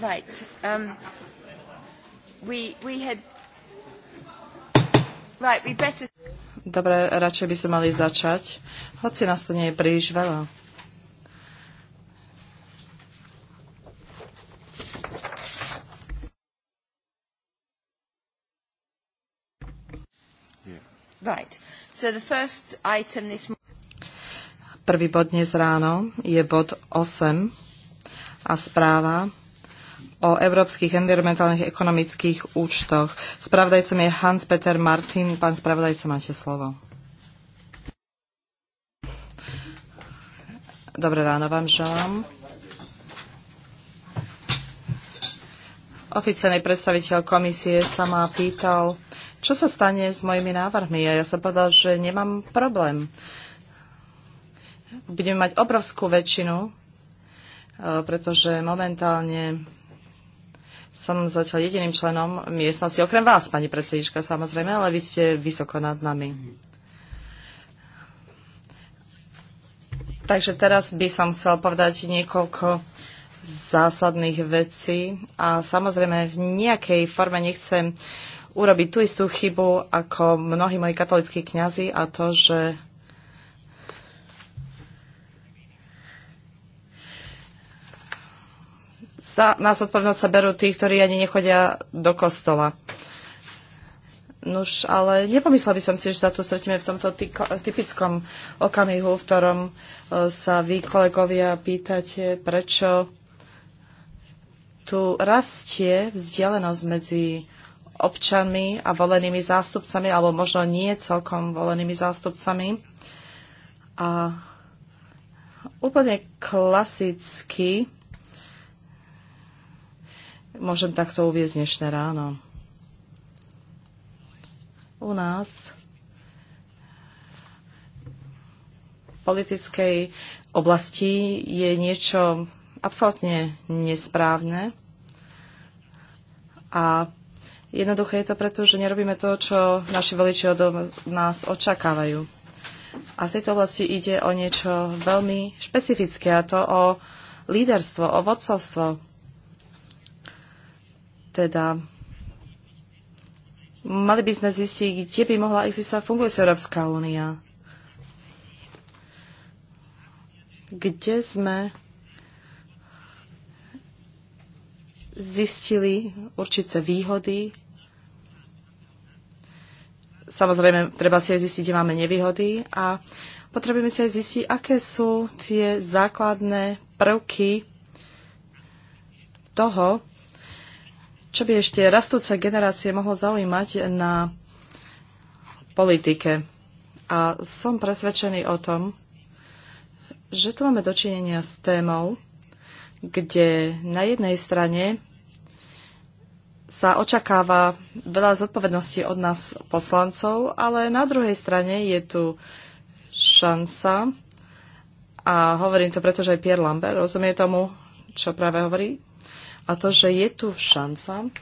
Right. Um, we, we had... right we better... Dobre, radšej by sme mali začať, hoci nás to nie je príliš veľa. Right. So the first item this Prvý bod dnes ráno je bod 8 a správa o európskych environmentálnych ekonomických účtoch. Spravodajcom je Hans-Peter Martin. Pán spravodajca, máte slovo. Dobré ráno vám želám. Oficiálny predstaviteľ komisie sa ma pýtal, čo sa stane s mojimi návrhmi. A ja som povedal, že nemám problém. Budeme mať obrovskú väčšinu, eh, pretože momentálne som zatiaľ jediným členom miestnosti, okrem vás, pani predsedička, samozrejme, ale vy ste vysoko nad nami. Takže teraz by som chcel povedať niekoľko zásadných vecí a samozrejme v nejakej forme nechcem urobiť tú istú chybu ako mnohí moji katolickí kňazi a to, že sa, na zodpovednosť sa berú tí, ktorí ani nechodia do kostola. Nuž, ale nepomyslela by som si, že sa tu stretíme v tomto typickom okamihu, v ktorom e, sa vy, kolegovia, pýtate, prečo tu rastie vzdialenosť medzi občanmi a volenými zástupcami, alebo možno nie celkom volenými zástupcami. A úplne klasicky Môžem takto uviezť dnešné ráno. U nás v politickej oblasti je niečo absolútne nesprávne a Jednoduché je to preto, že nerobíme to, čo naši voliči od nás očakávajú. A v tejto oblasti ide o niečo veľmi špecifické, a to o líderstvo, o vodcovstvo. Teda mali by sme zistiť, kde by mohla existovať funguje Európska únia. Kde sme zistili určité výhody. Samozrejme, treba si aj zistiť, kde máme nevýhody a potrebujeme si aj zistiť, aké sú tie základné prvky toho, čo by ešte rastúce generácie mohlo zaujímať na politike. A som presvedčený o tom, že tu máme dočinenia s témou, kde na jednej strane sa očakáva veľa zodpovedností od nás poslancov, ale na druhej strane je tu šanca, a hovorím to preto, že aj Pierre Lambert rozumie tomu, čo práve hovorí, a to, že je tu šanca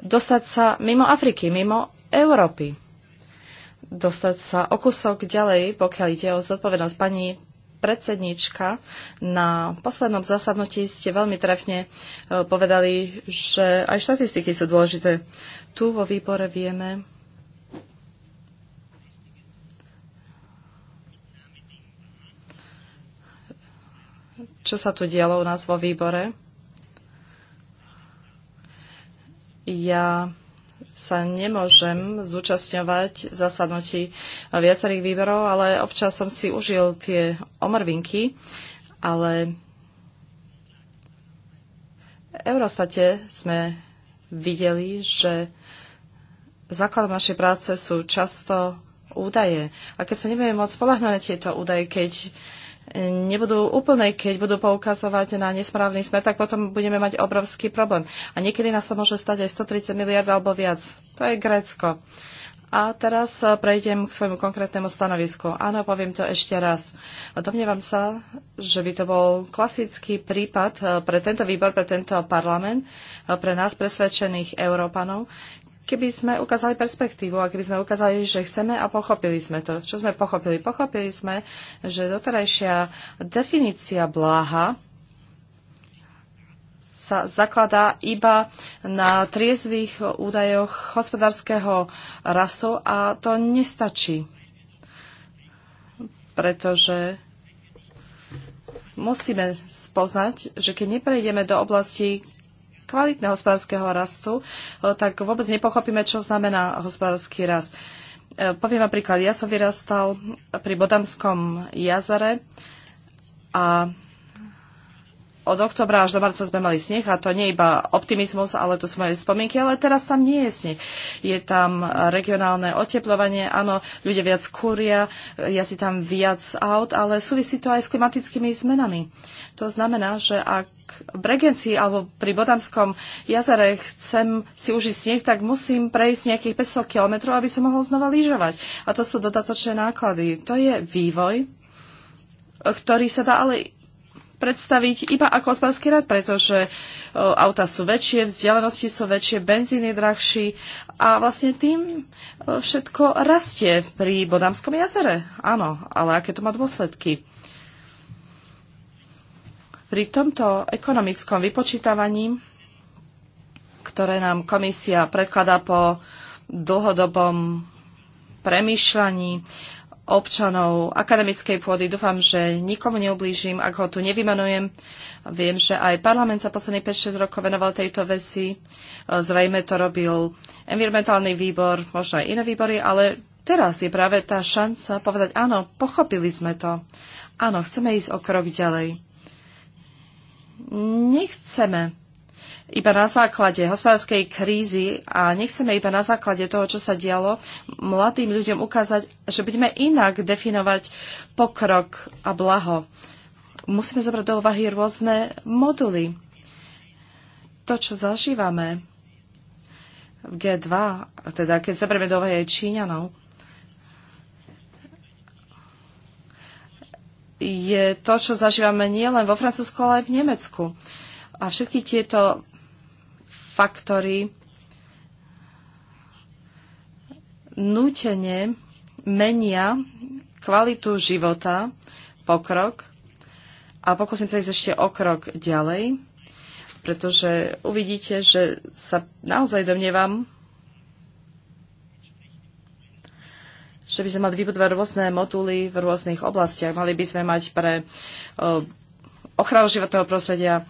dostať sa mimo Afriky, mimo Európy. Dostať sa o kúsok ďalej, pokiaľ ide o zodpovednosť pani predsednička, na poslednom zasadnutí ste veľmi trefne e, povedali, že aj štatistiky sú dôležité. Tu vo výbore vieme, čo sa tu dialo u nás vo výbore. Ja sa nemôžem zúčastňovať zasadnutí viacerých výberov, ale občas som si užil tie omrvinky, ale v Eurostate sme videli, že základom našej práce sú často údaje. A keď sa nebudeme môcť spolahnúť na tieto údaje, keď nebudú úplné, keď budú poukazovať na nesprávny smer, tak potom budeme mať obrovský problém. A niekedy nás to môže stať aj 130 miliard alebo viac. To je Grécko. A teraz prejdem k svojmu konkrétnemu stanovisku. Áno, poviem to ešte raz. Domnievam sa, že by to bol klasický prípad eh, pre tento výbor, pre tento parlament, eh, pre nás presvedčených Európanov, keby sme ukázali perspektívu a keby sme ukázali, že chceme a pochopili sme to. Čo sme pochopili? Pochopili sme, že doterajšia definícia bláha sa zakladá iba na triezvých údajoch hospodárskeho rastu a to nestačí, pretože musíme spoznať, že keď neprejdeme do oblasti, kvalitného hospodárskeho rastu, e, tak vôbec nepochopíme, čo znamená hospodársky rast. E, poviem napríklad, Ja som vyrastal pri Bodamskom jazere a od oktobra až do marca sme mali sneh a to nie iba optimizmus, ale to sú moje spomienky, ale teraz tam nie je sneh. Je tam regionálne oteplovanie, áno, ľudia viac kúria, ja si tam viac aut, ale súvisí to aj s klimatickými zmenami. To znamená, že ak v Bregenci alebo pri Bodamskom jazere chcem si užiť sneh, tak musím prejsť nejakých 500 kilometrov, aby som mohol znova lyžovať. A to sú dodatočné náklady. To je vývoj, ktorý sa dá ale predstaviť iba ako hospodársky rad, pretože e, auta sú väčšie, vzdialenosti sú väčšie, benzín je drahší a vlastne tým e, všetko rastie pri Bodamskom jazere. Áno, ale aké to má dôsledky? Pri tomto ekonomickom vypočítavaní, ktoré nám komisia predkladá po dlhodobom premýšľaní, občanov akademickej pôdy. Dúfam, že nikomu neublížim, ak ho tu nevymanujem. Viem, že aj parlament sa posledných 5-6 rokov venoval tejto veci. E, Zrejme to robil environmentálny výbor, možno aj iné výbory, ale teraz je práve tá šanca povedať, áno, pochopili sme to. Áno, chceme ísť o krok ďalej. Nechceme iba na základe hospodárskej krízy a nechceme iba na základe toho, čo sa dialo, mladým ľuďom ukázať, že budeme inak definovať pokrok a blaho. Musíme zobrať do úvahy rôzne moduly. To, čo zažívame v G2, teda keď zoberieme do úvahy aj Číňanov, je to, čo zažívame nielen vo Francúzsku, ale aj v Nemecku. A všetky tieto faktory nútene menia kvalitu života, pokrok a pokúsim sa ísť ešte o krok ďalej, pretože uvidíte, že sa naozaj domnievam, že by sme mali vybudovať rôzne moduly v rôznych oblastiach. Mali by sme mať pre eh, ochranu životného prostredia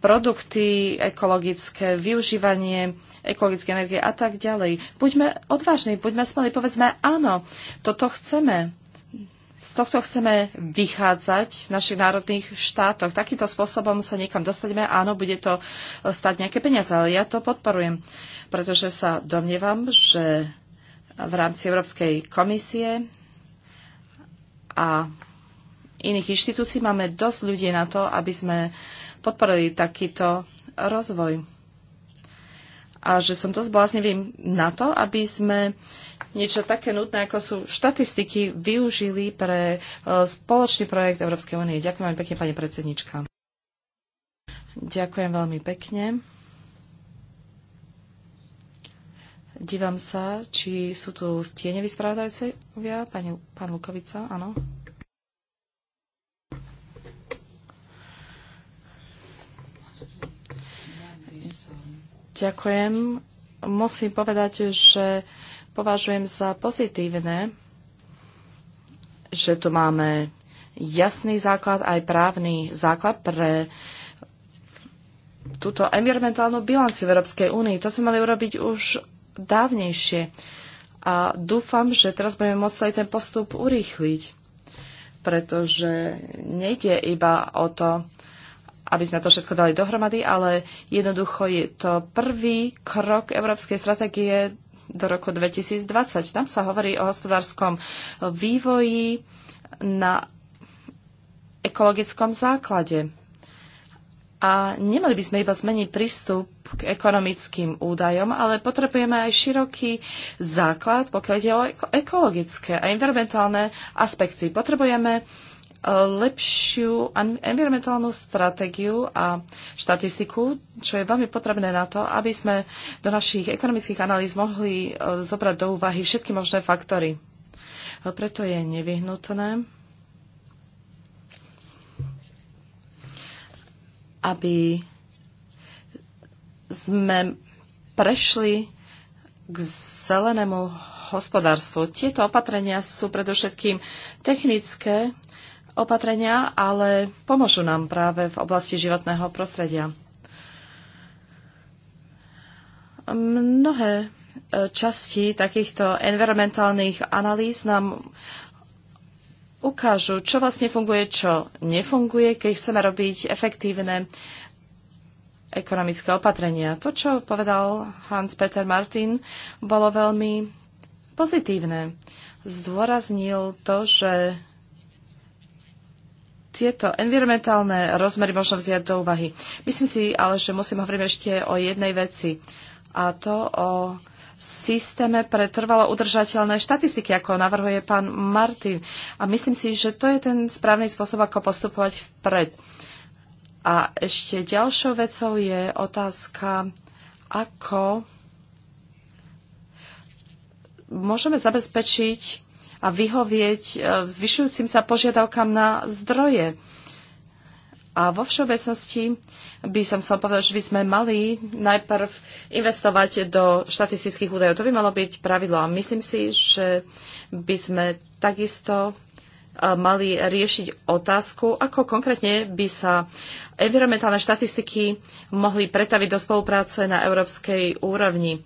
produkty ekologické, využívanie ekologické energie a tak ďalej. Buďme odvážni, buďme smelí, povedzme áno, toto chceme. Z tohto chceme vychádzať v našich národných štátoch. Takýmto spôsobom sa niekam dostaneme. Áno, bude to stať nejaké peniaze, ale ja to podporujem, pretože sa domnievam, že v rámci Európskej komisie a iných inštitúcií máme dosť ľudí na to, aby sme uh, podporili takýto rozvoj. A že som to zbláznivým na to, aby sme niečo také nutné, ako sú štatistiky, využili pre e, spoločný projekt Európskej únie. Ďakujem veľmi pekne, pani predsednička. Ďakujem veľmi pekne. Dívam sa, či sú tu stieneví spravodajcovia. Pán Lukovica, áno. Ďakujem. Musím povedať, že považujem za pozitívne, že tu máme jasný základ, aj právny základ pre túto environmentálnu bilanciu v Európskej únii. To sme mali urobiť už dávnejšie. A dúfam, že teraz budeme môcť aj ten postup urýchliť, pretože nejde iba o to, aby sme to všetko dali dohromady, ale jednoducho je to prvý krok európskej stratégie do roku 2020. Tam sa hovorí o hospodárskom vývoji na ekologickom základe. A nemali by sme iba zmeniť prístup k ekonomickým údajom, ale potrebujeme aj široký základ, pokiaľ ide o ekologické a environmentálne aspekty. Potrebujeme lepšiu environmentálnu stratégiu a štatistiku, čo je veľmi potrebné na to, aby sme do našich ekonomických analýz mohli e, zobrať do úvahy všetky možné faktory. E, preto je nevyhnutné, aby sme prešli k zelenému hospodárstvu. Tieto opatrenia sú predovšetkým technické opatrenia, ale pomôžu nám práve v oblasti životného prostredia. Mnohé e, časti takýchto environmentálnych analýz nám ukážu, čo vlastne funguje, čo nefunguje, keď chceme robiť efektívne ekonomické opatrenia. To, čo povedal Hans-Peter Martin, bolo veľmi pozitívne. Zdôraznil to, že tieto environmentálne rozmery možno vziať do úvahy. Myslím si ale, že musím hovoriť ešte o jednej veci a to o systéme pre trvalo udržateľné štatistiky, ako navrhuje pán Martin. A myslím si, že to je ten správny spôsob, ako postupovať vpred. A ešte ďalšou vecou je otázka, ako môžeme zabezpečiť a vyhovieť e, zvyšujúcim sa požiadavkám na zdroje. A vo všeobecnosti by som chcel povedať, že by sme mali najprv investovať do štatistických údajov. To by malo byť pravidlo. A myslím si, že by sme takisto e, mali riešiť otázku, ako konkrétne by sa environmentálne štatistiky mohli pretaviť do spolupráce na európskej úrovni.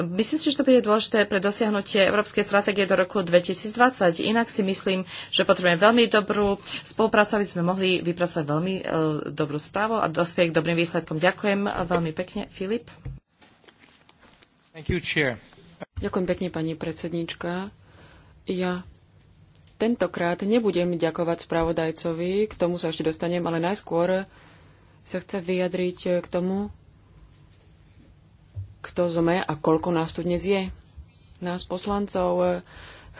Myslím si, že to bude dôležité pre dosiahnutie Európskej stratégie do roku 2020. Inak si myslím, že potrebujeme veľmi dobrú spoluprácu, aby sme mohli vypracovať veľmi uh, dobrú správu a dospieť k dobrým výsledkom. Ďakujem veľmi pekne. Filip. You, Ďakujem pekne, pani predsedníčka. Ja tentokrát nebudem ďakovať spravodajcovi, k tomu sa ešte dostanem, ale najskôr sa chce vyjadriť k tomu, kto sme a koľko nás tu dnes je, nás poslancov. E,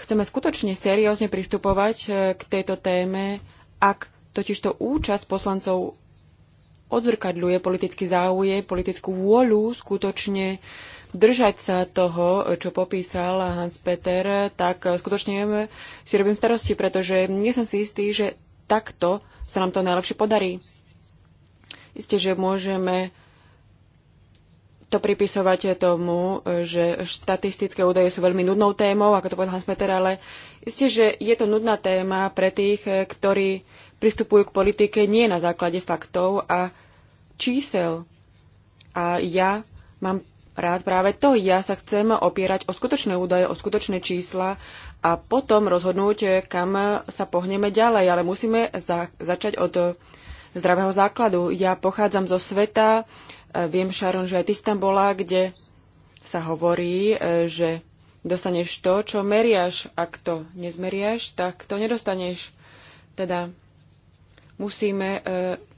chceme skutočne seriózne pristupovať e, k tejto téme, ak totižto účasť poslancov odzrkadľuje politický záujem, politickú vôľu skutočne držať sa toho, čo popísal Hans Peter, tak skutočne si robím starosti, pretože nie som si istý, že takto sa nám to najlepšie podarí. Isté, že môžeme to pripisovať tomu, že štatistické údaje sú veľmi nudnou témou, ako to povedal Hans Peter, ale isté, že je to nudná téma pre tých, ktorí pristupujú k politike nie na základe faktov a čísel. A ja mám rád práve to. Ja sa chcem opierať o skutočné údaje, o skutočné čísla a potom rozhodnúť, kam sa pohneme ďalej. Ale musíme za- začať od zdravého základu. Ja pochádzam zo sveta, Viem, Šaron, že aj ty tam bola, kde sa hovorí, e, že dostaneš to, čo meriaš. Ak to nezmeriaš, tak to nedostaneš. Teda musíme e,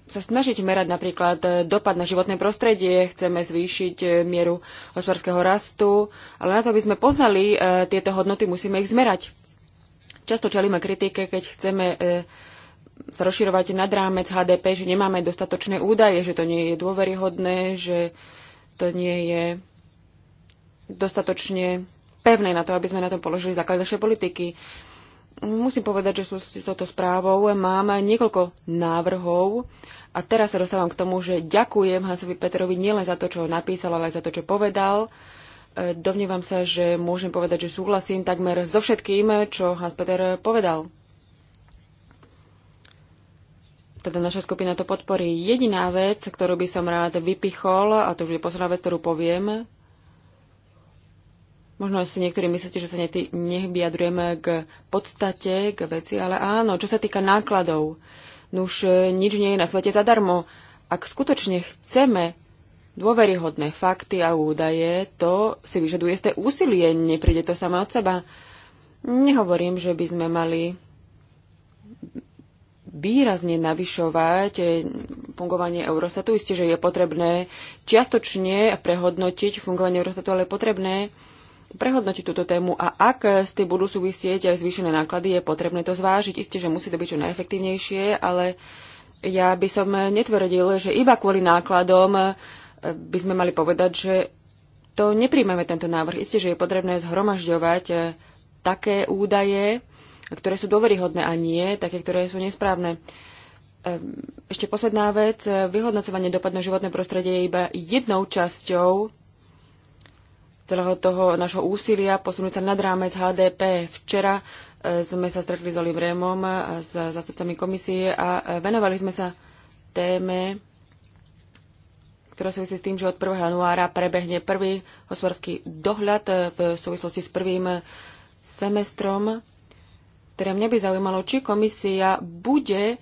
sa snažiť merať napríklad e, dopad na životné prostredie, chceme zvýšiť mieru hospodárskeho rastu, ale na to, aby sme poznali tieto hodnoty, musíme ich zmerať. Často čelíme kritike, keď chceme sa rozširovať nad rámec HDP, že nemáme dostatočné údaje, že to nie je dôveryhodné, že to nie je dostatočne pevné na to, aby sme na tom položili základ našej politiky. Musím povedať, že sú s touto správou mám niekoľko návrhov a teraz sa dostávam k tomu, že ďakujem Hansovi Petrovi nielen za to, čo napísal, ale aj za to, čo povedal. E, Dovnívam sa, že môžem povedať, že súhlasím takmer so všetkým, čo Hans Peter povedal teda naša skupina to podporí. Jediná vec, ktorú by som rád vypichol, a to už je posledná vec, ktorú poviem, možno si niektorí myslíte, že sa nety, nevyjadrujeme k podstate, k veci, ale áno, čo sa týka nákladov, no už e, nič nie je na svete zadarmo. Ak skutočne chceme dôveryhodné fakty a údaje, to si vyžaduje ste úsilie, nepríde to sama od seba. Nehovorím, že by sme mali výrazne navyšovať eh, fungovanie Eurostatu. Isté, že je potrebné čiastočne prehodnotiť fungovanie Eurostatu, ale je potrebné prehodnotiť túto tému a ak s tým budú súvisieť aj zvýšené náklady, je potrebné to zvážiť. Isté, že musí to byť čo najefektívnejšie, ale ja by som netvrdil, že iba kvôli nákladom eh, by sme mali povedať, že to nepríjmeme tento návrh. Isté, že je potrebné zhromažďovať eh, také údaje, ktoré sú dôveryhodné a nie také, ktoré sú nesprávne. Ehm, ešte posledná vec. Vyhodnocovanie dopad na životné prostredie je iba jednou časťou celého toho našho úsilia posunúť sa nad rámec HDP. Včera eh, sme sa stretli s Olivrémom a s zástupcami komisie a eh, venovali sme sa téme, ktorá súvisí s tým, že od 1. januára prebehne prvý hospodársky dohľad eh, v súvislosti s prvým semestrom ktoré teda mňa by zaujímalo, či komisia bude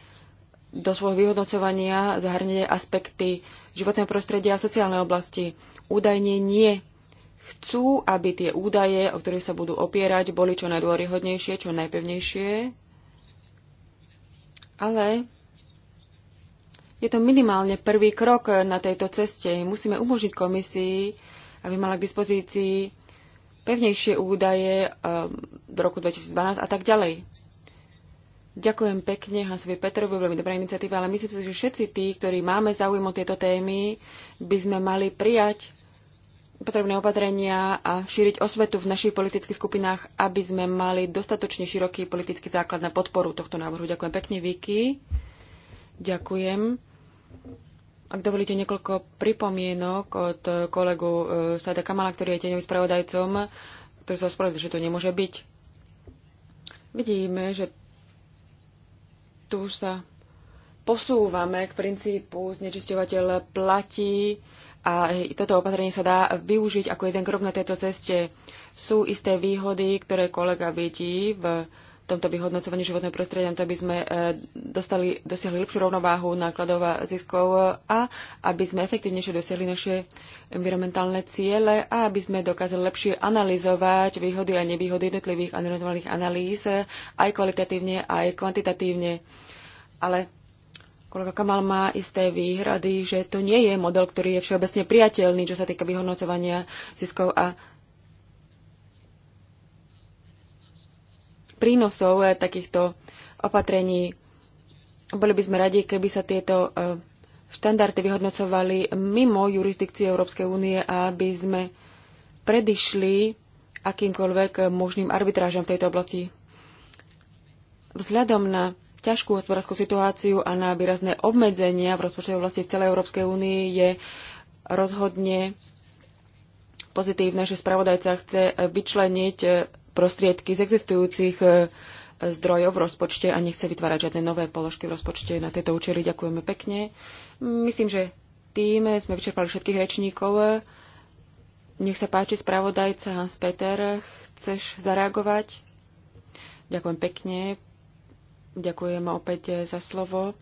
do svojho vyhodnocovania zahrnieť aspekty životného prostredia a sociálnej oblasti. Údajne nie. Chcú, aby tie údaje, o ktoré sa budú opierať, boli čo najdôryhodnejšie, čo najpevnejšie. Ale je to minimálne prvý krok na tejto ceste. Musíme umožniť komisii, aby mala k dispozícii pevnejšie údaje v ehm, roku 2012 a tak ďalej. Ďakujem pekne Hasovi Petrovi, veľmi dobrá iniciatíva, ale myslím si, že všetci tí, ktorí máme záujem o tieto témy, by sme mali prijať potrebné opatrenia a šíriť osvetu v našich politických skupinách, aby sme mali dostatočne široký politický základ na podporu tohto návrhu. Ďakujem pekne, Vicky. Ďakujem. Ak dovolíte niekoľko pripomienok od kolegu e, Sada Kamala, ktorý je tieňovým spravodajcom, ktorý sa ospravedlil, že to nemôže byť. Vidíme, že tu sa posúvame k princípu znečisťovateľ platí a toto opatrenie sa dá využiť ako jeden krok na tejto ceste. Sú isté výhody, ktoré kolega vidí v tomto vyhodnocovaní životného prostredia, to aby sme e, dostali, dosiahli lepšiu rovnováhu nákladov a ziskov a aby sme efektívnejšie dosiahli naše environmentálne ciele a aby sme dokázali lepšie analyzovať výhody a nevýhody jednotlivých environmentálnych analýz aj kvalitatívne, aj kvantitatívne. Ale kolega Kamal má isté výhrady, že to nie je model, ktorý je všeobecne priateľný, čo sa týka vyhodnocovania ziskov a prínosov eh, takýchto opatrení. Boli by sme radi, keby sa tieto eh, štandardy vyhodnocovali mimo jurisdikcie Európskej únie a aby sme predišli akýmkoľvek možným arbitrážom v tejto oblasti. Vzhľadom na ťažkú hospodárskú situáciu a na výrazné obmedzenia v rozpočtovej oblasti v celej Európskej únii je rozhodne pozitívne, že spravodajca chce vyčleniť eh, prostriedky z existujúcich e, zdrojov v rozpočte a nechce vytvárať žiadne nové položky v rozpočte na tieto účely. Ďakujeme pekne. Myslím, že tým sme vyčerpali všetkých rečníkov. Nech sa páči, spravodajca Hans Peter, chceš zareagovať? Ďakujem pekne. Ďakujem opäť za slovo.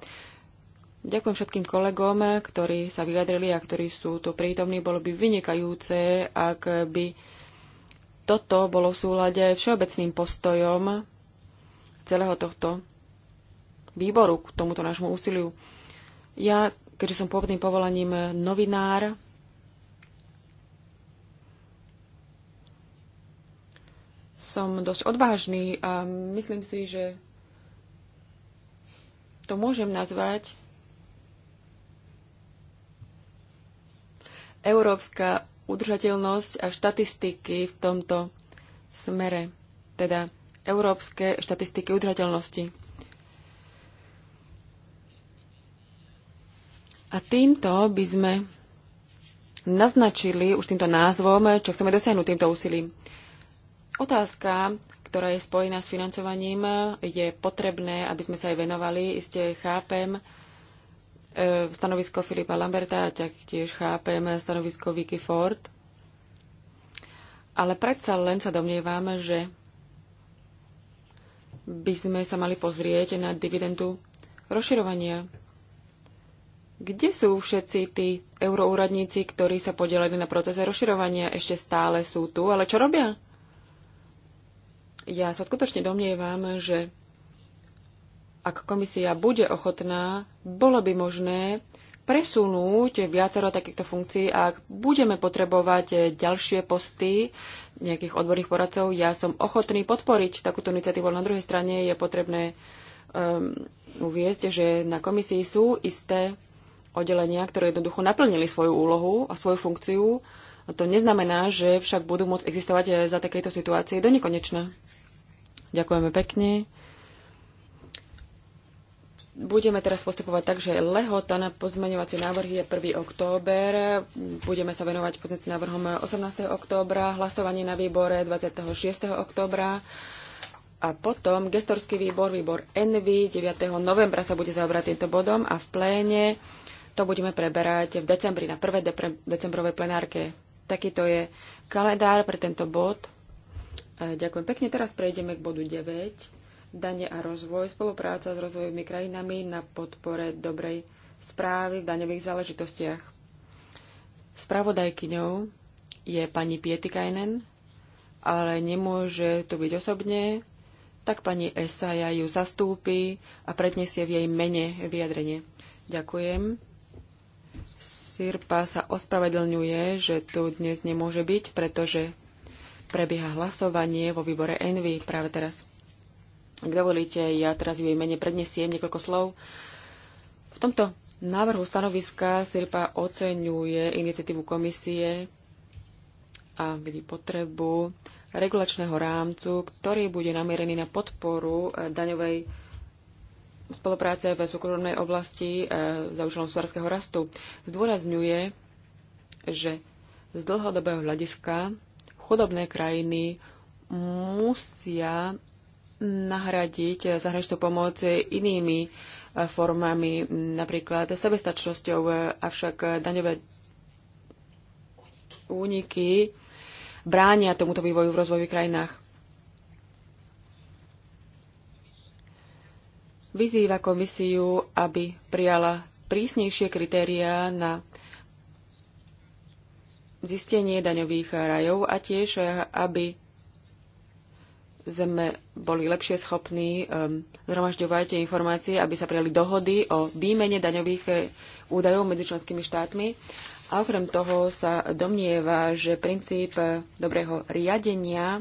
Ďakujem všetkým kolegom, ktorí sa vyjadrili a ktorí sú tu prítomní. Bolo by vynikajúce, ak by toto bolo v súlade všeobecným postojom celého tohto výboru k tomuto nášmu úsiliu. Ja, keďže som pôvodným povolaním novinár, som dosť odvážny a myslím si, že to môžem nazvať Európska udržateľnosť a štatistiky v tomto smere, teda európske štatistiky udržateľnosti. A týmto by sme naznačili už týmto názvom, čo chceme dosiahnuť týmto úsilím. Otázka, ktorá je spojená s financovaním, je potrebné, aby sme sa aj venovali. Iste chápem, E, stanovisko Filipa Lamberta a taktiež chápem stanovisko Vicky Ford. Ale predsa len sa domnievame, že by sme sa mali pozrieť na dividendu rozširovania. Kde sú všetci tí euroúradníci, ktorí sa podielali na procese rozširovania? Ešte stále sú tu, ale čo robia? Ja sa skutočne domnievam, že ak komisia bude ochotná, bolo by možné presunúť viacero takýchto funkcií a ak budeme potrebovať ďalšie posty nejakých odborných poradcov, ja som ochotný podporiť takúto iniciatívu. Na druhej strane je potrebné um, uviezť, že na komisii sú isté oddelenia, ktoré jednoducho naplnili svoju úlohu a svoju funkciu. A to neznamená, že však budú môcť existovať za takéto situácie do nekonečna. Ďakujeme pekne. Budeme teraz postupovať tak, že lehota na pozmeňovacie návrhy je 1. október. Budeme sa venovať pozmeňovacím návrhom 18. októbra, hlasovanie na výbore 26. októbra. A potom gestorský výbor, výbor ENVY, 9. novembra sa bude zaobrať týmto bodom a v pléne to budeme preberať v decembri, na prvé decembrovej plenárke. Takýto je kalendár pre tento bod. E, ďakujem pekne. Teraz prejdeme k bodu 9 dane a rozvoj, spolupráca s rozvojovými krajinami na podpore dobrej správy v daňových záležitostiach. Spravodajkyňou je pani Pietikainen, ale nemôže tu byť osobne, tak pani Esaja ju zastúpi a predniesie v jej mene vyjadrenie. Ďakujem. Sirpa sa ospravedlňuje, že tu dnes nemôže byť, pretože prebieha hlasovanie vo výbore Envy práve teraz. Ak dovolíte, ja teraz v jej mene prednesiem niekoľko slov. V tomto návrhu stanoviska SIRPA oceňuje iniciatívu komisie a vidí potrebu regulačného rámcu, ktorý bude namierený na podporu e, daňovej spolupráce v súkromnej oblasti e, za účelom svarského rastu. Zdôrazňuje, že z dlhodobého hľadiska chudobné krajiny musia nahradiť zahraničnú pomoc inými eh, formami, napríklad sebestačnosťou, avšak daňové úniky bránia tomuto vývoju v rozvojových krajinách. Vyzýva komisiu, aby prijala prísnejšie kritériá na zistenie daňových rajov a tiež, eh, aby sme boli lepšie schopní um, zhromažďovať informácie, aby sa prijali dohody o výmene daňových eh, údajov medzi členskými štátmi. A okrem toho sa domnieva, že princíp eh, dobrého riadenia eh,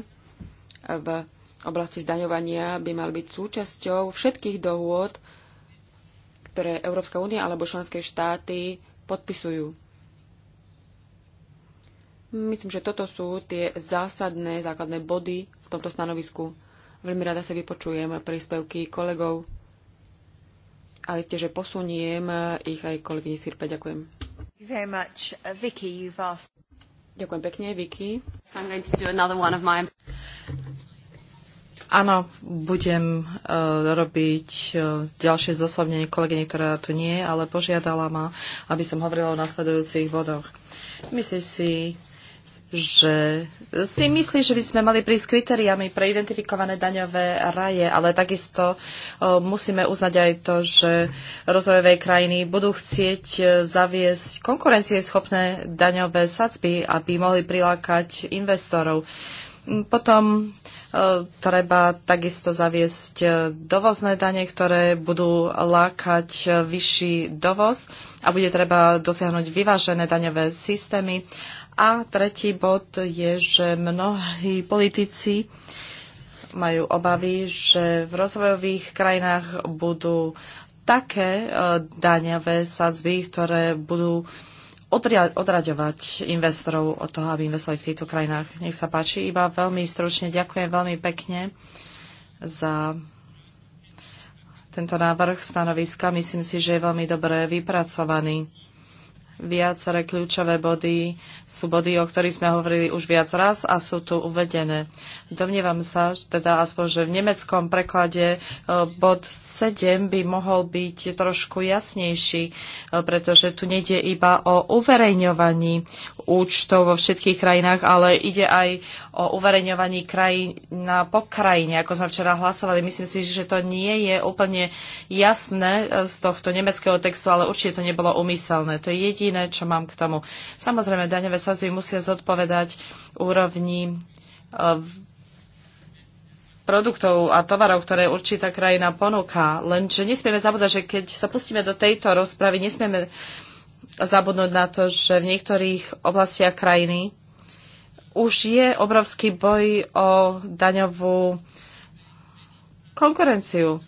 v oblasti zdaňovania by mal byť súčasťou všetkých dohôd, ktoré Európska únia alebo členské štáty podpisujú. Myslím, že toto sú tie zásadné základné body v tomto stanovisku. Veľmi rada sa vypočujem príspevky kolegov a ste, že posuniem ich aj kolegyni Sirpe. Ďakujem. Uh, Vicky, asked... Ďakujem pekne, Vicky. So Áno, budem uh, robiť uh, ďalšie zosobnenie kolegyne, ktorá tu nie, ale požiadala ma, aby som hovorila o nasledujúcich bodoch. Myslím si, že si myslí, že by sme mali prísť kritériami pre identifikované daňové raje, ale takisto musíme uznať aj to, že rozvojové krajiny budú chcieť zaviesť konkurencieschopné daňové sadzby, aby mohli prilákať investorov. Potom treba takisto zaviesť dovozné dane, ktoré budú lákať vyšší dovoz a bude treba dosiahnuť vyvážené daňové systémy a tretí bod je, že mnohí politici majú obavy, že v rozvojových krajinách budú také e, daňové sadzby, ktoré budú odraďovať investorov od toho, aby investovali v týchto krajinách. Nech sa páči, iba veľmi stručne ďakujem veľmi pekne za tento návrh stanoviska. Myslím si, že je veľmi dobre vypracovaný Viaceré kľúčové body sú body, o ktorých sme hovorili už viac raz a sú tu uvedené. Domnievam sa, teda aspoň, že v nemeckom preklade e, bod 7 by mohol byť trošku jasnejší, e, pretože tu nejde iba o uverejňovaní účtov vo všetkých krajinách, ale ide aj o uverejňovaní krajín po krajine, ako sme včera hlasovali. Myslím si, že to nie je úplne jasné eh, z tohto nemeckého textu, ale určite to nebolo umyselné. To je jediné, čo mám k tomu. Samozrejme, daňové sazby musia zodpovedať úrovni eh, produktov a tovarov, ktoré určitá krajina ponúka. Lenže nesmieme zabúdať, že keď sa pustíme do tejto rozpravy, nesmieme uh, zabudnúť na to, že v niektorých oblastiach krajiny už je obrovský boj o daňovú konkurenciu.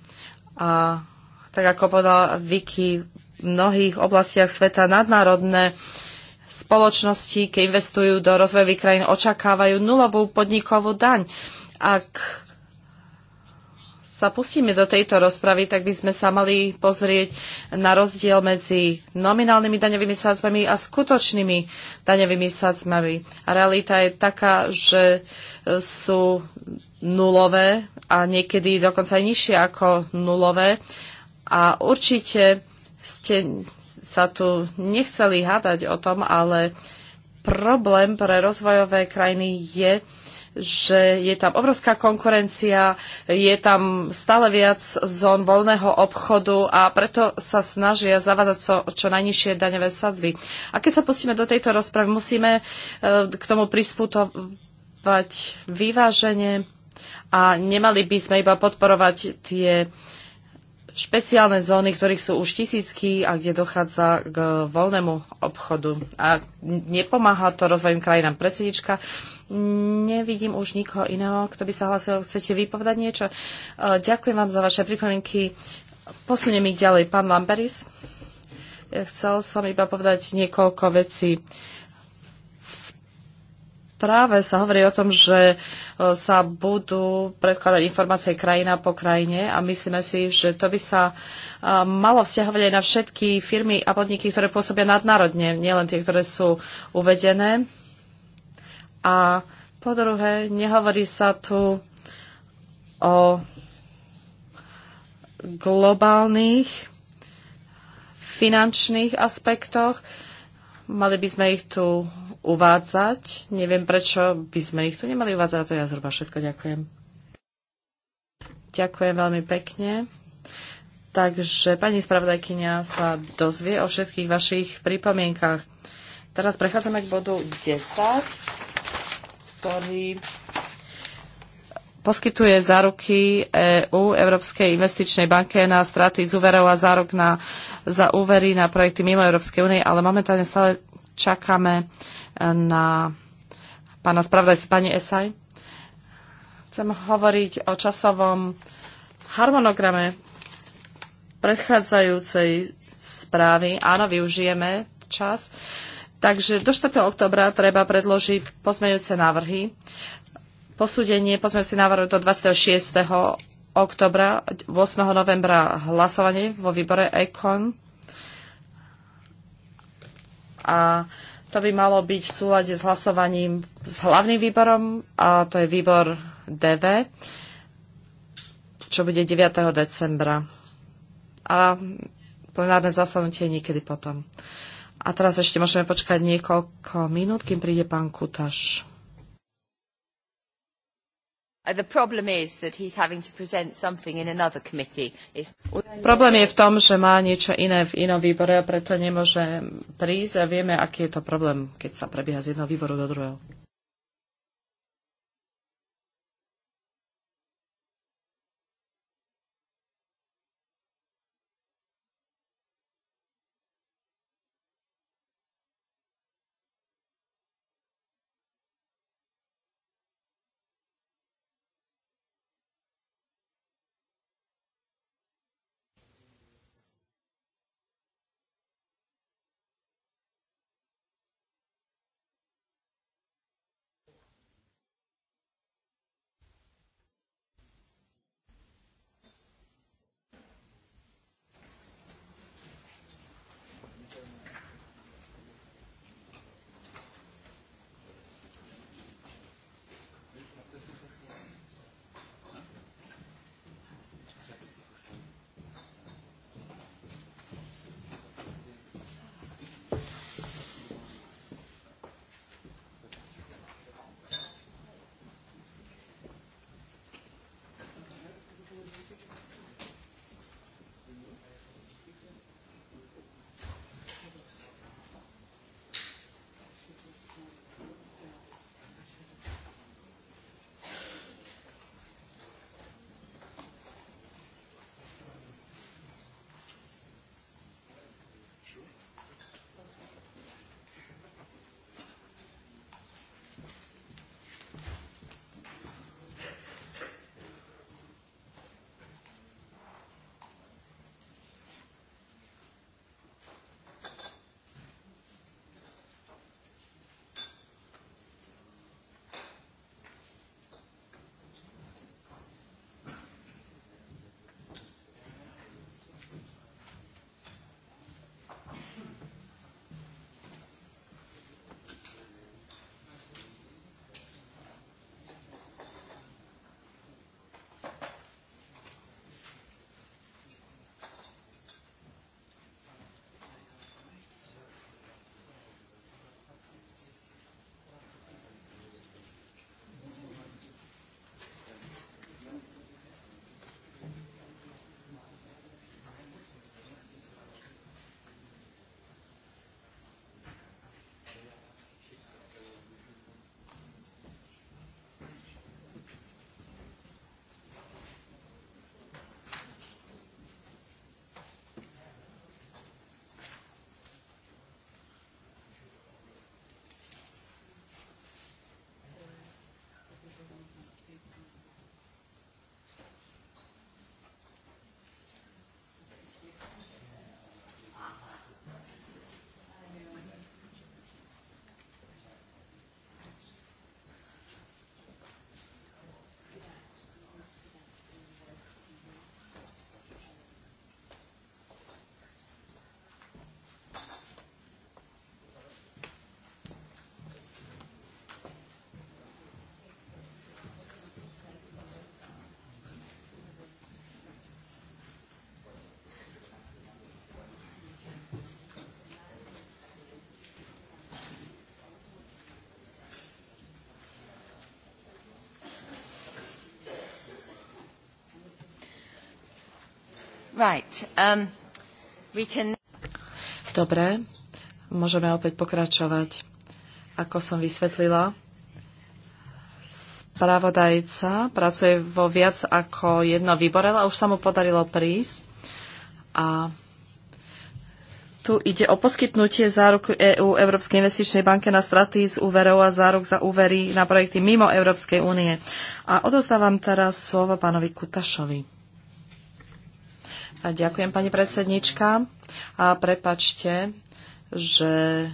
A tak ako povedala Vicky, v mnohých oblastiach sveta nadnárodné spoločnosti, keď investujú do rozvojových krajín, očakávajú nulovú podnikovú daň. Ak sa pustíme do tejto rozpravy, tak by sme sa mali pozrieť na rozdiel medzi nominálnymi daňovými sázbami a skutočnými daňovými sázbami. A realita je taká, že e, sú nulové a niekedy dokonca aj nižšie ako nulové. A určite ste sa tu nechceli hádať o tom, ale problém pre rozvojové krajiny je, že je tam obrovská konkurencia, je tam stále viac zón voľného obchodu a preto sa snažia zavádzať čo, čo najnižšie daňové sadzby. A keď sa pustíme do tejto rozpravy, musíme e, k tomu prispútovať vyváženie a nemali by sme iba podporovať tie špeciálne zóny, ktorých sú už tisícky a kde dochádza k voľnému obchodu. A nepomáha to rozvojím krajinám. Predsednička, Nevidím už nikoho iného, kto by sa hlasil. Chcete vypovedať niečo? E, ďakujem vám za vaše pripomienky. Posuniem ich ďalej. Pán Lamberis, ja chcel som iba povedať niekoľko vecí. V správe sa hovorí o tom, že e, sa budú predkladať informácie krajina po krajine a myslíme si, že to by sa e, malo vzťahovať aj na všetky firmy a podniky, ktoré pôsobia nadnárodne, nielen tie, ktoré sú uvedené a po druhé, nehovorí sa tu o globálnych finančných aspektoch. Mali by sme ich tu uvádzať. Neviem, prečo by sme ich tu nemali uvádzať. A to ja zhruba všetko ďakujem. Ďakujem veľmi pekne. Takže pani spravodajkynia sa dozvie o všetkých vašich pripomienkach. Teraz prechádzame k bodu 10 ktorý poskytuje záruky EU, Európskej investičnej banke na straty z úverov a zárok na, za úvery na projekty mimo Európskej únie, ale momentálne stále čakáme e, na pána spravodajca, pani Esaj. Chcem hovoriť o časovom harmonograme predchádzajúcej správy. Áno, využijeme čas. Uh, Takže do 4. oktobra treba predložiť pozmeňujúce návrhy. Posúdenie pozmeňujúce návrhu do 26. oktobra, 8. novembra hlasovanie vo výbore ECON. A to by malo byť v súlade s hlasovaním s hlavným výborom, a to je výbor DV, čo bude 9. decembra. A plenárne zasadnutie niekedy potom. A teraz ešte môžeme počkať niekoľko minút, kým príde pán Kutaš. Uh, problém je v tom, že má niečo iné v inom výbore a preto nemôže prísť a vieme, aký je to problém, keď sa prebieha z jedného výboru do druhého. Um, Dobre, môžeme opäť pokračovať. Ako som vysvetlila, spravodajca pracuje vo viac ako jedno výbore, ale už sa mu podarilo prísť. A tu ide o poskytnutie záruk EÚ Európskej investičnej banke na straty z úverov a záruk za úvery na projekty mimo Európskej únie. A odozdávam teraz slovo pánovi Kutašovi ďakujem, pani predsednička. A prepačte, že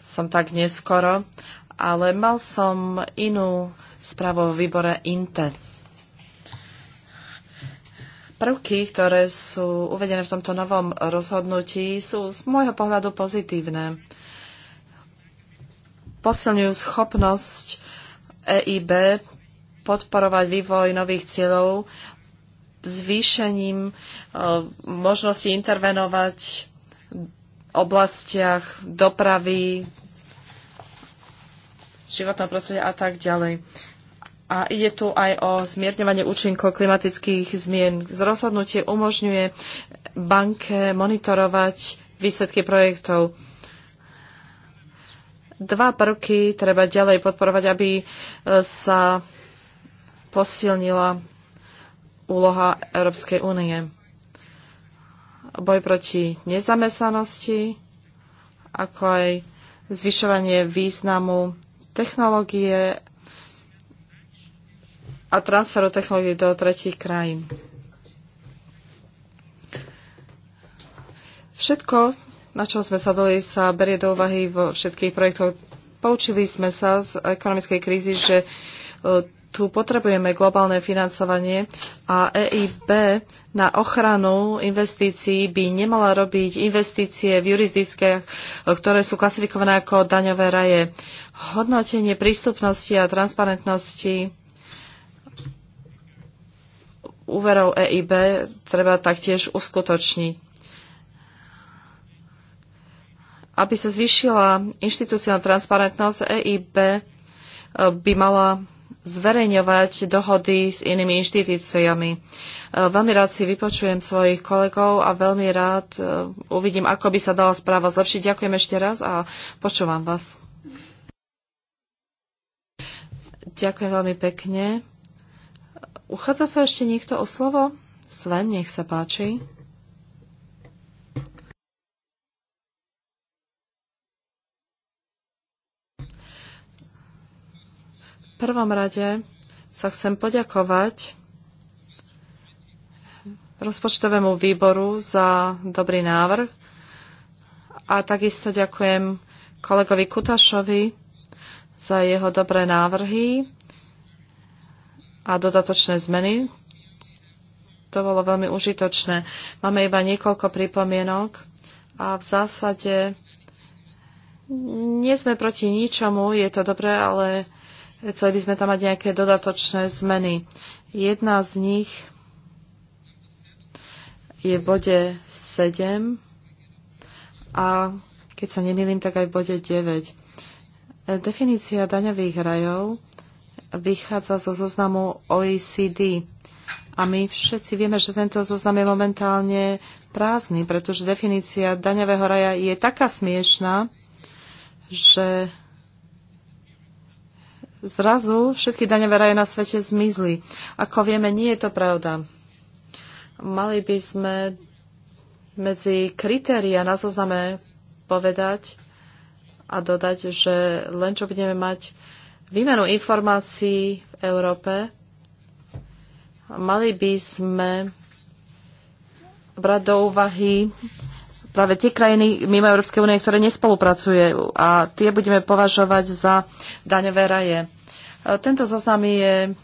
som tak neskoro, ale mal som inú správu v výbore INTE. Prvky, ktoré sú uvedené v tomto novom rozhodnutí, sú z môjho pohľadu pozitívne. Posilňujú schopnosť EIB podporovať vývoj nových cieľov zvýšením eh, možnosti intervenovať v oblastiach dopravy, životného prostredia a tak ďalej. A ide tu aj o zmierňovanie účinkov klimatických zmien. Z rozhodnutie umožňuje banke monitorovať výsledky projektov. Dva prvky treba ďalej podporovať, aby eh, sa posilnila úloha Európskej únie. Boj proti nezamestnanosti, ako aj zvyšovanie významu technológie a transferu technológií do tretich krajín. Všetko, na čo sme sadli, sa berie do úvahy vo všetkých projektoch. Poučili sme sa z ekonomickej krízy, že e, tu potrebujeme globálne financovanie a EIB na ochranu investícií by nemala robiť investície v jurisdikciách, ktoré sú klasifikované ako daňové raje. Hodnotenie prístupnosti a transparentnosti úverov EIB treba taktiež uskutočniť. Aby sa zvýšila inštitúciálna transparentnosť, EIB eh, by mala zverejňovať dohody s inými inštitúciami. E, veľmi rád si vypočujem svojich kolegov a veľmi rád e, uvidím, ako by sa dala správa zlepšiť. Ďakujem ešte raz a počúvam vás. Ďakujem veľmi pekne. Uchádza sa ešte niekto o slovo? Sven, nech sa páči. prvom rade sa chcem poďakovať rozpočtovému výboru za dobrý návrh a takisto ďakujem kolegovi Kutašovi za jeho dobré návrhy a dodatočné zmeny. To bolo veľmi užitočné. Máme iba niekoľko pripomienok a v zásade nie sme proti ničomu, je to dobré, ale Chceli by sme tam mať nejaké dodatočné zmeny. Jedna z nich je v bode 7 a keď sa nemýlim, tak aj v bode 9. Definícia daňových rajov vychádza zo zoznamu OECD. A my všetci vieme, že tento zoznam je momentálne prázdny, pretože definícia daňového raja je taká smiešná, že zrazu všetky daňové raje na svete zmizli. Ako vieme, nie je to pravda. Mali by sme medzi kritéria na zozname povedať a dodať, že len čo budeme mať výmenu informácií v Európe, mali by sme brať do úvahy práve tie krajiny mimo Európskej únie, ktoré nespolupracujú a tie budeme považovať za daňové raje. Tento zoznam je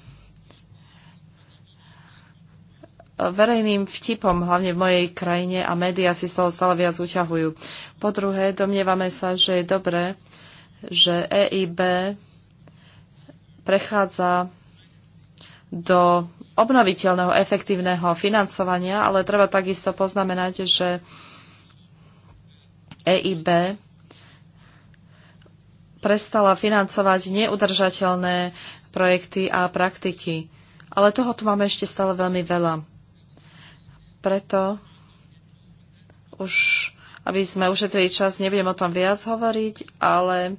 verejným vtipom, hlavne v mojej krajine a médiá si z toho stále viac uťahujú. Po druhé, domnievame sa, že je dobré, že EIB prechádza do obnoviteľného, efektívneho financovania, ale treba takisto poznamenať, že EIB prestala financovať neudržateľné projekty a praktiky. Ale toho tu máme ešte stále veľmi veľa. Preto už, aby sme ušetrili čas, nebudem o tom viac hovoriť, ale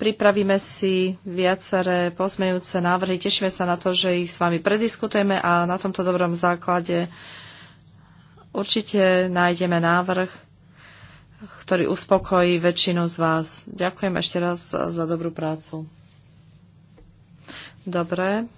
pripravíme si viaceré pozmejúce návrhy. Tešíme sa na to, že ich s vami prediskutujeme a na tomto dobrom základe určite nájdeme návrh, ktorý uspokojí väčšinu z vás. Ďakujem ešte raz za dobrú prácu. Dobre.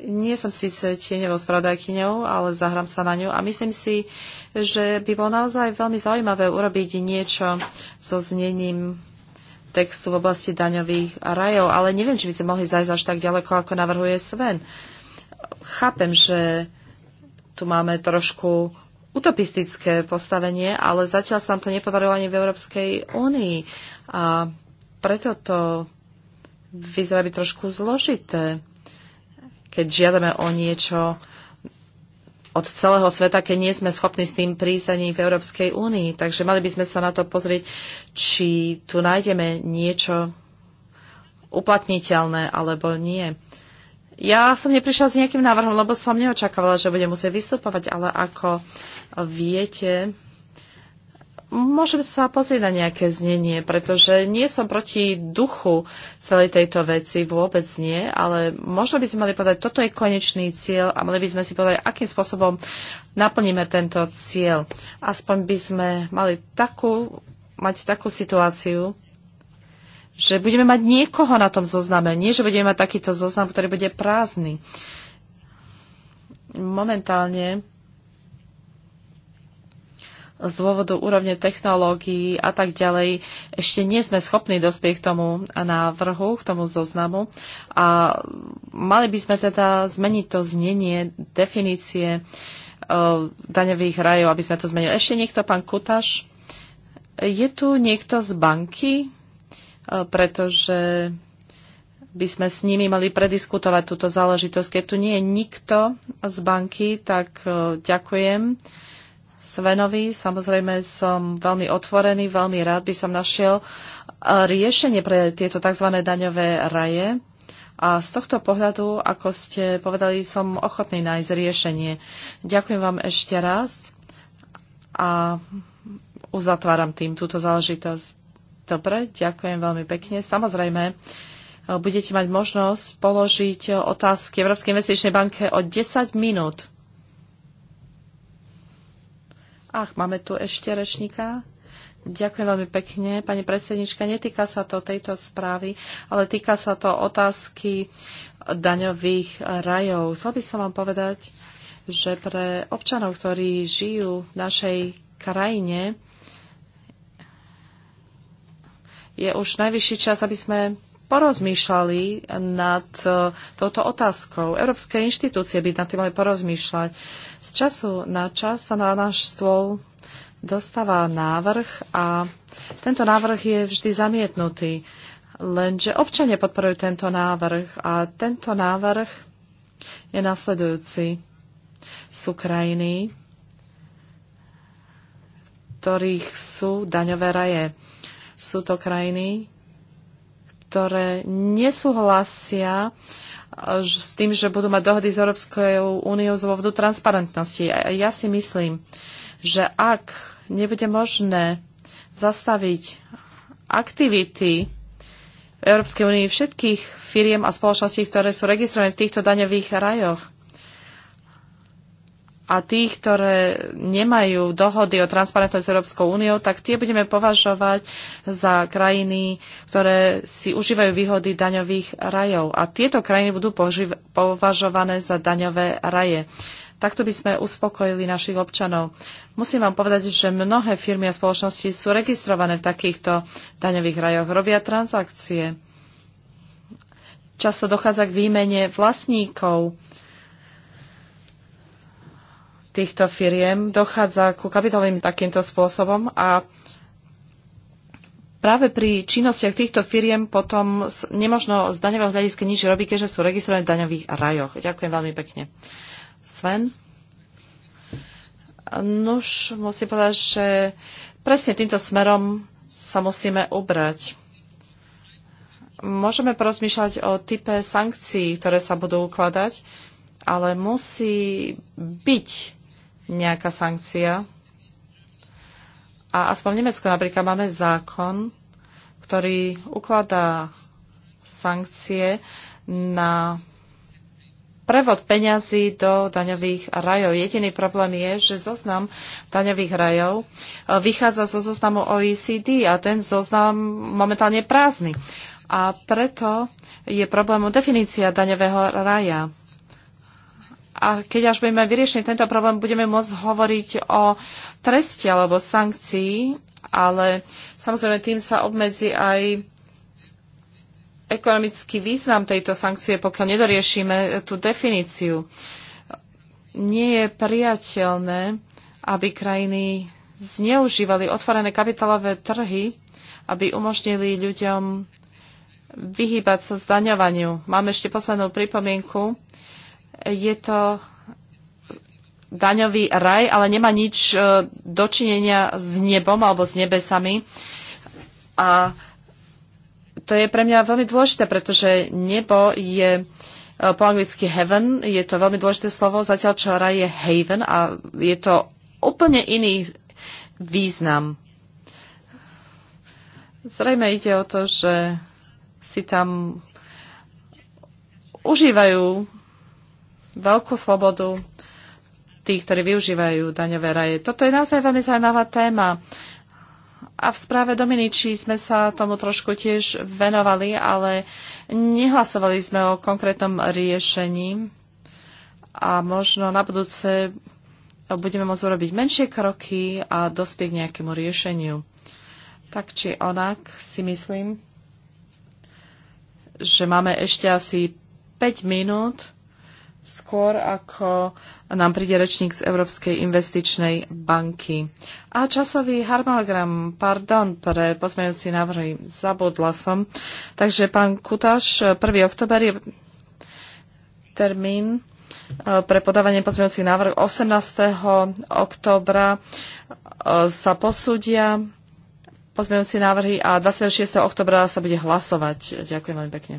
Nie som síce tieňovou spravodajkyňou, ale zahrám sa na ňu a myslím si, že by bolo naozaj veľmi zaujímavé urobiť niečo so znením textu v oblasti daňových rajov, ale neviem, či by sme mohli zajsť až tak ďaleko, ako navrhuje Sven. Chápem, že tu máme trošku utopistické postavenie, ale zatiaľ sa nám to nepodarilo ani v Európskej únii. A preto to vyzerá byť trošku zložité, keď žiadame o niečo od celého sveta, keď nie sme schopní s tým prísť ani v Európskej únii. Takže mali by sme sa na to pozrieť, či tu nájdeme niečo uplatniteľné alebo nie. Ja som neprišla s nejakým návrhom, lebo som neočakávala, že budem musieť vystupovať, ale ako viete, môžem sa pozrieť na nejaké znenie, pretože nie som proti duchu celej tejto veci, vôbec nie, ale možno by sme mali povedať, toto je konečný cieľ a mali by sme si povedať, akým spôsobom naplníme tento cieľ. Aspoň by sme mali takú, mať takú situáciu, že budeme mať niekoho na tom zozname, nie že budeme mať takýto zoznam, ktorý bude prázdny. Momentálne z dôvodu úrovne technológií a tak ďalej, ešte nie sme schopní dospieť k tomu návrhu, k tomu zoznamu. A mali by sme teda zmeniť to znenie definície uh, daňových rajov, aby sme to zmenili. Ešte niekto, pán Kutaš? Je tu niekto z banky? Eh, pretože by sme s nimi mali prediskutovať túto záležitosť. Keď tu nie je nikto z banky, tak eh, ďakujem Svenovi. Samozrejme som veľmi otvorený, veľmi rád by som našiel eh, riešenie pre tieto tzv. daňové raje. A z tohto pohľadu, ako ste povedali, som ochotný nájsť riešenie. Ďakujem vám ešte raz a uzatváram tým túto záležitosť. Dobre, ďakujem veľmi pekne. Samozrejme, e, budete mať možnosť položiť otázky Európskej investičnej banke o 10 minút. Ach, máme tu ešte rečníka. Ďakujem veľmi pekne, pani predsednička. Netýka sa to tejto správy, ale týka sa to otázky daňových rajov. Chcel by som vám povedať, že pre občanov, ktorí žijú v našej krajine, je už najvyšší čas, aby sme porozmýšľali nad e, touto otázkou. Európske inštitúcie by nad tým mali porozmýšľať. Z času na čas sa na náš stôl dostáva návrh a tento návrh je vždy zamietnutý. Lenže občania podporujú tento návrh a tento návrh je nasledujúci. Sú krajiny, ktorých sú daňové raje. Sú to krajiny, ktoré nesúhlasia e, s tým, že budú mať dohody s Európskou úniou z dôvodu transparentnosti. Ja si myslím, že ak nebude možné zastaviť aktivity v Európskej únii všetkých firiem a spoločností, ktoré sú registrované v týchto daňových rajoch, a tých, ktoré nemajú dohody o transparentnosti s Európskou úniou, tak tie budeme považovať za krajiny, ktoré si užívajú výhody daňových rajov. A tieto krajiny budú považované za daňové raje. Takto by sme uspokojili našich občanov. Musím vám povedať, že mnohé firmy a spoločnosti sú registrované v takýchto daňových rajoch, robia transakcie. Často dochádza k výmene vlastníkov týchto firiem dochádza ku kapitálovým takýmto spôsobom a práve pri činnostiach týchto firiem potom nemožno z daňového hľadiska nič robiť, keďže sú registrované v daňových rajoch. Ďakujem veľmi pekne. Sven? Nuž, musím povedať, že presne týmto smerom sa musíme ubrať môžeme porozmýšľať o type sankcií, ktoré sa budú ukladať, ale musí byť nejaká sankcia. A aspoň v Nemecku napríklad máme zákon, ktorý ukladá sankcie na prevod peňazí do daňových rajov. Jediný problém je, že zoznam daňových rajov e, vychádza zo zoznamu OECD a ten zoznam momentálne je prázdny. A preto je problémom definícia daňového raja. A keď až budeme vyriešiť tento problém, budeme môcť hovoriť o treste alebo sankcii, ale samozrejme tým sa obmedzi aj ekonomický význam tejto sankcie, pokiaľ nedoriešime tú definíciu. Nie je priateľné, aby krajiny zneužívali otvorené kapitálové trhy, aby umožnili ľuďom vyhýbať sa zdaňovaniu. Mám ešte poslednú pripomienku je to daňový raj, ale nemá nič e, dočinenia s nebom alebo s nebesami. A to je pre mňa veľmi dôležité, pretože nebo je e, po anglicky heaven, je to veľmi dôležité slovo, zatiaľ čo raj je haven a je to úplne iný význam. Zrejme ide o to, že si tam užívajú veľkú slobodu tých, ktorí využívajú daňové raje. Toto je naozaj veľmi zaujímavá téma. A v správe Dominiči sme sa tomu trošku tiež venovali, ale nehlasovali sme o konkrétnom riešení. A možno na budúce budeme môcť urobiť menšie kroky a dospieť k nejakému riešeniu. Tak či onak si myslím, že máme ešte asi 5 minút skôr ako nám príde rečník z Európskej investičnej banky. A časový harmonogram, pardon, pre pozmeňujúci návrhy zabudla som. Takže pán Kutáš, 1. oktober je termín e, pre podávanie pozmeňujúcich návrhov 18. oktobra e, sa posúdia pozmeňujúci návrhy a 26. oktobra sa bude hlasovať. Ďakujem veľmi pekne.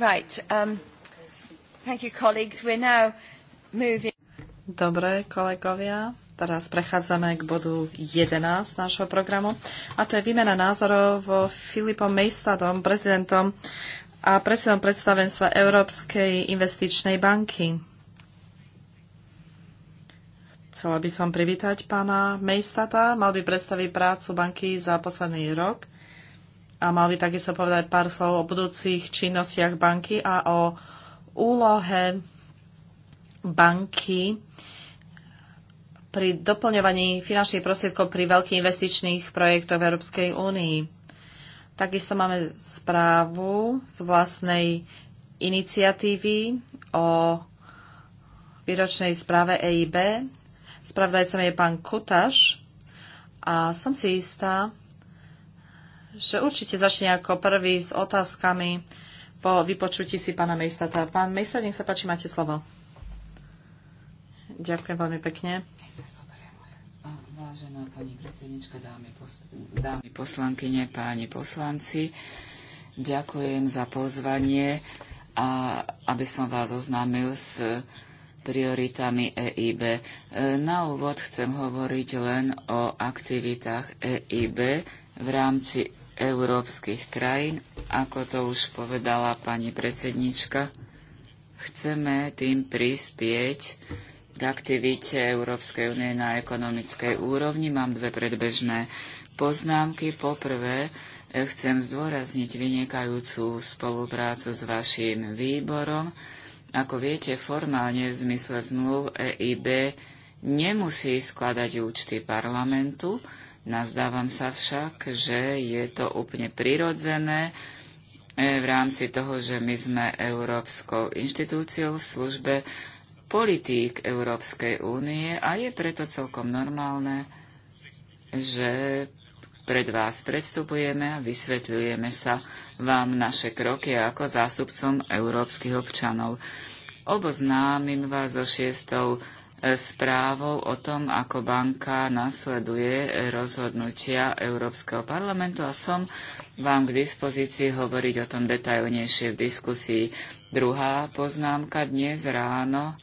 Right. Um, thank you, colleagues. We're now moving... Dobre, kolegovia. Teraz prechádzame k bodu 11 nášho programu a to je výmena názorov vo Filipom Mejstadom, prezidentom a predsedom predstavenstva Európskej investičnej banky. Chcela by som privítať pána Mejstata. Mal by predstaviť prácu banky za posledný rok a mal by takisto povedať pár slov o budúcich činnostiach banky a o úlohe banky pri doplňovaní finančných prostriedkov pri veľkých investičných projektoch v Európskej únii. Takisto máme správu z vlastnej iniciatívy o výročnej správe EIB. Spravdajcom je pán Kutaš a som si istá, že určite začne ako prvý s otázkami po vypočutí si pána Mejstata. Pán Mejstat, nech sa páči, máte slovo. Ďakujem veľmi pekne. Vážená pani predsednička, dámy, posl- dámy poslankyne, páni poslanci, ďakujem za pozvanie a aby som vás oznámil s prioritami EIB. E, na úvod chcem hovoriť len o aktivitách EIB v rámci európskych krajín, ako to už povedala pani predsednička. Chceme tým prispieť k aktivite Európskej únie na ekonomickej úrovni. Mám dve predbežné poznámky. Poprvé, eh, chcem zdôrazniť vynikajúcu spoluprácu s vašim výborom. Ako viete, formálne v zmysle zmluv EIB nemusí skladať účty parlamentu, Nazdávam sa však, že je to úplne prirodzené e, v rámci toho, že my sme európskou inštitúciou v službe politík Európskej únie a je preto celkom normálne, že pred vás predstupujeme a vysvetľujeme sa vám naše kroky ako zástupcom európskych občanov. Oboznámim vás so šiestou správou o tom, ako banka nasleduje rozhodnutia Európskeho parlamentu a som vám k dispozícii hovoriť o tom detailnejšie v diskusii. Druhá poznámka dnes ráno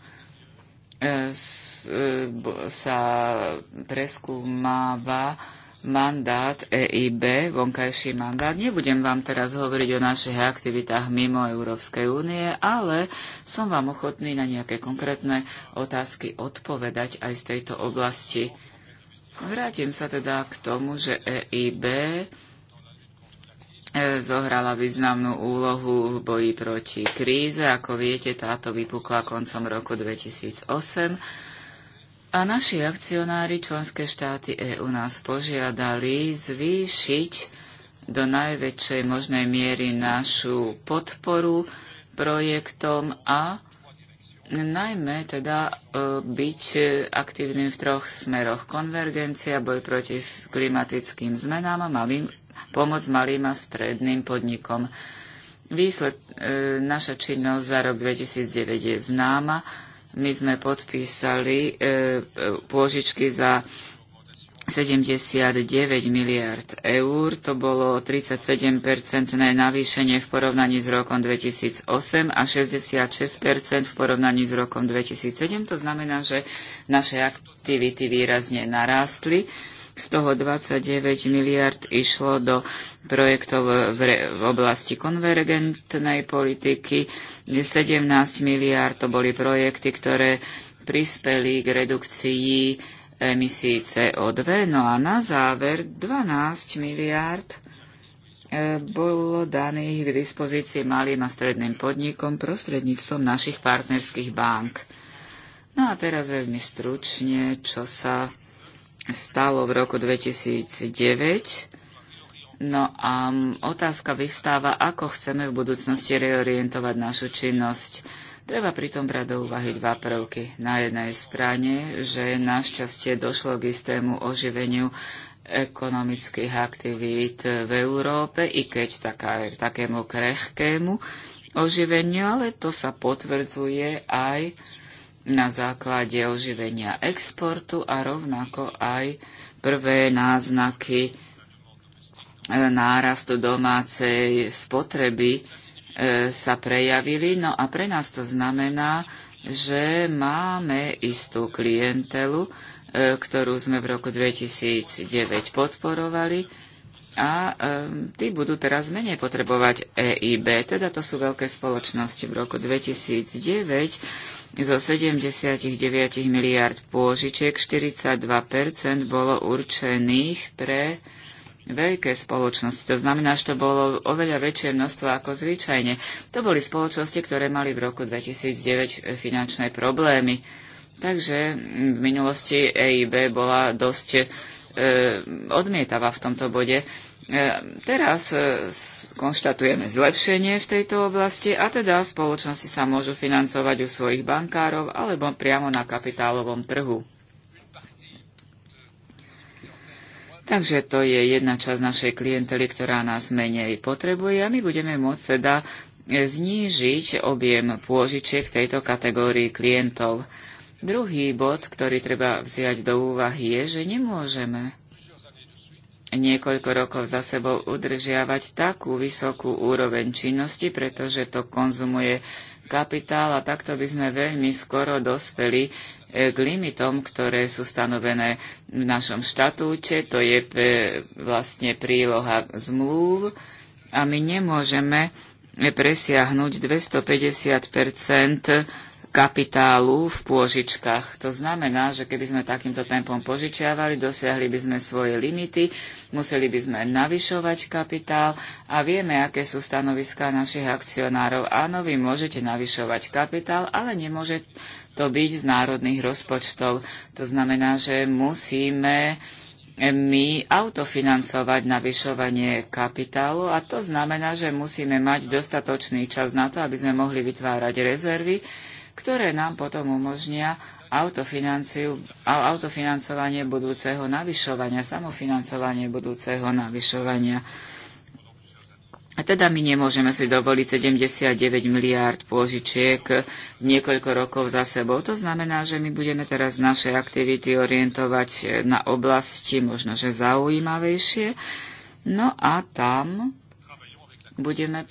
eh, eh, sa preskúmáva mandát EIB, vonkajší mandát. Nebudem vám teraz hovoriť o našich aktivitách mimo Európskej únie, ale som vám ochotný na nejaké konkrétne otázky odpovedať aj z tejto oblasti. Vrátim sa teda k tomu, že EIB e, zohrala významnú úlohu v boji proti kríze. Ako viete, táto vypukla koncom roku 2008 a naši akcionári členské štáty EÚ nás požiadali zvýšiť do najväčšej možnej miery našu podporu projektom a najmä teda e, byť aktívnym v troch smeroch. Konvergencia, boj proti klimatickým zmenám a malým, pomoc malým a stredným podnikom. Výsled, e, naša činnosť za rok 2009 je známa my sme podpísali e, e, pôžičky za 79 miliard eur, to bolo 37-percentné navýšenie v porovnaní s rokom 2008 a 66 v porovnaní s rokom 2007. To znamená, že naše aktivity výrazne narástli z toho 29 miliard išlo do projektov v, re, v oblasti konvergentnej politiky, 17 miliard to boli projekty, ktoré prispeli k redukcii emisí CO2, no a na záver 12 miliard e, bolo daných k dispozícii malým a stredným podnikom prostredníctvom našich partnerských bank. No a teraz veľmi stručne, čo sa stalo v roku 2009. No a otázka vystáva, ako chceme v budúcnosti reorientovať našu činnosť. Treba pritom brať do úvahy dva prvky. Na jednej strane, že našťastie došlo k istému oživeniu ekonomických aktivít v Európe, i keď taká, takému krehkému oživeniu, ale to sa potvrdzuje aj na základe oživenia exportu a rovnako aj prvé náznaky e, nárastu domácej spotreby e, sa prejavili. No a pre nás to znamená, že máme istú klientelu, e, ktorú sme v roku 2009 podporovali a tí budú teraz menej potrebovať EIB. Teda to sú veľké spoločnosti. V roku 2009 zo 79 miliard pôžičiek 42% bolo určených pre veľké spoločnosti. To znamená, že to bolo oveľa väčšie množstvo ako zvyčajne. To boli spoločnosti, ktoré mali v roku 2009 finančné problémy. Takže v minulosti EIB bola dosť e, odmietava v tomto bode. E, teraz e, konštatujeme zlepšenie v tejto oblasti a teda spoločnosti sa môžu financovať u svojich bankárov alebo priamo na kapitálovom trhu. Takže to je jedna časť našej klientely, ktorá nás menej potrebuje a my budeme môcť teda e, znížiť objem pôžičiek tejto kategórii klientov. Druhý bod, ktorý treba vziať do úvahy, je, že nemôžeme niekoľko rokov za sebou udržiavať takú vysokú úroveň činnosti, pretože to konzumuje kapitál a takto by sme veľmi skoro dospeli e, k limitom, ktoré sú stanovené v našom štatúte. To je e, vlastne príloha zmluv a my nemôžeme e, presiahnuť 250 kapitálu v pôžičkách. To znamená, že keby sme takýmto tempom požičiavali, dosiahli by sme svoje limity, museli by sme navyšovať kapitál a vieme, aké sú stanoviská našich akcionárov. Áno, vy môžete navyšovať kapitál, ale nemôže to byť z národných rozpočtov. To znamená, že musíme my autofinancovať navyšovanie kapitálu a to znamená, že musíme mať dostatočný čas na to, aby sme mohli vytvárať rezervy ktoré nám potom umožnia autofinancovanie budúceho navyšovania, samofinancovanie budúceho navyšovania. A teda my nemôžeme si dovoliť 79 miliárd pôžičiek niekoľko rokov za sebou. To znamená, že my budeme teraz naše aktivity orientovať na oblasti možno, že zaujímavejšie. No a tam budeme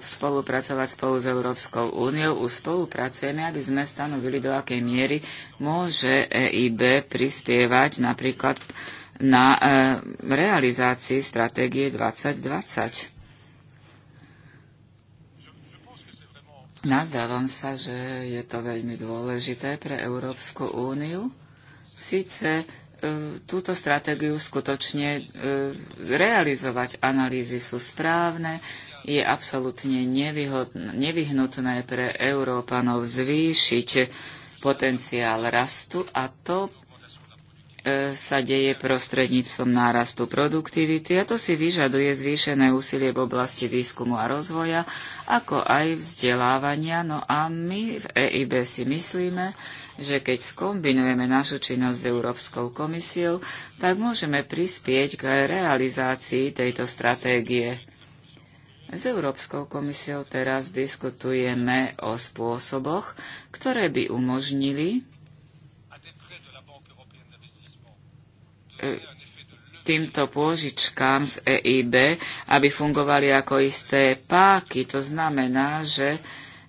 spolupracovať spolu s Európskou úniou. Už spolupracujeme, aby sme stanovili, do akej miery môže EIB prispievať napríklad na e, realizácii stratégie 2020. Nazdávam sa, že je to veľmi dôležité pre Európsku úniu. Sice túto stratégiu skutočne e, realizovať. Analýzy sú správne, je absolútne nevyhnutné pre Európanov zvýšiť potenciál rastu a to e, sa deje prostredníctvom nárastu produktivity a to si vyžaduje zvýšené úsilie v oblasti výskumu a rozvoja, ako aj vzdelávania. No a my v EIB si myslíme, že keď skombinujeme našu činnosť s Európskou komisiou, tak môžeme prispieť k realizácii tejto stratégie. S Európskou komisiou teraz diskutujeme o spôsoboch, ktoré by umožnili e, týmto pôžičkám z EIB, aby fungovali ako isté páky. To znamená, že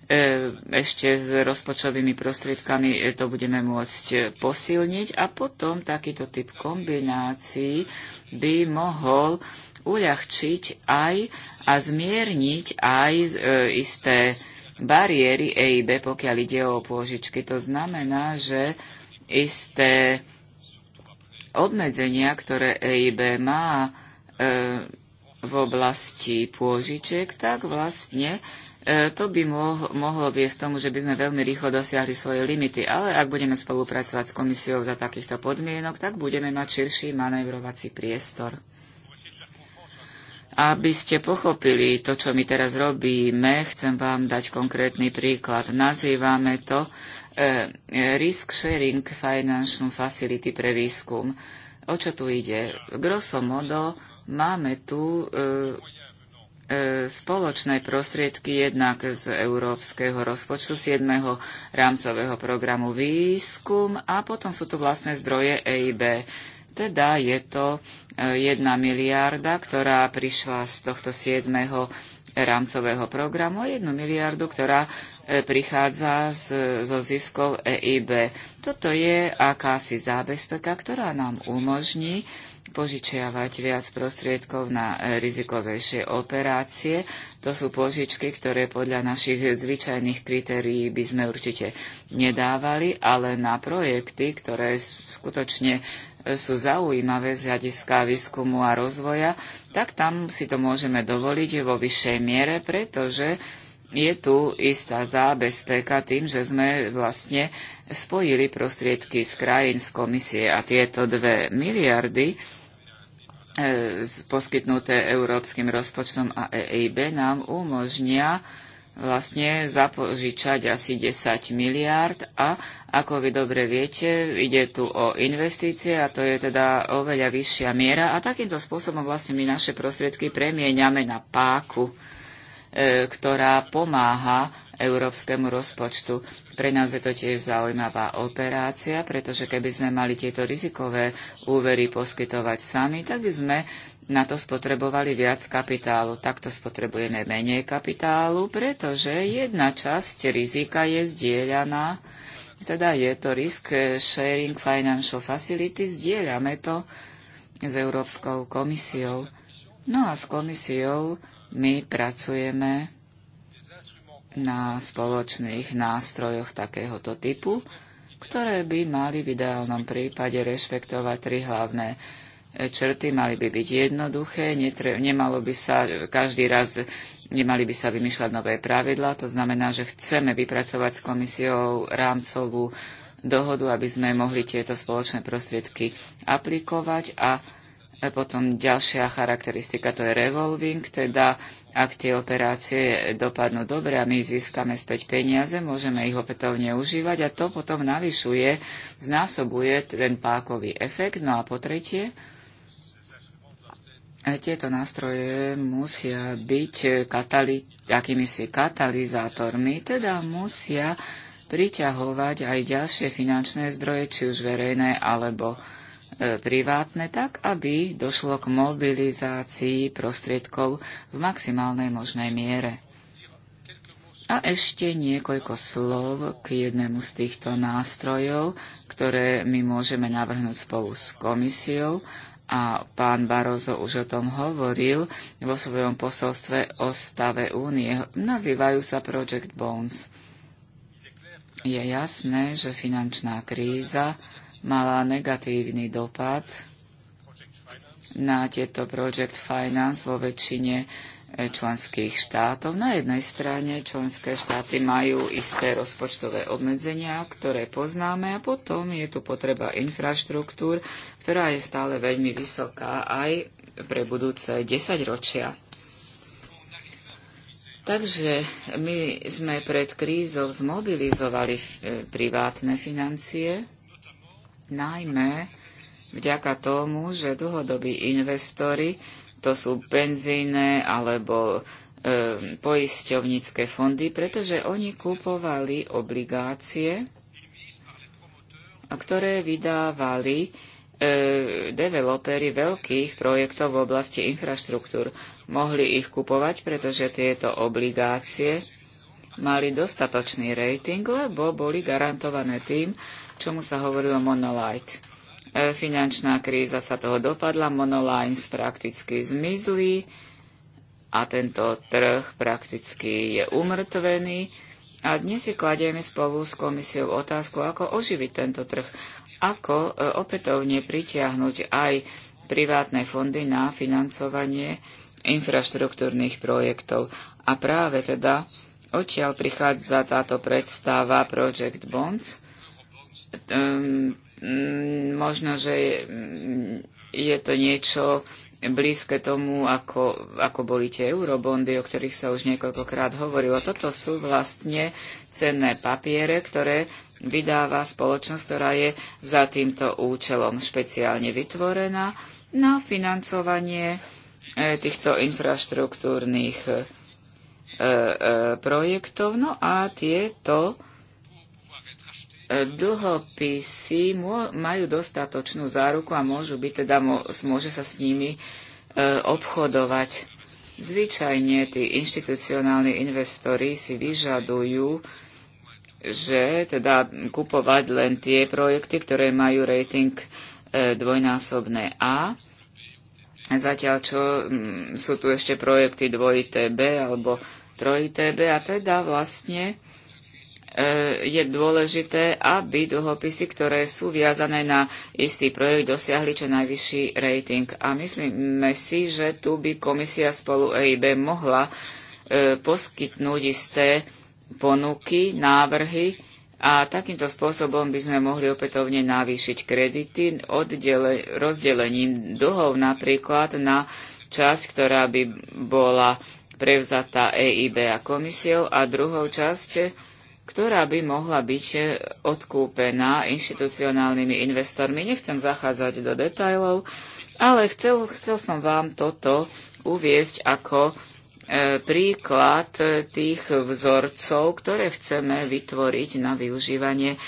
E, ešte s rozpočtovými prostriedkami e, to budeme môcť e, posilniť a potom takýto typ kombinácií by mohol uľahčiť aj a zmierniť aj isté bariéry EIB, pokiaľ ide o pôžičky. To znamená, že isté obmedzenia, ktoré EIB má, v oblasti pôžiček, tak vlastne E, to by mohlo, mohlo viesť tomu, že by sme veľmi rýchlo dosiahli svoje limity, ale ak budeme spolupracovať s komisiou za takýchto podmienok, tak budeme mať širší manévrovací priestor. Aby ste pochopili to, čo my teraz robíme, chcem vám dať konkrétny príklad. Nazývame to eh, Risk Sharing Financial Facility pre výskum. O čo tu ide? Grosso modo máme tu eh, E, spoločné prostriedky jednak z európskeho rozpočtu 7. rámcového programu výskum a potom sú tu vlastné zdroje EIB. Teda je to e, jedna miliarda, ktorá prišla z tohto 7. rámcového programu a jednu miliardu, ktorá e, prichádza z, zo ziskov EIB. Toto je akási zábezpeka, ktorá nám umožní požičiavať viac prostriedkov na e, rizikovejšie operácie. To sú požičky, ktoré podľa našich zvyčajných kritérií by sme určite nedávali, ale na projekty, ktoré skutočne e, sú zaujímavé z hľadiska výskumu a rozvoja, tak tam si to môžeme dovoliť vo vyššej miere, pretože je tu istá zábezpeka tým, že sme vlastne spojili prostriedky z krajín z komisie a tieto dve miliardy poskytnuté európskym rozpočtom a EIB nám umožnia vlastne zapožičať asi 10 miliárd a ako vy dobre viete, ide tu o investície a to je teda oveľa vyššia miera a takýmto spôsobom vlastne my naše prostriedky premieňame na páku E, ktorá pomáha európskemu rozpočtu. Pre nás je to tiež zaujímavá operácia, pretože keby sme mali tieto rizikové úvery poskytovať sami, tak by sme na to spotrebovali viac kapitálu. Takto spotrebujeme menej kapitálu, pretože jedna časť rizika je zdieľaná. Teda je to risk sharing financial facility, zdieľame to s Európskou komisiou. No a s komisiou my pracujeme na spoločných nástrojoch takéhoto typu, ktoré by mali v ideálnom prípade rešpektovať tri hlavné črty, mali by byť jednoduché, netre, nemalo by sa každý raz, nemali by sa vymýšľať nové pravidlá, to znamená, že chceme vypracovať s komisiou rámcovú dohodu, aby sme mohli tieto spoločné prostriedky aplikovať a E, potom ďalšia charakteristika to je revolving, teda ak tie operácie dopadnú dobre a my získame späť peniaze, môžeme ich opätovne užívať a to potom navyšuje, znásobuje ten pákový efekt. No a po tretie, e, tieto nástroje musia byť katali- akýmisi katalizátormi, teda musia priťahovať aj ďalšie finančné zdroje, či už verejné alebo E, privátne tak, aby došlo k mobilizácii prostriedkov v maximálnej možnej miere. A ešte niekoľko slov k jednému z týchto nástrojov, ktoré my môžeme navrhnúť spolu s komisiou. A pán Barozo už o tom hovoril vo svojom posolstve o stave únie. Nazývajú sa Project bonds. Je jasné, že finančná kríza mala negatívny dopad na tieto project finance vo väčšine e, členských štátov. Na jednej strane členské štáty majú isté rozpočtové obmedzenia, ktoré poznáme a potom je tu potreba infraštruktúr, ktorá je stále veľmi vysoká aj pre budúce desaťročia. Takže my sme pred krízou zmobilizovali e, privátne financie najmä vďaka tomu, že dlhodobí investori, to sú penzíne alebo e, poisťovnícke fondy, pretože oni kupovali obligácie, ktoré vydávali e, developery veľkých projektov v oblasti infraštruktúr. Mohli ich kupovať, pretože tieto obligácie mali dostatočný rating, lebo boli garantované tým, čomu sa hovorilo monolight. E, finančná kríza sa toho dopadla, monolines prakticky zmizli a tento trh prakticky je umrtvený. A dnes si kladieme spolu s komisiou otázku, ako oživiť tento trh, ako e, opätovne pritiahnuť aj privátne fondy na financovanie infraštruktúrnych projektov. A práve teda odtiaľ prichádza táto predstava Project Bonds, Ehm, mm, možno, že je, mm, je to niečo blízke tomu, ako, ako boli tie eurobondy, o ktorých sa už niekoľkokrát hovorilo. Toto sú vlastne cenné papiere, ktoré vydáva spoločnosť, ktorá je za týmto účelom špeciálne vytvorená na financovanie e, týchto infraštruktúrnych e, e, projektov. No a tieto E, dlhopisy majú dostatočnú záruku a môžu byť, teda môže sa s nimi e, obchodovať. Zvyčajne tí inštitucionálni investori si vyžadujú, že teda kupovať len tie projekty, ktoré majú rating e, dvojnásobné A, zatiaľ čo sú tu ešte projekty dvojité B alebo trojité B a teda vlastne Eh, je dôležité, aby dlhopisy, ktoré sú viazané na istý projekt, dosiahli čo najvyšší rating. A myslíme si, že tu by komisia spolu EIB mohla eh, poskytnúť isté ponuky, návrhy a takýmto spôsobom by sme mohli opätovne navýšiť kredity oddele, rozdelením dlhov napríklad na časť, ktorá by bola prevzatá EIB a komisiou a druhou časť ktorá by mohla byť e, odkúpená inštitucionálnymi investormi. Nechcem zachádzať do detajlov, ale chcel, chcel som vám toto uviezť ako e, príklad e, tých vzorcov, ktoré chceme vytvoriť na využívanie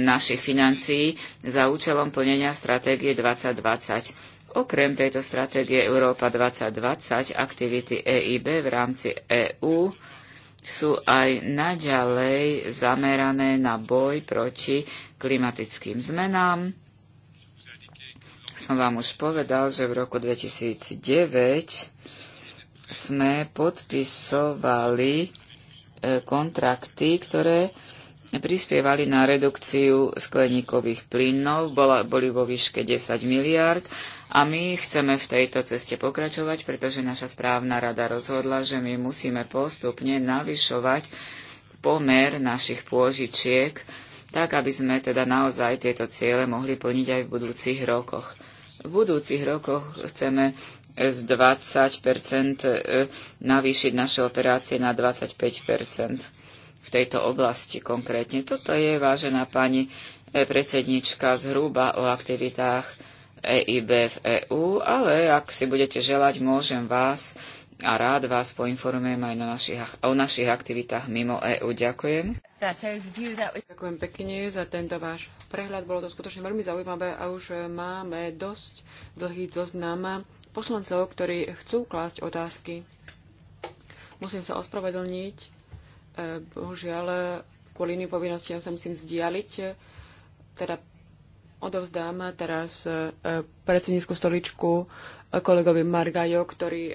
našich financií za účelom plnenia stratégie 2020. Okrem tejto stratégie Európa 2020 aktivity EIB v rámci EÚ sú aj naďalej zamerané na boj proti klimatickým zmenám. Som vám už povedal, že v roku 2009 sme podpisovali e, kontrakty, ktoré prispievali na redukciu skleníkových plynov, bola, boli vo výške 10 miliárd a my chceme v tejto ceste pokračovať, pretože naša správna rada rozhodla, že my musíme postupne navyšovať pomer našich pôžičiek, tak aby sme teda naozaj tieto ciele mohli plniť aj v budúcich rokoch. V budúcich rokoch chceme z 20 e, navýšiť naše operácie na 25 v tejto oblasti konkrétne. Toto je, vážená pani eh, predsednička, zhruba o aktivitách EIB v EÚ, ale ak si budete želať, môžem vás a rád vás poinformujem aj na našich, o našich aktivitách mimo EÚ. Ďakujem. Ďakujem pekne za tento váš prehľad. Bolo to skutočne veľmi zaujímavé a už máme dosť dlhý zoznam poslancov, ktorí chcú klásť otázky. Musím sa ospravedlniť Bohužiaľ, kvôli iným povinnostiam sa musím vzdialiť. Teda odovzdám teraz e, predsednícku stoličku e, kolegovi Margajo, ktorý e,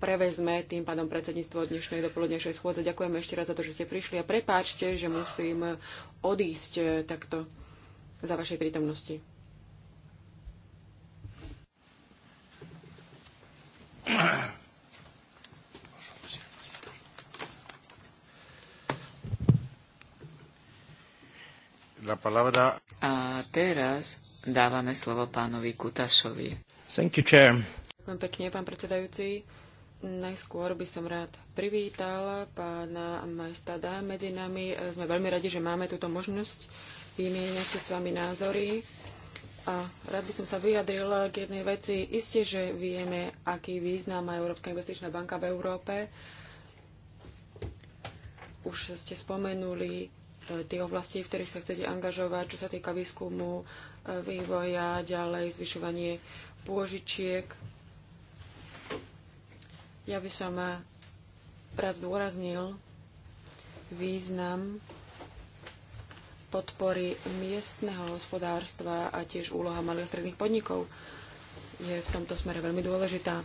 prevezme tým pádom predsedníctvo dnešnej dopoludnejšej schôdze. Ďakujem ešte raz za to, že ste prišli a prepáčte, že musím odísť takto za vašej prítomnosti. Yeah. A teraz dávame slovo pánovi Kutašovi. Thank you, chair. Ďakujem pekne, pán predsedajúci. Najskôr by som rád privítal pána Majstada medzi nami. Sme veľmi radi, že máme túto možnosť vymieňať si s vami názory. A rád by som sa vyjadril k jednej veci. Isté, že vieme, aký význam má Európska investičná banka v Európe. Už ste spomenuli E, tých oblastí, v ktorých sa chcete angažovať, čo sa týka výskumu, e, vývoja, ďalej zvyšovanie pôžičiek. Ja by som e, rád zdôraznil význam podpory miestneho hospodárstva a tiež úloha malých a stredných podnikov je v tomto smere veľmi dôležitá.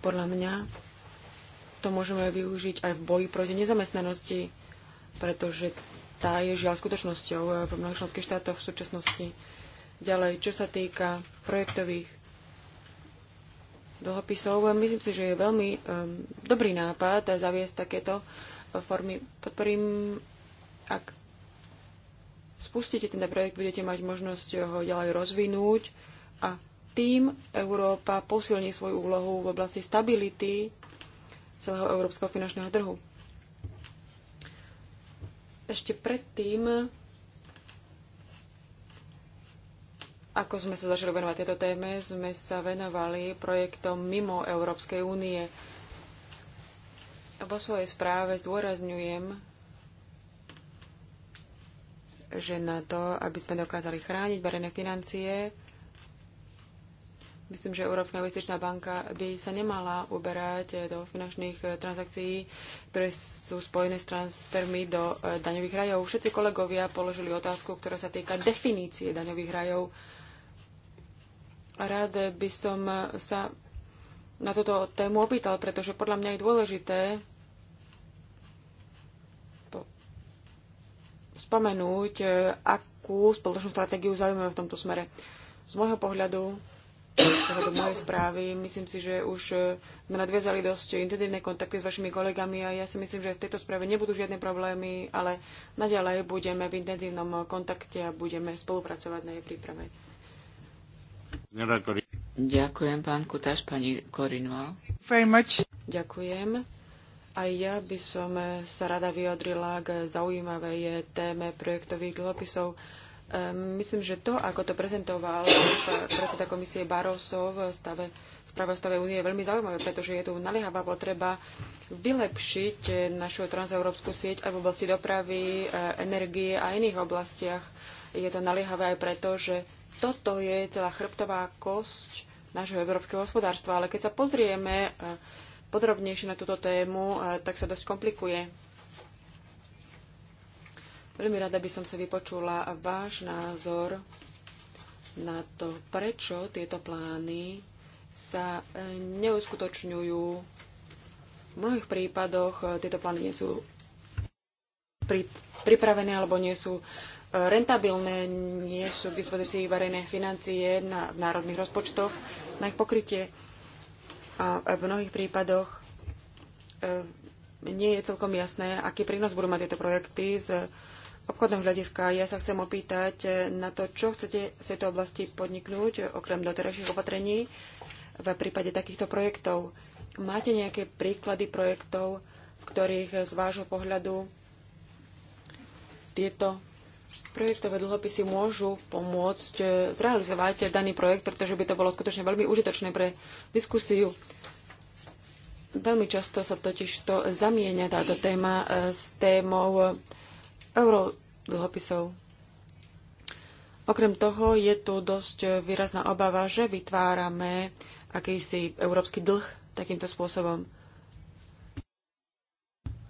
Podľa mňa to môžeme využiť aj v boji proti nezamestnanosti, pretože tá je žiaľ skutočnosťou eh, v mnohých členských štátoch v súčasnosti. Ďalej, čo sa týka projektových dlhopisov, eh, myslím si, že je veľmi um, dobrý nápad zaviesť takéto formy. Podporím, ak spustíte ten projekt, budete mať možnosť ho ďalej rozvinúť a tým Európa posilní svoju úlohu v oblasti stability celého európskeho finančného trhu. Ešte predtým, ako sme sa začali venovať tejto téme, sme sa venovali projektom mimo Európskej únie. Vo svojej správe zdôrazňujem, že na to, aby sme dokázali chrániť verejné financie, Myslím, že Európska investičná banka by sa nemala uberať eh, do finančných eh, transakcií, ktoré sú spojené s transfermi do eh, daňových rajov. Všetci kolegovia položili otázku, ktorá sa týka definície daňových rajov. Rád by som sa na túto tému opýtal, pretože podľa mňa je dôležité spomenúť, akú spoločnú stratégiu zaujímame v tomto smere. Z môjho pohľadu do mojej správy. Myslím si, že už e, sme nadviazali dosť intenzívne kontakty s vašimi kolegami a ja si myslím, že v tejto správe nebudú žiadne problémy, ale naďalej budeme v intenzívnom kontakte a budeme spolupracovať na jej príprave. Ďakujem, pán Kutáš, pani Korinval. Ďakujem. Aj ja by som e, sa rada vyjadrila k zaujímavej e, téme projektových dlhopisov. Ehm, myslím, že to, ako to prezentoval predseda komisie Barroso v stave správe o stave únie je veľmi zaujímavé, pretože je tu naliehavá potreba vylepšiť našu transeurópsku sieť aj v oblasti dopravy, eh, energie a iných oblastiach. Je to naliehavé aj preto, že toto je celá chrbtová kosť nášho európskeho hospodárstva. Ale keď sa pozrieme eh, podrobnejšie na túto tému, eh, tak sa dosť komplikuje. Veľmi rada by som sa vypočula váš názor na to, prečo tieto plány sa e, neuskutočňujú. V mnohých prípadoch e, tieto plány nie sú pripravené alebo nie sú e, rentabilné, nie sú k dispozícii verejné financie na, v národných rozpočtoch na ich pokrytie. A v mnohých prípadoch nie je celkom jasné, aký prínos budú mať tieto projekty z obchodného hľadiska. Ja sa chcem opýtať na to, čo chcete v tejto oblasti podniknúť, okrem doterajších opatrení, v prípade takýchto projektov. Máte nejaké príklady projektov, v ktorých z vášho pohľadu tieto projektové dlhopisy môžu pomôcť eh, zrealizovať daný projekt, pretože by to bolo skutočne veľmi užitočné pre diskusiu. Veľmi často sa totiž to zamieňa táto téma eh, s témou euro dlhopisov. Okrem toho je tu dosť výrazná obava, že vytvárame akýsi európsky dlh takýmto spôsobom.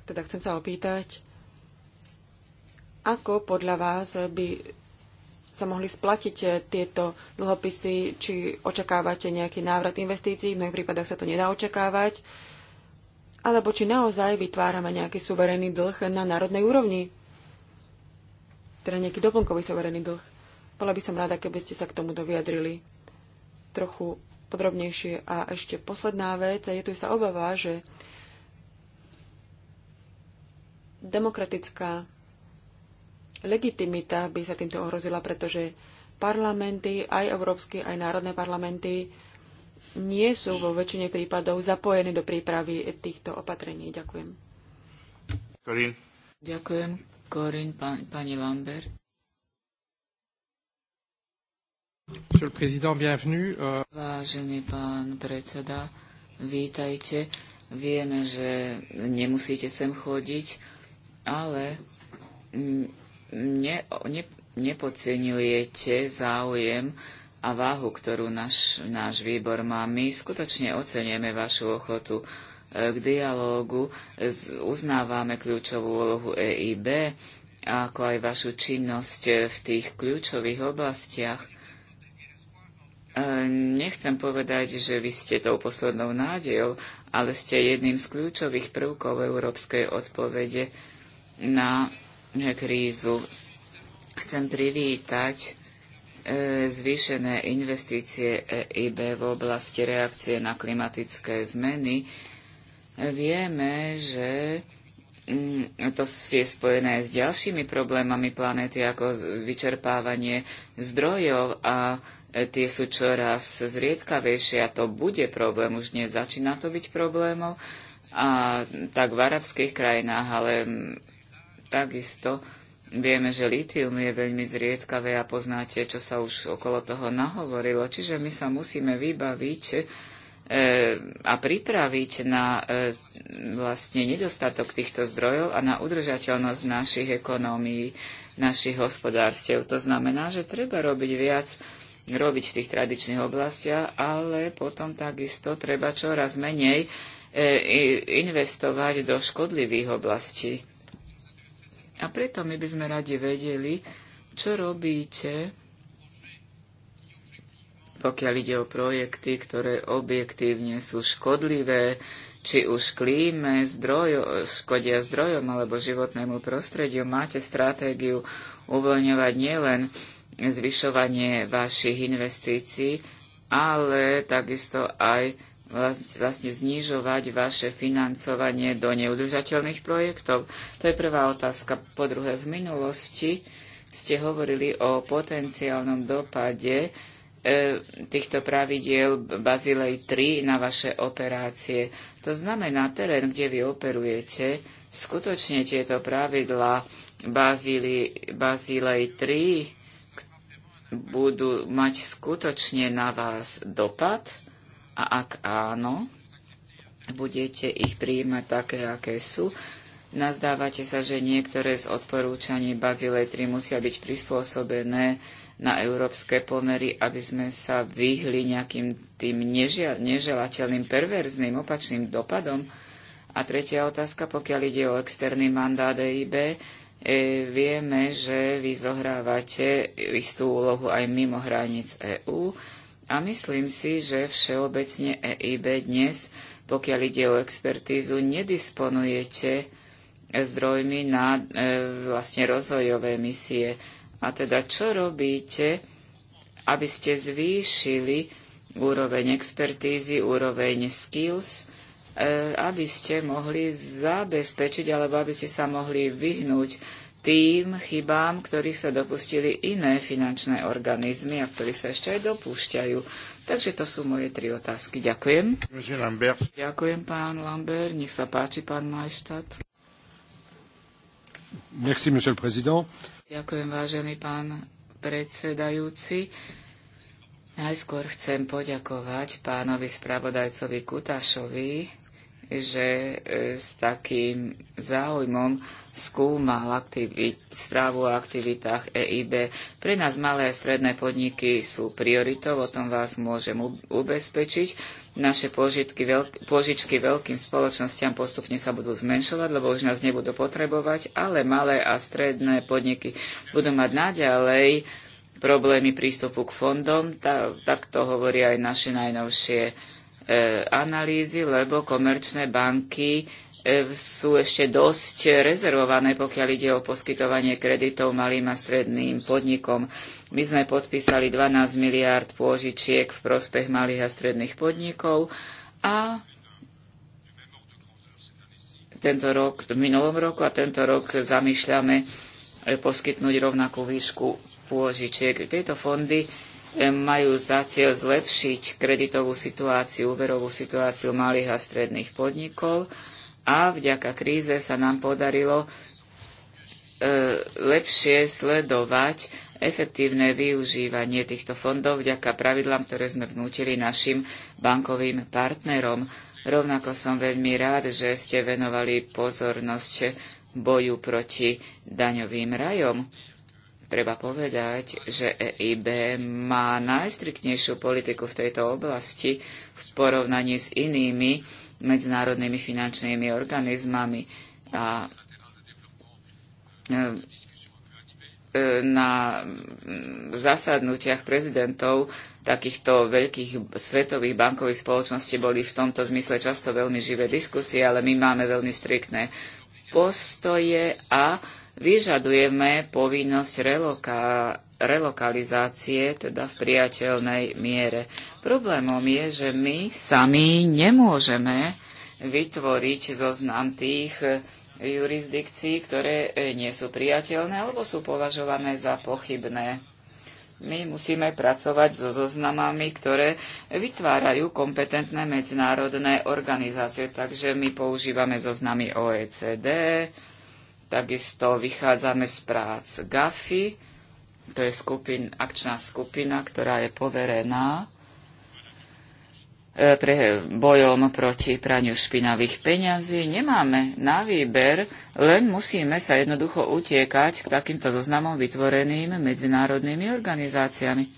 Teda chcem sa opýtať, ako podľa vás by sa mohli splatiť tieto dlhopisy, či očakávate nejaký návrat investícií, v mnohých prípadoch sa to nedá očakávať, alebo či naozaj vytvárame nejaký suverénny dlh na národnej úrovni teda nejaký doplnkový suverénny dlh. Bola by som rada, keby ste sa k tomu doviadrili trochu podrobnejšie. A ešte posledná vec, a je tu sa obava, že demokratická legitimita by sa týmto ohrozila, pretože parlamenty, aj európsky, aj národné parlamenty, nie sú vo väčšine prípadov zapojení do prípravy týchto opatrení. Ďakujem. Karin. Ďakujem, Corin, pán, pani Lambert. Monsieur le Président, bienvenue. Euh. Vážený pán predseda, vítajte. Viem, že nemusíte sem chodiť, ale ne, ne, nepodceňujete záujem a váhu, ktorú náš, náš výbor má. My skutočne ocenieme vašu ochotu uh, E, k dialógu. Uznávame kľúčovú úlohu EIB, ako aj vašu činnosť v tých kľúčových oblastiach. E, nechcem povedať, že vy ste tou poslednou nádejou, ale ste jedným z kľúčových prvkov európskej odpovede na krízu. Chcem privítať e, zvýšené investície EIB v oblasti reakcie na klimatické zmeny Vieme, že mm, to je spojené s ďalšími problémami planéty, ako vyčerpávanie zdrojov a e, tie sú čoraz zriedkavejšie a to bude problém, už dnes začína to byť problémom a tak v arabských krajinách, ale mm, takisto vieme, že litium je veľmi zriedkavé a poznáte, čo sa už okolo toho nahovorilo. Čiže my sa musíme vybaviť E, a pripraviť na e, vlastne nedostatok týchto zdrojov a na udržateľnosť našich ekonómií, našich hospodárstiev. To znamená, že treba robiť viac robiť v tých tradičných oblastiach, ale potom takisto treba čoraz menej e, investovať do škodlivých oblastí. A preto my by sme radi vedeli, čo robíte, pokiaľ ide o projekty, ktoré objektívne sú škodlivé, či už klíme, zdrojo, škodia zdrojom alebo životnému prostrediu, máte stratégiu uvoľňovať nielen zvyšovanie vašich investícií, ale takisto aj vlastne znižovať vaše financovanie do neudržateľných projektov? To je prvá otázka. Po druhé, v minulosti ste hovorili o potenciálnom dopade E, týchto pravidiel Bazilej 3 na vaše operácie. To znamená, terén, kde vy operujete, skutočne tieto pravidlá Bazilej Bazílej 3 budú mať skutočne na vás dopad a ak áno, budete ich prijímať také, aké sú. Nazdávate sa, že niektoré z odporúčaní Bazilej 3 musia byť prispôsobené na európske pomery, aby sme sa vyhli nejakým tým nežia, neželateľným perverzným opačným dopadom. A tretia otázka, pokiaľ ide o externý mandát EIB, e, vieme, že vy zohrávate istú úlohu aj mimo hraníc EÚ a myslím si, že všeobecne EIB dnes, pokiaľ ide o expertízu, nedisponujete zdrojmi na e, vlastne rozvojové misie. A teda čo robíte, aby ste zvýšili úroveň expertízy, úroveň skills, e, aby ste mohli zabezpečiť alebo aby ste sa mohli vyhnúť tým chybám, ktorých sa dopustili iné finančné organizmy a ktorí sa ešte aj dopúšťajú. Takže to sú moje tri otázky. Ďakujem. Ďakujem, pán Lambert. Nech sa páči, pán Majštát. Merci, monsieur le président. Ďakujem, vážený pán predsedajúci. Najskôr chcem poďakovať pánovi spravodajcovi Kutašovi že e, s takým záujmom skúmal aktivit, správu o aktivitách EIB. Pre nás malé a stredné podniky sú prioritou, o tom vás môžem ubezpečiť. Naše požičky veľkým spoločnosťam postupne sa budú zmenšovať, lebo už nás nebudú potrebovať, ale malé a stredné podniky budú mať naďalej problémy prístupu k fondom. Tá, tak to hovoria aj naše najnovšie E, analýzy, lebo komerčné banky e, sú ešte dosť rezervované, pokiaľ ide o poskytovanie kreditov malým a stredným podnikom. My sme podpísali 12 miliárd pôžičiek v prospech malých a stredných podnikov a tento rok, v minulom roku a tento rok zamýšľame e, poskytnúť rovnakú výšku pôžičiek. Tieto fondy E, majú za cieľ zlepšiť kreditovú situáciu, úverovú situáciu malých a stredných podnikov a vďaka kríze sa nám podarilo e, lepšie sledovať efektívne využívanie týchto fondov vďaka pravidlám, ktoré sme vnútili našim bankovým partnerom. Rovnako som veľmi rád, že ste venovali pozornosť boju proti daňovým rajom. Treba povedať, že EIB má najstriktnejšiu politiku v tejto oblasti v porovnaní s inými medzinárodnými finančnými organizmami. A e, e, na zasadnutiach prezidentov takýchto veľkých svetových bankových spoločností boli v tomto zmysle často veľmi živé diskusie, ale my máme veľmi striktné postoje a vyžadujeme povinnosť reloka, relokalizácie, teda v priateľnej miere. Problémom je, že my sami nemôžeme vytvoriť zoznam tých jurisdikcií, ktoré e, nie sú priateľné alebo sú považované za pochybné. My musíme pracovať so zoznamami, ktoré vytvárajú kompetentné medzinárodné organizácie. Takže my používame zoznamy OECD, Takisto vychádzame z prác GAFI, to je skupin, akčná skupina, ktorá je poverená e, pre bojom proti praniu špinavých peňazí. Nemáme na výber, len musíme sa jednoducho utiekať k takýmto zoznamom vytvoreným medzinárodnými organizáciami.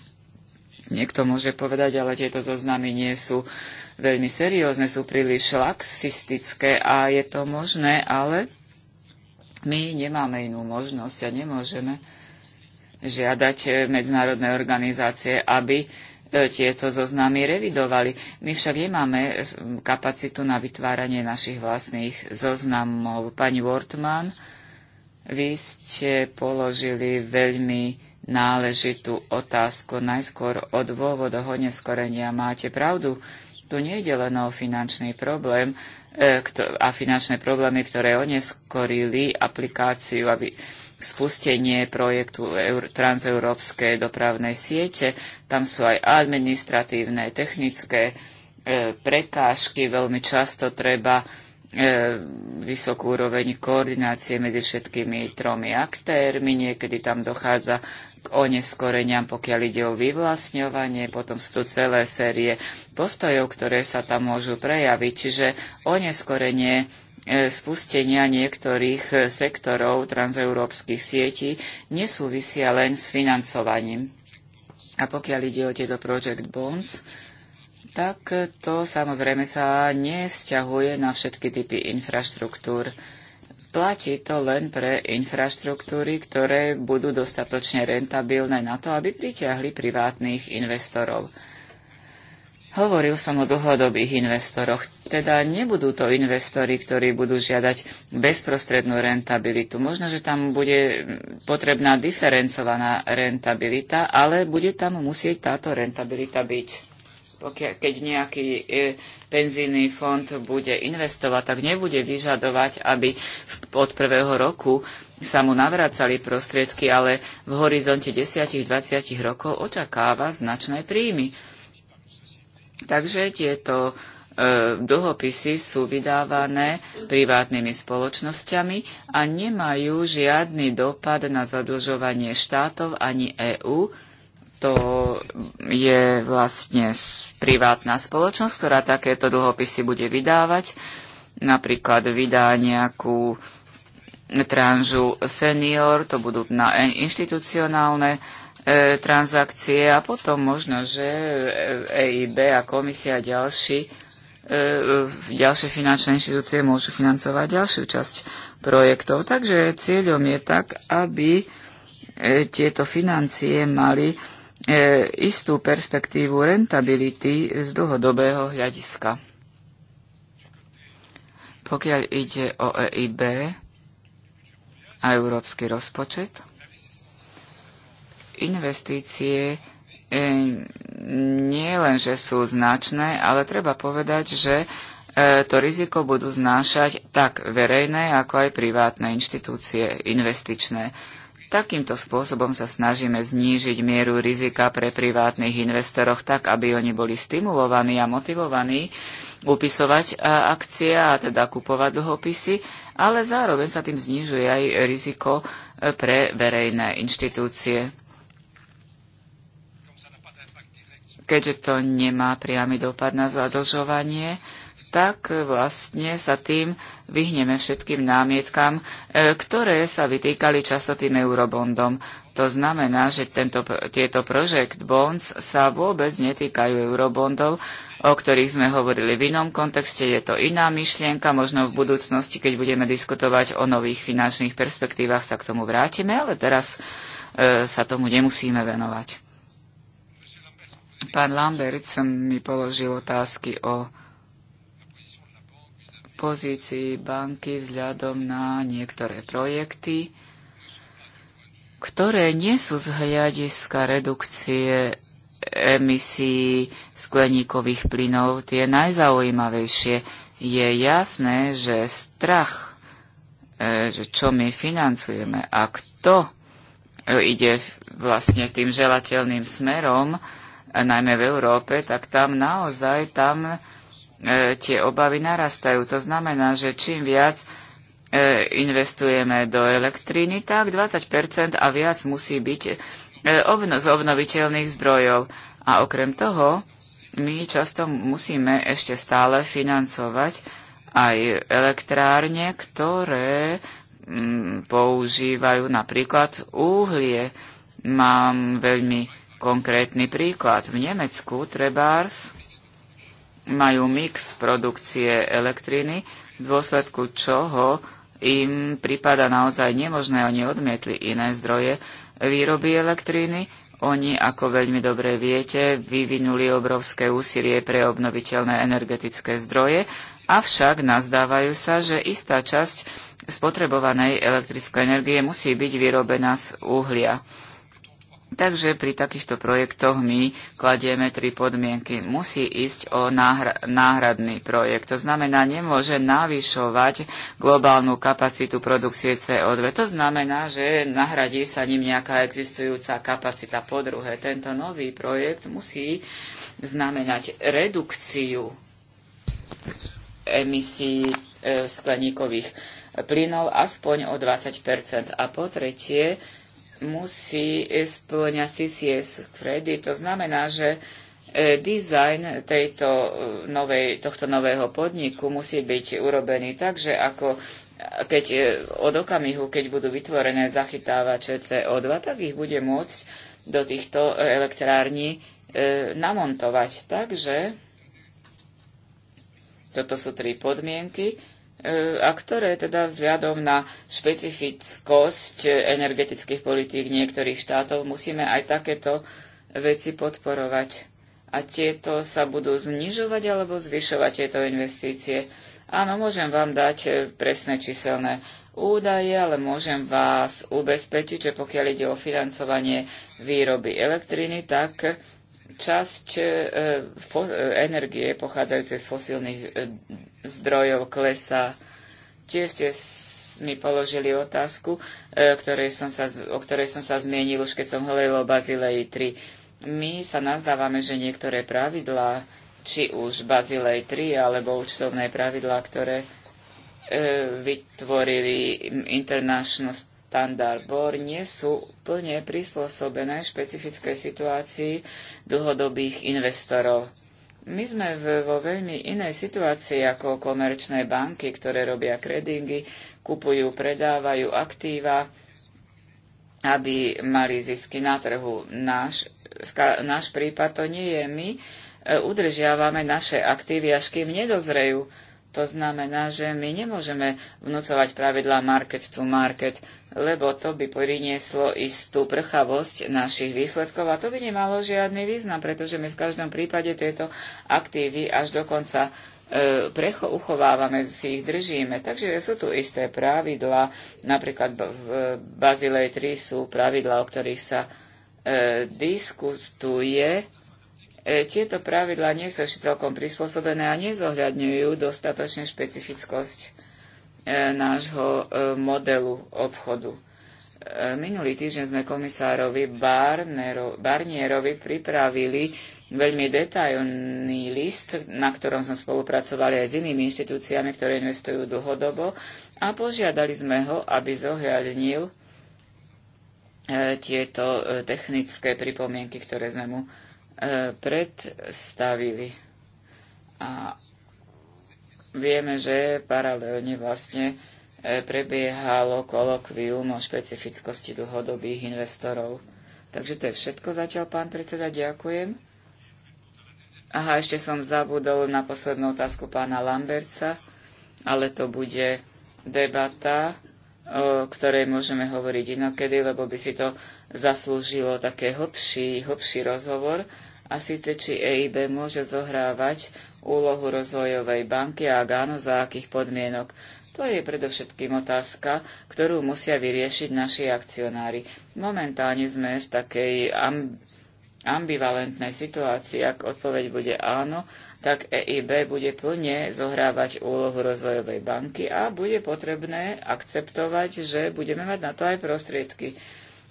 Niekto môže povedať, ale tieto zoznamy nie sú veľmi seriózne, sú príliš laxistické a je to možné, ale my nemáme inú možnosť a nemôžeme žiadať eh, medzinárodné organizácie, aby eh, tieto zoznamy revidovali. My však nemáme eh, kapacitu na vytváranie našich vlastných zoznamov. Pani Wortmann, vy ste položili veľmi náležitú otázku najskôr o dôvodoch oneskorenia. Máte pravdu, tu nie je len o finančný problém e, a finančné problémy, ktoré oneskorili aplikáciu, aby spustenie projektu transeurópskej dopravnej siete. Tam sú aj administratívne, technické e, prekážky. Veľmi často treba e, vysokú úroveň koordinácie medzi všetkými tromi aktérmi. Niekedy tam dochádza oneskoreniam, pokiaľ ide o vyvlastňovanie, potom sú tu celé série postojov, ktoré sa tam môžu prejaviť, čiže oneskorenie e, spustenia niektorých e, sektorov transeurópskych sietí nesúvisia len s financovaním. A pokiaľ ide o tieto project bonds, tak to samozrejme sa nevzťahuje na všetky typy infraštruktúr. Platí to len pre infraštruktúry, ktoré budú dostatočne rentabilné na to, aby pritiahli privátnych investorov. Hovoril som o dlhodobých investoroch, teda nebudú to investori, ktorí budú žiadať bezprostrednú rentabilitu. Možno, že tam bude potrebná diferencovaná rentabilita, ale bude tam musieť táto rentabilita byť keď nejaký e, penzijný fond bude investovať, tak nebude vyžadovať, aby od prvého roku sa mu navracali prostriedky, ale v horizonte 10-20 rokov očakáva značné príjmy. Takže tieto e, dlhopisy sú vydávané privátnymi spoločnosťami a nemajú žiadny dopad na zadlžovanie štátov ani EÚ, to je vlastne privátna spoločnosť, ktorá takéto dlhopisy bude vydávať. Napríklad vydá nejakú tranžu senior, to budú na e- inštitucionálne e, transakcie a potom možno, že EIB e a komisia a ďalší, e, ďalšie finančné inštitúcie môžu financovať ďalšiu časť projektov. Takže cieľom je tak, aby e, tieto financie mali E, istú perspektívu rentability z dlhodobého hľadiska. Pokiaľ ide o EIB a európsky rozpočet, investície e, nie len, že sú značné, ale treba povedať, že e, to riziko budú znášať tak verejné, ako aj privátne inštitúcie investičné. Takýmto spôsobom sa snažíme znížiť mieru rizika pre privátnych investoroch tak, aby oni boli stimulovaní a motivovaní upisovať e, akcie a teda kupovať dlhopisy, ale zároveň sa tým znižuje aj riziko e, pre verejné inštitúcie. Keďže to nemá priamy dopad na zadlžovanie, tak vlastne sa tým vyhneme všetkým námietkam, e, ktoré sa vytýkali často tým eurobondom. To znamená, že tento, tieto project bonds sa vôbec netýkajú eurobondov, o ktorých sme hovorili v inom kontexte. Je to iná myšlienka, možno v budúcnosti, keď budeme diskutovať o nových finančných perspektívach, sa k tomu vrátime, ale teraz e, sa tomu nemusíme venovať. Pán Lambert mi položil otázky o pozícii banky vzhľadom na niektoré projekty, ktoré nie sú z hľadiska redukcie emisí skleníkových plynov tie najzaujímavejšie. Je jasné, že strach, e, že čo my financujeme a kto e, ide vlastne tým želateľným smerom, e, najmä v Európe, tak tam naozaj tam E, tie obavy narastajú. To znamená, že čím viac e, investujeme do elektriny, tak 20 a viac musí byť e, z obnoviteľných zdrojov. A okrem toho, my často musíme ešte stále financovať aj elektrárne, ktoré mm, používajú napríklad uhlie. Mám veľmi konkrétny príklad. V Nemecku Trebárs majú mix produkcie elektriny, v dôsledku čoho im prípada naozaj nemožné, oni odmietli iné zdroje výroby elektriny, oni, ako veľmi dobre viete, vyvinuli obrovské úsilie pre obnoviteľné energetické zdroje, avšak nazdávajú sa, že istá časť spotrebovanej elektrickej energie musí byť vyrobená z uhlia. Takže pri takýchto projektoch my kladieme tri podmienky. Musí ísť o náhra- náhradný projekt. To znamená, nemôže navyšovať globálnu kapacitu produkcie CO2. To znamená, že nahradí sa ním nejaká existujúca kapacita. Po druhé, tento nový projekt musí znamenať redukciu emisí e, skleníkových plynov aspoň o 20 A po tretie, musí splňať CCS Freddy. To znamená, že e, dizajn tejto e, novej, tohto nového podniku musí byť urobený tak, že ako e, keď od okamihu, keď budú vytvorené zachytávače CO2, tak ich bude môcť do týchto elektrární namontovať. Takže toto sú tri podmienky E, a ktoré teda vzhľadom na špecifickosť energetických politík niektorých štátov musíme aj takéto veci podporovať. A tieto sa budú znižovať alebo zvyšovať tieto investície. Áno, môžem vám dať e, presné číselné údaje, ale môžem vás ubezpečiť, že pokiaľ ide o financovanie výroby elektriny, tak časť e, energie pochádzajúce z fosílnych zdrojov klesá. Tiež ste mi položili otázku, e, ktorej som sa, o ktorej som sa zmienil už keď som hovoril o Bazilei 3. My sa nazdávame, že niektoré pravidlá, či už Bazilei 3 alebo účtovné pravidlá, ktoré e, vytvorili International Standard Board, nie sú plne prispôsobené špecifickej situácii dlhodobých investorov my sme vo veľmi inej situácii ako komerčné banky, ktoré robia kredingy, kupujú, predávajú aktíva, aby mali zisky na trhu. Náš, náš prípad to nie je. My e, udržiavame naše aktívy, až kým nedozrejú to znamená, že my nemôžeme vnúcovať pravidlá market to market, lebo to by prinieslo istú prchavosť našich výsledkov a to by nemalo žiadny význam, pretože my v každom prípade tieto aktívy až do konca e, precho uchovávame, si ich držíme. Takže sú tu isté pravidlá, napríklad v Bazilej 3 sú pravidlá, o ktorých sa e, diskutuje E, tieto pravidlá nie sú ešte celkom prispôsobené a nezohľadňujú dostatočne špecifickosť e, nášho e, modelu obchodu. Minulý týždeň sme komisárovi Barnero, Barnierovi pripravili veľmi detailný list, na ktorom sme spolupracovali aj s inými inštitúciami, ktoré investujú dlhodobo a požiadali sme ho, aby zohľadnil tieto technické pripomienky, ktoré sme mu E, predstavili. A vieme, že paralelne vlastne e, prebiehalo kolokvium o špecifickosti dlhodobých investorov. Takže to je všetko zatiaľ, pán predseda, ďakujem. Aha, ešte som zabudol na poslednú otázku pána Lamberca, ale to bude debata, o ktorej môžeme hovoriť inokedy, lebo by si to zaslúžilo také hlbší, hlbší rozhovor a síce či EIB môže zohrávať úlohu rozvojovej banky a ak áno, za akých podmienok. To je predovšetkým otázka, ktorú musia vyriešiť naši akcionári. Momentálne sme v takej ambivalentnej situácii. Ak odpoveď bude áno, tak EIB bude plne zohrávať úlohu rozvojovej banky a bude potrebné akceptovať, že budeme mať na to aj prostriedky.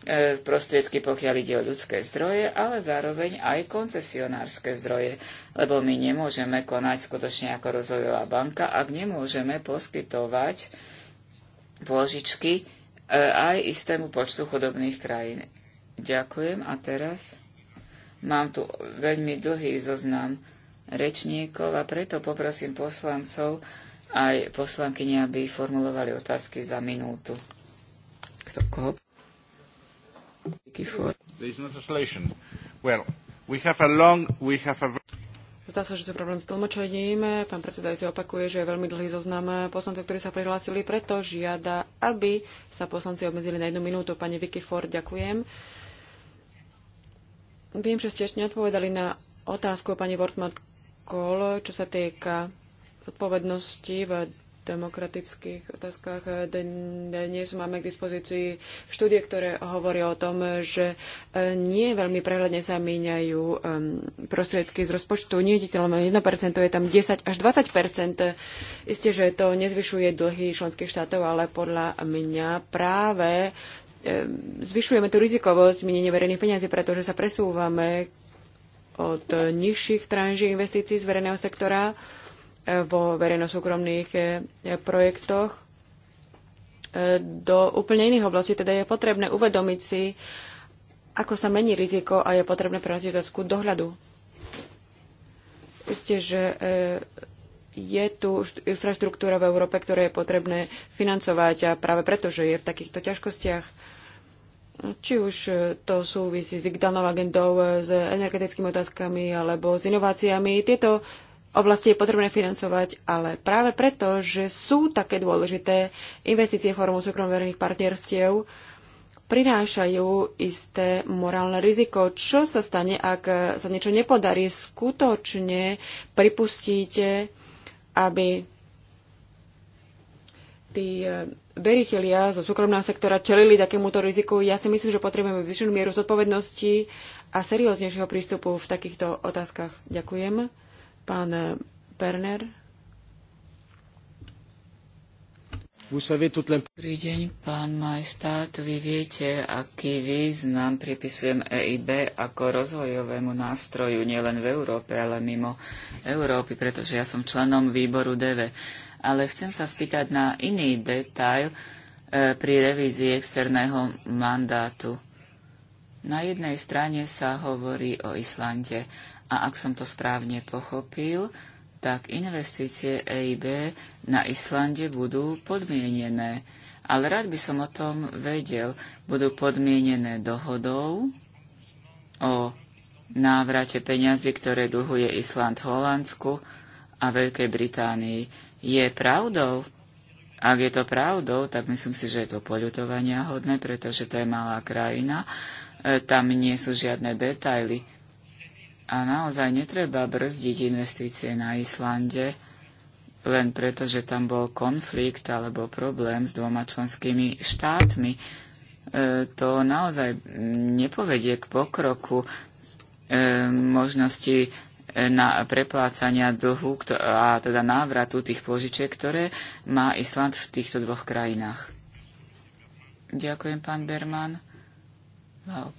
E, prostriedky, pokiaľ ide o ľudské zdroje, ale zároveň aj koncesionárske zdroje, lebo my nemôžeme konať skutočne ako rozvojová banka, ak nemôžeme poskytovať pôžičky e, aj istému počtu chudobných krajín. Ďakujem a teraz mám tu veľmi dlhý zoznam rečníkov a preto poprosím poslancov aj poslankyne, aby formulovali otázky za minútu. Kto, koho? No Zdá sa, že to je problém s tlmočením. Pán predsedajúci opakuje, že je veľmi dlhý zoznam poslancov, ktorí sa prihlásili, preto žiada, aby sa poslanci obmedzili na jednu minútu. Pani Vicky Ford, ďakujem. Viem, že ste ešte neodpovedali na otázku pani Wortmann Kohl, čo sa týka odpovednosti v demokratických otázkach. Dnes máme k dispozícii štúdie, ktoré hovoria o tom, že e, nie veľmi prehľadne sa míňajú e, prostriedky z rozpočtu. Nie je len 1%, je tam 10 až 20%. Isté, že to nezvyšuje dlhy členských štátov, ale podľa mňa práve e, zvyšujeme tú rizikovosť minenia verejných peniazy, pretože sa presúvame od nižších tranží investícií z verejného sektora vo verejno-súkromných e, projektoch e, do úplne iných oblastí. Teda je potrebné uvedomiť si, ako sa mení riziko a je potrebné prevrátiť otázku dohľadu. Isté, že e, je tu infraštruktúra v Európe, ktoré je potrebné financovať a práve preto, že je v takýchto ťažkostiach. Či už to súvisí s digitálnou agendou, s energetickými otázkami alebo s inováciami, tieto oblasti je potrebné financovať, ale práve preto, že sú také dôležité investície formou súkromverejných partnerstiev, prinášajú isté morálne riziko. Čo sa stane, ak sa niečo nepodarí? Skutočne pripustíte, aby tí eh, veritelia zo súkromného sektora čelili takémuto riziku. Ja si myslím, že potrebujeme vyššiu mieru zodpovednosti a serióznejšieho prístupu v takýchto otázkach. Ďakujem. Pán eh, Perner. Dobrý deň, pán majestát. Vy viete, aký význam pripisujem EIB ako rozvojovému nástroju nielen v Európe, ale mimo Európy, pretože ja som členom výboru DV. Ale chcem sa spýtať na iný detail eh, pri revízii externého mandátu. Na jednej strane sa hovorí o Islande, a ak som to správne pochopil, tak investície EIB na Islande budú podmienené. Ale rád by som o tom vedel. Budú podmienené dohodou o návrate peňazí, ktoré dlhuje Island Holandsku a Veľkej Británii. Je pravdou? Ak je to pravdou, tak myslím si, že je to poľutovania hodné, pretože to je malá krajina. E, tam nie sú žiadne detaily. A naozaj netreba brzdiť investície na Islande len preto, že tam bol konflikt alebo problém s dvoma členskými štátmi. E, to naozaj nepovedie k pokroku e, možnosti e, na preplácania dlhu a teda návratu tých požičiek, ktoré má Island v týchto dvoch krajinách. Ďakujem, pán Berman. Lauk.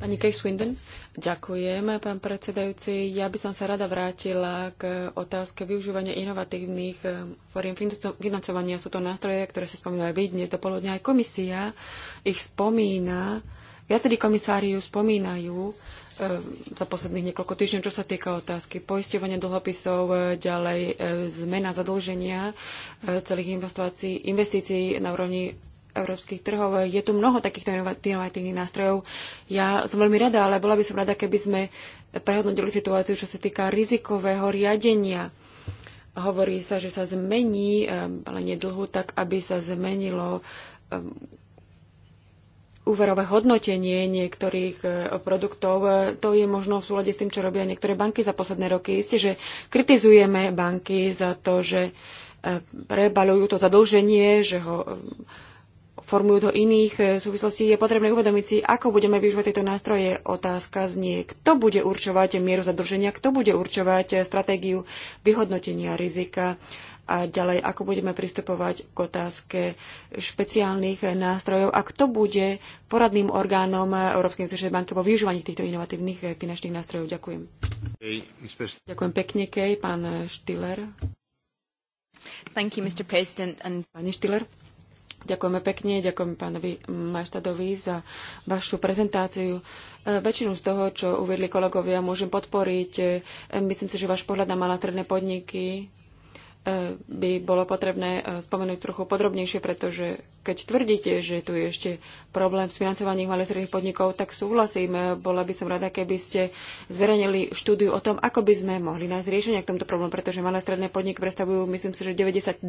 Pani Kay Swindon, ďakujem, pán predsedajúci. Ja by som sa rada vrátila k otázke využívania inovatívnych eh, foriem financovania. Sú to nástroje, ktoré sa spomínali vy dnes do poludnia. Aj komisia ich spomína. Viacerí komisári ju spomínajú eh, za posledných niekoľko týždňov, čo sa týka otázky poisťovania dlhopisov, eh, ďalej zmena zadlženia celých investícií na úrovni európskych trhov. Je tu mnoho takýchto inovatívnych nástrojov. Ja som veľmi rada, ale bola by som rada, keby sme prehodnotili situáciu, čo sa týka rizikového riadenia. Hovorí sa, že sa zmení, ehm, ale nedlhu, tak aby sa zmenilo ehm, úverové hodnotenie niektorých e, produktov. To je možno v súlade s tým, čo robia niektoré banky za posledné roky. Isté, že kritizujeme banky za to, že ehm, prebalujú to zadlženie, že ho formujú do iných e, súvislostí, je potrebné uvedomiť si, ako budeme využívať tieto nástroje. Otázka znie, kto bude určovať mieru zadrženia, kto bude určovať e, stratégiu vyhodnotenia rizika a ďalej, ako budeme pristupovať k otázke špeciálnych e, nástrojov a kto bude poradným orgánom Európskej investičnej banky vo využívaní týchto inovatívnych finančných nástrojov. Ďakujem. Hey, Ďakujem pekne, Kej, pán Štiller. Thank you, Mr. President. And... Pani Štiller. Ďakujeme pekne, ďakujem pánovi Maštadovi za vašu prezentáciu. E, väčšinu z toho, čo uviedli kolegovia, môžem podporiť. E, myslím si, že váš pohľad na malé podniky e, by bolo potrebné spomenúť trochu podrobnejšie, pretože keď tvrdíte, že tu je ešte problém s financovaním malých stredných podnikov, tak súhlasím. Bola by som rada, keby ste zverejnili štúdiu o tom, ako by sme mohli nájsť riešenia k tomto problému, pretože malé stredné podniky predstavujú, myslím si, že 92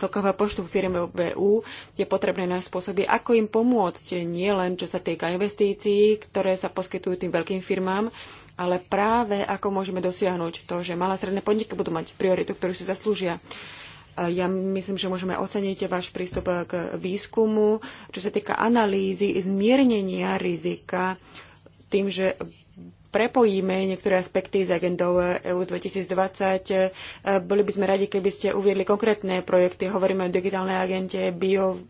celkového počtu firm v EU je potrebné nájsť spôsoby, ako im pomôcť, nie len čo sa týka investícií, ktoré sa poskytujú tým veľkým firmám, ale práve ako môžeme dosiahnuť to, že malé stredné podniky budú mať prioritu, ktorú si zaslúžia. E, ja myslím, že môžeme oceniť váš prístup k výskumu, čo sa týka analýzy, zmiernenia rizika tým, že prepojíme niektoré aspekty s agendou EU 2020. E, boli by sme radi, keby ste uviedli konkrétne projekty. Hovoríme o digitálnej agente, bio,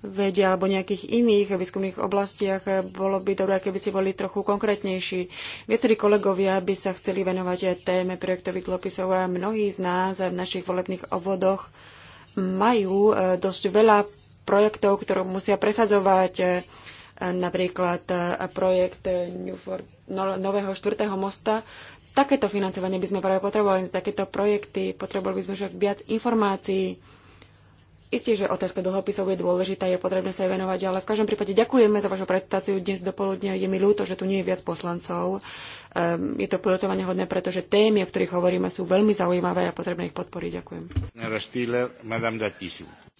vede alebo nejakých iných výskumných oblastiach, eh, bolo by dobré, keby si boli trochu konkrétnejší. Viacerí kolegovia by sa chceli venovať aj téme projektových dlhopisov a mnohí z nás v našich volebných obvodoch majú eh, dosť veľa projektov, ktoré musia presadzovať eh, napríklad projekt Newford, no, nového štvrtého mosta. Takéto financovanie by sme práve potrebovali, takéto projekty, potrebovali by sme však viac informácií Isté, že otázka dlhopisov je dôležitá, je potrebné sa jej venovať, ale v každom prípade ďakujeme za vašu prezentáciu dnes do poludnia. Je mi ľúto, že tu nie je viac poslancov. Um, je to pilotovanie hodné, pretože témy, o ktorých hovoríme, sú veľmi zaujímavé a potrebné ich podporiť. Ďakujem.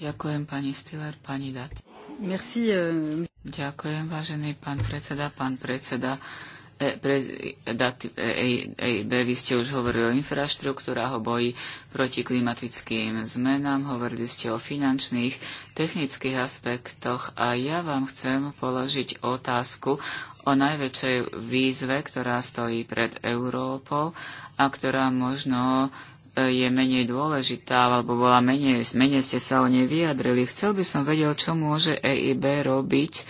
Ďakujem pani Stiller, pani Dat. Merci. Eh. Ďakujem, vážený pán predseda, pán predseda EIB, e, e, e vy ste už hovorili o infraštruktúrach, o boji proti klimatickým zmenám, hovorili ste o finančných, technických aspektoch a ja vám chcem položiť otázku o najväčšej výzve, ktorá stojí pred Európou a ktorá možno je menej dôležitá, alebo bola menej, menej ste sa o nej vyjadrili. Chcel by som vedel, čo môže EIB robiť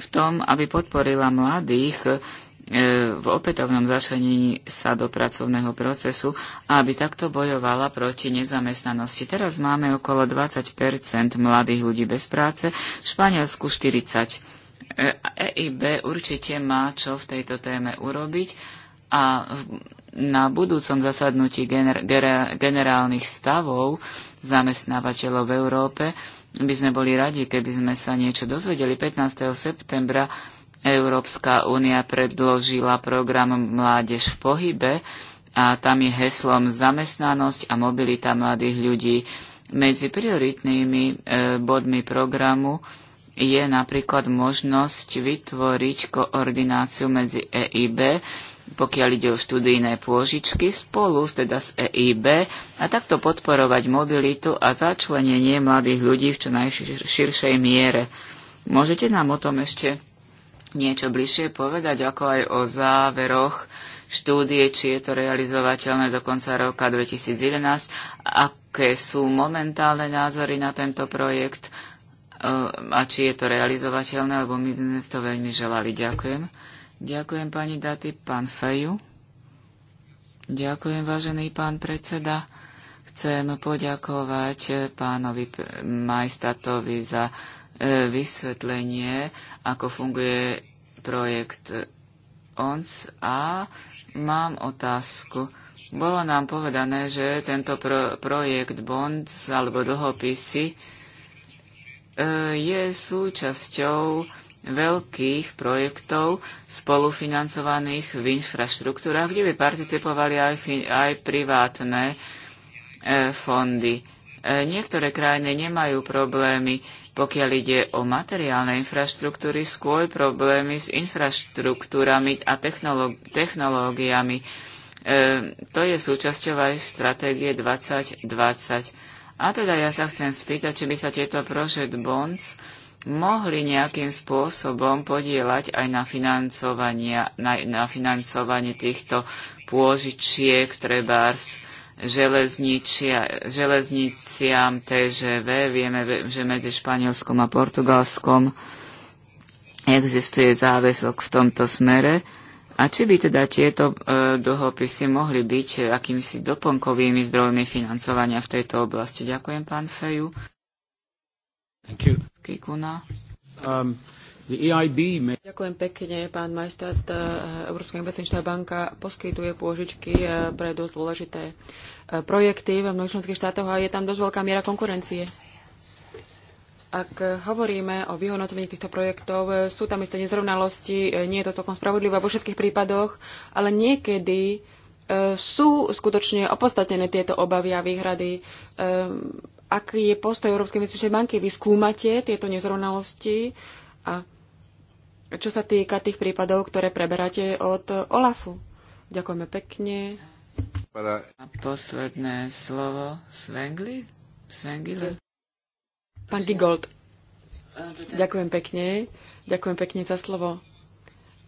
v tom, aby podporila mladých E, v opätovnom začlenení sa do pracovného procesu, aby takto bojovala proti nezamestnanosti. Teraz máme okolo 20 mladých ľudí bez práce, v Španielsku 40 EIB e určite má čo v tejto téme urobiť a na budúcom zasadnutí gener- generálnych stavov zamestnávateľov v Európe by sme boli radi, keby sme sa niečo dozvedeli. 15. septembra Európska únia predložila program Mládež v pohybe a tam je heslom zamestnanosť a mobilita mladých ľudí. Medzi prioritnými e, bodmi programu je napríklad možnosť vytvoriť koordináciu medzi EIB, pokiaľ ide o študijné pôžičky, spolu teda s EIB a takto podporovať mobilitu a začlenenie mladých ľudí v čo najširšej miere. Môžete nám o tom ešte niečo bližšie povedať, ako aj o záveroch štúdie, či je to realizovateľné do konca roka 2011, aké sú momentálne názory na tento projekt eh, a či je to realizovateľné, lebo my sme to veľmi želali. Ďakujem. Ďakujem pani Daty, pán Feju. Ďakujem, vážený pán predseda. Chcem poďakovať eh, pánovi Majstatovi za E, vysvetlenie, ako funguje projekt ONC a mám otázku. Bolo nám povedané, že tento pro- projekt bonds alebo dlhopisy e, je súčasťou veľkých projektov spolufinancovaných v infraštruktúrach, kde by participovali aj, aj privátne e, fondy. E, niektoré krajiny nemajú problémy pokiaľ ide o materiálne infraštruktúry, skôr problémy s infraštruktúrami a technológiami. E, to je súčasťou aj stratégie 2020. A teda ja sa chcem spýtať, či by sa tieto project bonds mohli nejakým spôsobom podielať aj na, financovania, na, na financovanie týchto pôžičiek, trebárs, železniciam TŽV. Vieme, že medzi Španielskom a Portugalskom existuje záväzok v tomto smere. A či by teda tieto e, dlhopisy mohli byť akýmsi doplnkovými zdrojmi financovania v tejto oblasti? Ďakujem, pán Feju. Thank you. Kikuna. Um, E Ďakujem pekne, pán majstrat. Eh, Európska investičná banka poskytuje pôžičky eh, pre dosť dôležité eh, projekty v mnohých členských štátoch a je tam dosť veľká miera konkurencie. Ak hovoríme o vyhodnotení týchto projektov, sú tam isté nezrovnalosti, nie je to celkom spravodlivé vo všetkých prípadoch, ale niekedy sú skutočne opodstatnené tieto obavy a výhrady. Aký je postoj Európskej investičnej banky? Vy skúmate tieto nezrovnalosti a čo sa týka tých prípadov, ktoré preberáte od OLAFu. Ďakujeme pekne. A posledné slovo Svengli? Svengli? Pán Gigold. Ďakujem pekne. Ďakujem pekne za slovo.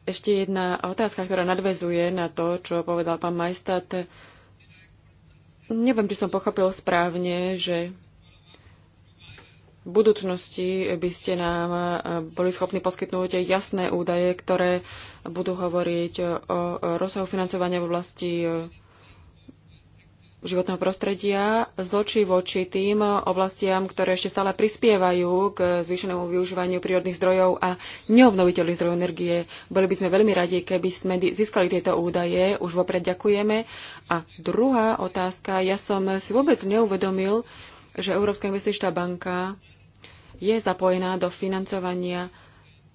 Ešte jedna otázka, ktorá nadvezuje na to, čo povedal pán Majstat. Neviem, či som pochopil správne, že v budúcnosti by ste nám e, boli schopní poskytnúť jasné údaje, ktoré budú hovoriť o rozsahu financovania v oblasti e, životného prostredia z voči tým oblastiam, ktoré ešte stále prispievajú k zvýšenému využívaniu prírodných zdrojov a neobnoviteľných zdrojov energie. Boli by sme veľmi radi, keby sme získali tieto údaje. Už vopred ďakujeme. A druhá otázka. Ja som si vôbec neuvedomil, že Európska investičná banka je zapojená do financovania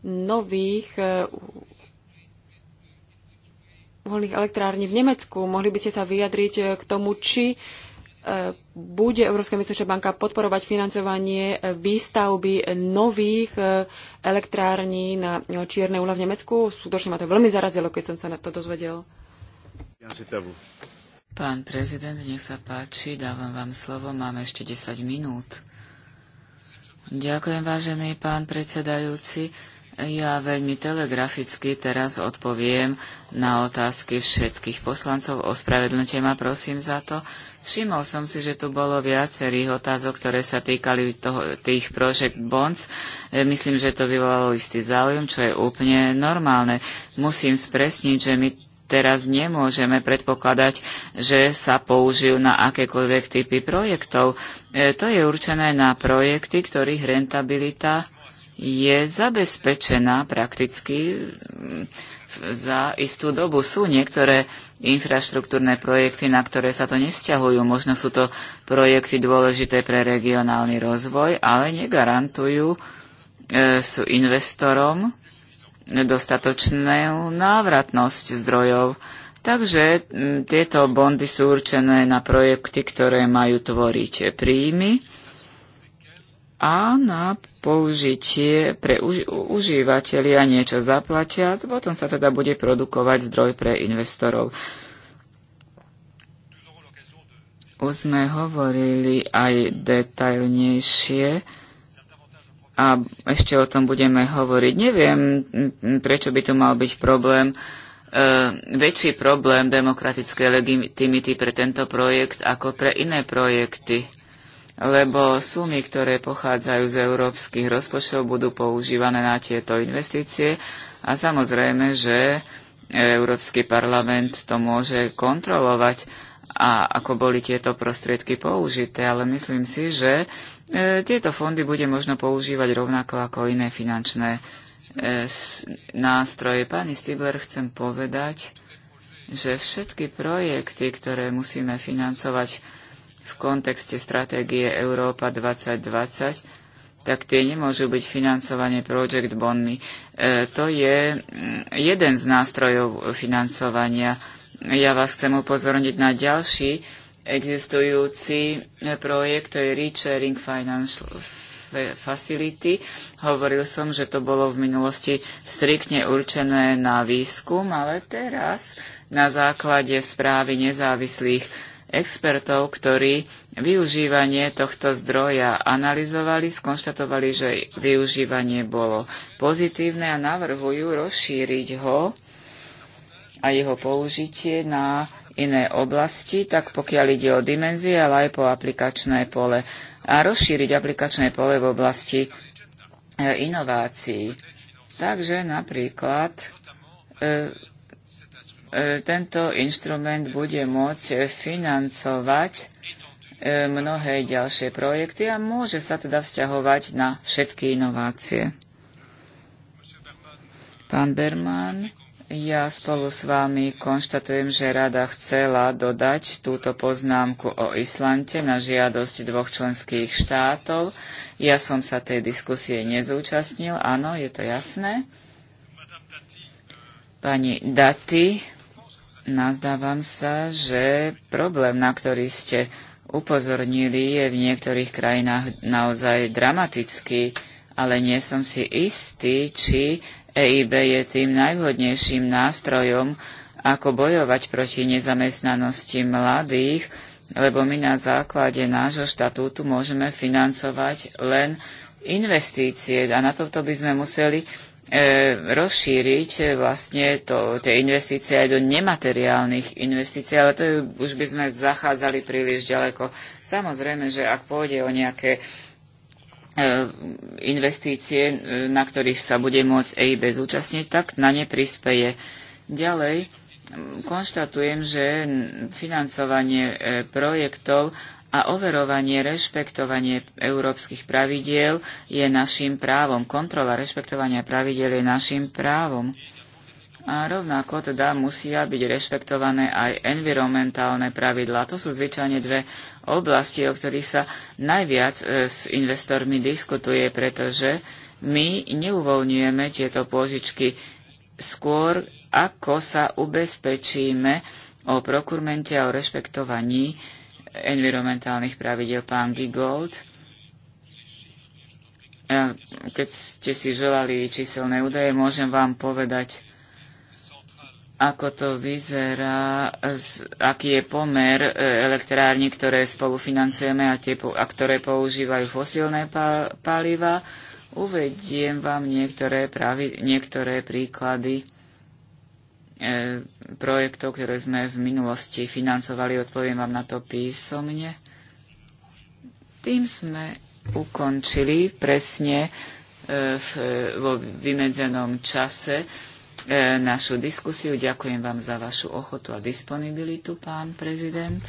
nových e, uholných elektrární v Nemecku. Mohli by ste sa vyjadriť e, k tomu, či e, bude Európska investičná banka podporovať financovanie výstavby nových elektrární na čierne uhla v Nemecku. Skutočne ma to veľmi zarazilo, keď som sa na to dozvedel. Pán prezident, nech sa páči, dávam vám slovo, máme ešte 10 minút. Ďakujem, vážený pán predsedajúci. Ja veľmi telegraficky teraz odpoviem na otázky všetkých poslancov. Ospravedlňte ma prosím za to. Všimol som si, že tu bolo viacerých otázok, ktoré sa týkali toho, tých Project Bonds. E, myslím, že to vyvolalo istý záujem, čo je úplne normálne. Musím spresniť, že my teraz nemôžeme predpokladať, že sa použijú na akékoľvek typy projektov. E, to je určené na projekty, ktorých rentabilita je zabezpečená prakticky mm, za istú dobu. Sú niektoré infraštruktúrne projekty, na ktoré sa to nesťahujú. Možno sú to projekty dôležité pre regionálny rozvoj, ale negarantujú e, sú investorom dostatočnú návratnosť zdrojov. Takže mm, tieto bondy sú určené na projekty, ktoré majú tvoriť príjmy a na použitie pre užívateľia niečo zaplatia, potom sa teda bude produkovať zdroj pre investorov. Už sme hovorili aj detailnejšie a ešte o tom budeme hovoriť. Neviem, prečo by to mal byť problém, e, väčší problém demokratickej legitimity pre tento projekt ako pre iné projekty lebo sumy, ktoré pochádzajú z európskych rozpočtov, budú používané na tieto investície a samozrejme, že Európsky parlament to môže kontrolovať a ako boli tieto prostriedky použité, ale myslím si, že E, tieto fondy bude možno používať rovnako ako iné finančné e, nástroje. Pani Stibler, chcem povedať, že všetky projekty, ktoré musíme financovať v kontexte stratégie Európa 2020, tak tie nemôžu byť financované project bondmi. E, to je mm, jeden z nástrojov financovania. Ja vás chcem upozorniť na ďalší existujúci projekt, to je Re-Sharing Financial Facility. Hovoril som, že to bolo v minulosti striktne určené na výskum, ale teraz na základe správy nezávislých expertov, ktorí využívanie tohto zdroja analyzovali, skonštatovali, že využívanie bolo pozitívne a navrhujú rozšíriť ho a jeho použitie na iné oblasti, tak pokiaľ ide o dimenzie, ale aj po aplikačné pole. A rozšíriť aplikačné pole v oblasti e, inovácií. Takže napríklad e, e, tento inštrument bude môcť financovať mnohé ďalšie projekty a môže sa teda vzťahovať na všetky inovácie. Pán Berman ja spolu s vami konštatujem, že rada chcela dodať túto poznámku o Islante na žiadosť dvoch členských štátov. Ja som sa tej diskusie nezúčastnil, áno, je to jasné. Pani Daty, nazdávam sa, že problém, na ktorý ste upozornili, je v niektorých krajinách naozaj dramatický, ale nie som si istý, či EIB je tým najvhodnejším nástrojom, ako bojovať proti nezamestnanosti mladých, lebo my na základe nášho štatútu môžeme financovať len investície a na toto by sme museli e, rozšíriť e, vlastne to, tie investície aj do nemateriálnych investícií, ale to je, už by sme zachádzali príliš ďaleko. Samozrejme, že ak pôjde o nejaké E, investície, e, na ktorých sa bude môcť EIB zúčastniť, tak na ne prispeje. Ďalej konštatujem, že financovanie e, projektov a overovanie, rešpektovanie európskych pravidiel je našim právom. Kontrola rešpektovania pravidiel je našim právom. A rovnako teda musia byť rešpektované aj environmentálne pravidlá. To sú zvyčajne dve oblasti, o ktorých sa najviac e, s investormi diskutuje, pretože my neuvoľňujeme tieto pôžičky skôr, ako sa ubezpečíme o prokurmente a o rešpektovaní environmentálnych pravidel pán Gigold. E, keď ste si želali číselné údaje, môžem vám povedať ako to vyzerá, aký je pomer e, elektrární, ktoré spolufinancujeme a, tie, a ktoré používajú fosílne paliva. Uvediem vám niektoré, pravi, niektoré príklady e, projektov, ktoré sme v minulosti financovali. Odpoviem vám na to písomne. Tým sme ukončili presne e, v, vo vymedzenom čase E, našu diskusiu. Ďakujem vám za vašu ochotu a disponibilitu, pán prezident.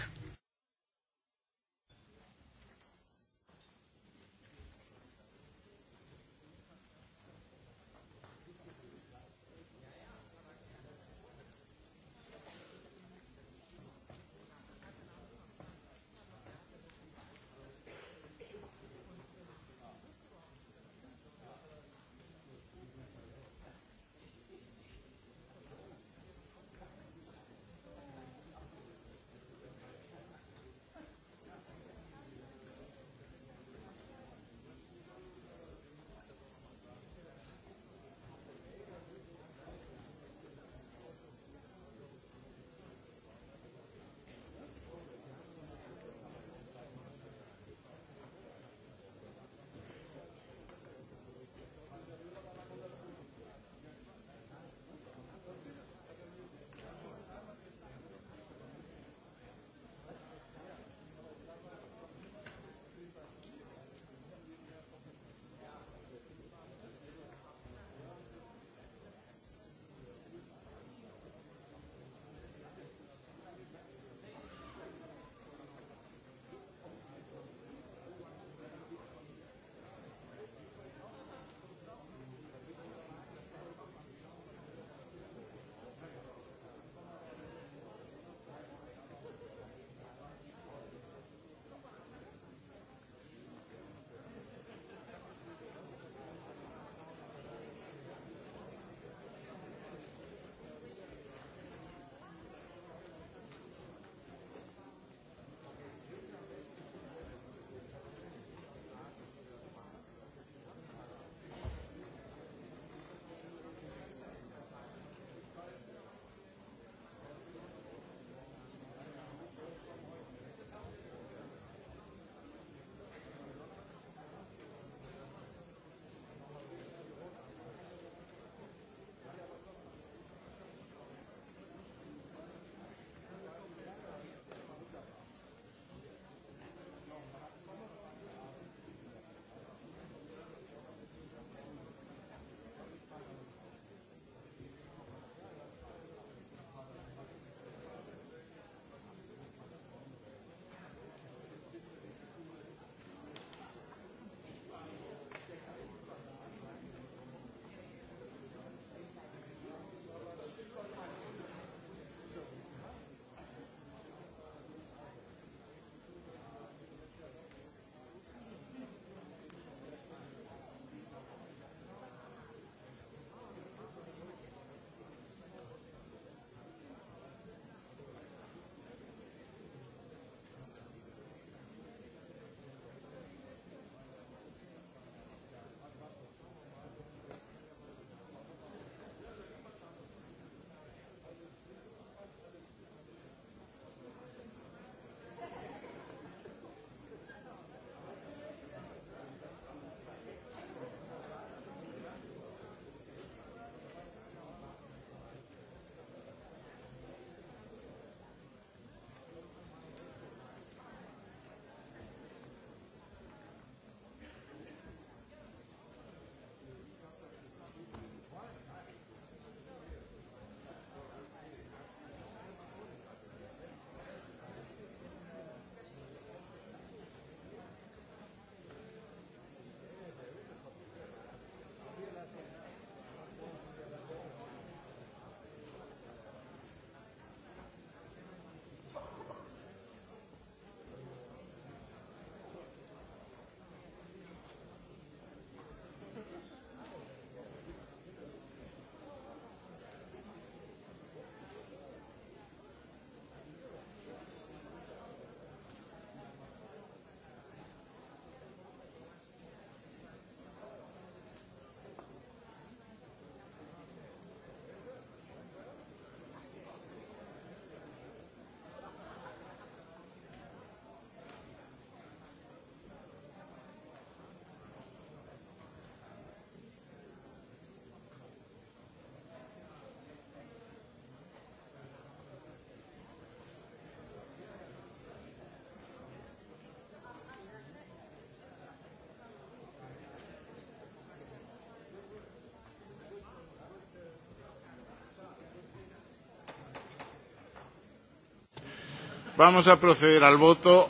Vamos a proceder al voto.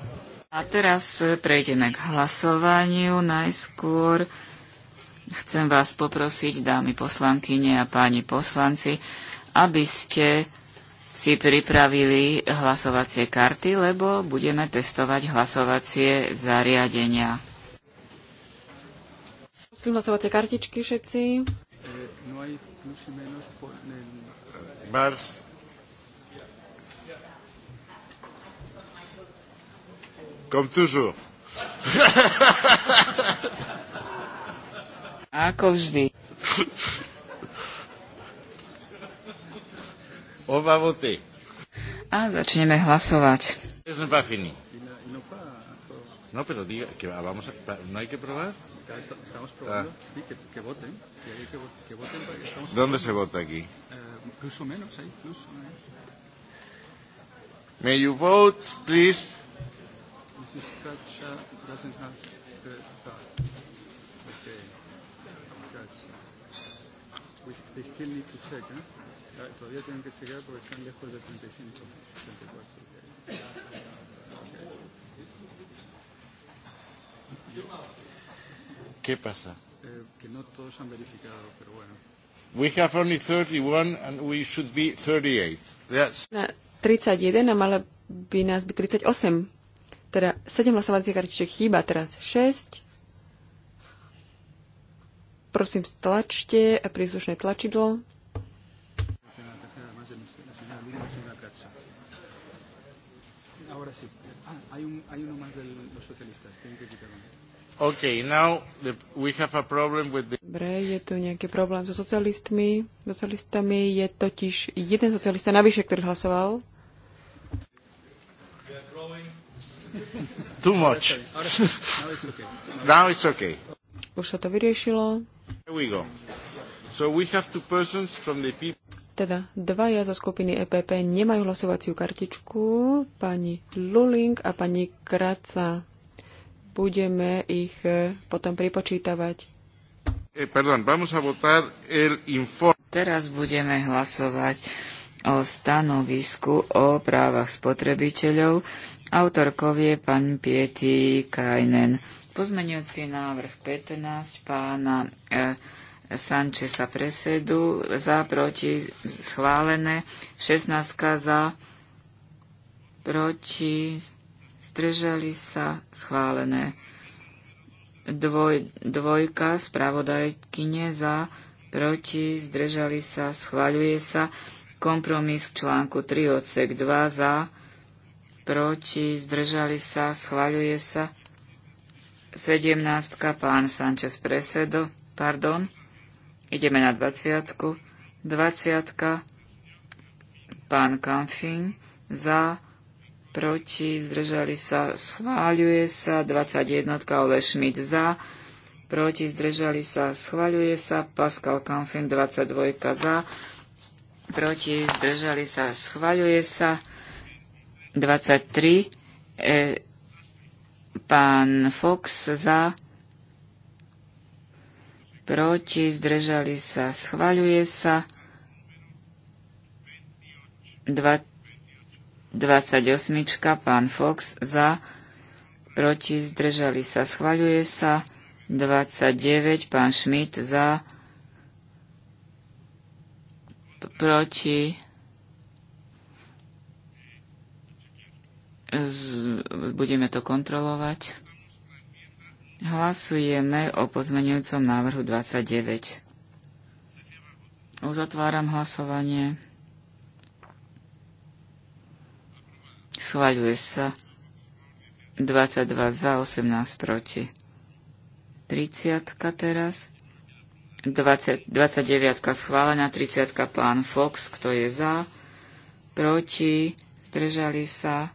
A teraz e, prejdeme k hlasovaniu. Najskôr chcem vás poprosiť, dámy poslankyne a páni poslanci, aby ste si pripravili hlasovacie karty, lebo budeme testovať hlasovacie zariadenia. Musím hlasovacie kartičky všetci. Bars. Comme toujours. Ako vždy. On va voter. A začneme hlasovať. Je No, pero diga, que vamos a, ¿no hay que probar? Estamos ah. probando, ah. sí, que, que voten. Que, que, que voten para que estamos ¿Dónde se vota aquí? Eh, plus o menos, ahí, eh, plus o menos. May you vote, please? Mrs. doesn't have the card. Okay. We, they still need to check, eh? todavía tienen que chequear porque están lejos de 35, 34. Okay. ¿Qué pasa? Eh, que no todos han verificado, pero bueno. We have only 31 and we should be 38. That's... 31 a mala by nás by 38. Teda 7 hlasovacích kartičiek chýba, teraz 6. Prosím, stlačte príslušné tlačidlo. Ah, okay, now the, we have a problem with the... Dobre, je tu nejaký problém so socialistmi. Socialistami je totiž jeden socialista navyše, ktorý hlasoval. Too much. Now it's okay. Už sa to vyriešilo. Here we go. So we have two persons from the people teda dvaja zo skupiny EPP nemajú hlasovaciu kartičku, pani Luling a pani Kraca. Budeme ich e, potom pripočítavať. Eh, pardon, vamos a votar el informe. Teraz budeme hlasovať o stanovisku o právach spotrebiteľov Autorkov je pán Pieti Kajnen. Pozmeňujúci návrh 15 pána e, eh, Sančesa presedu za proti schválené, 16 za proti zdržali sa schválené. Dvoj, dvojka spravodajkyne za proti zdržali sa schváľuje sa kompromis článku 3 odsek 2 za proti, zdržali sa, schváľuje sa. 17. Pán Sanchez Presedo, pardon. Ideme na 20. 20. Pán Kamfin, za, proti, zdržali sa, schváľuje sa. 21. Ole Schmidt, za, proti, zdržali sa, schváľuje sa. Pascal Kamfin, 22. za, proti, zdržali sa, schváľuje sa. 23. E, pán Fox za, proti, zdržali sa, schvaľuje sa. Dva, 28. pán Fox za, proti, zdržali sa, schvaľuje sa. 29. pán Schmidt za, proti, budeme to kontrolovať. Hlasujeme o pozmenujúcom návrhu 29. Uzatváram hlasovanie. Schváľuje sa 22 za, 18 proti. 30 teraz. 20, 29 schválená, 30 pán Fox, kto je za, proti, zdržali sa,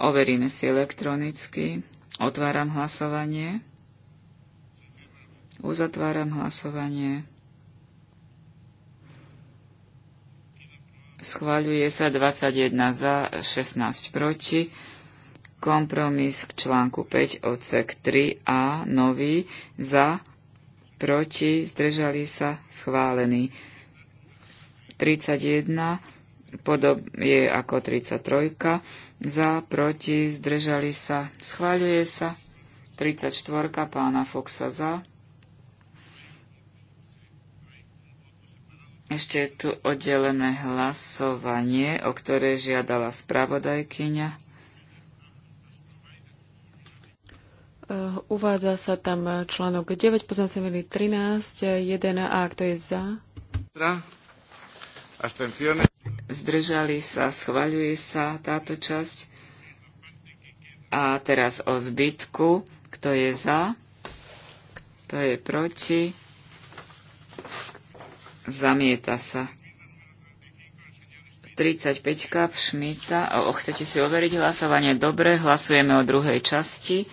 Overíme si elektronicky. Otváram hlasovanie. Uzatváram hlasovanie. Schváľuje sa 21 za, 16 proti. Kompromis k článku 5 odsek 3a nový za, proti, zdržali sa, schválený. 31 podob je ako 33 za, proti, zdržali sa, schváľuje sa. 34. pána Foxa za. Ešte je tu oddelené hlasovanie, o ktoré žiadala spravodajkyňa. E, uvádza sa tam článok 9, poznacený 13, 1a, kto je za? zdržali sa, schvaľuje sa táto časť. A teraz o zbytku, kto je za, kto je proti, zamieta sa. 35 Šmita. O, chcete si overiť hlasovanie? Dobre, hlasujeme o druhej časti.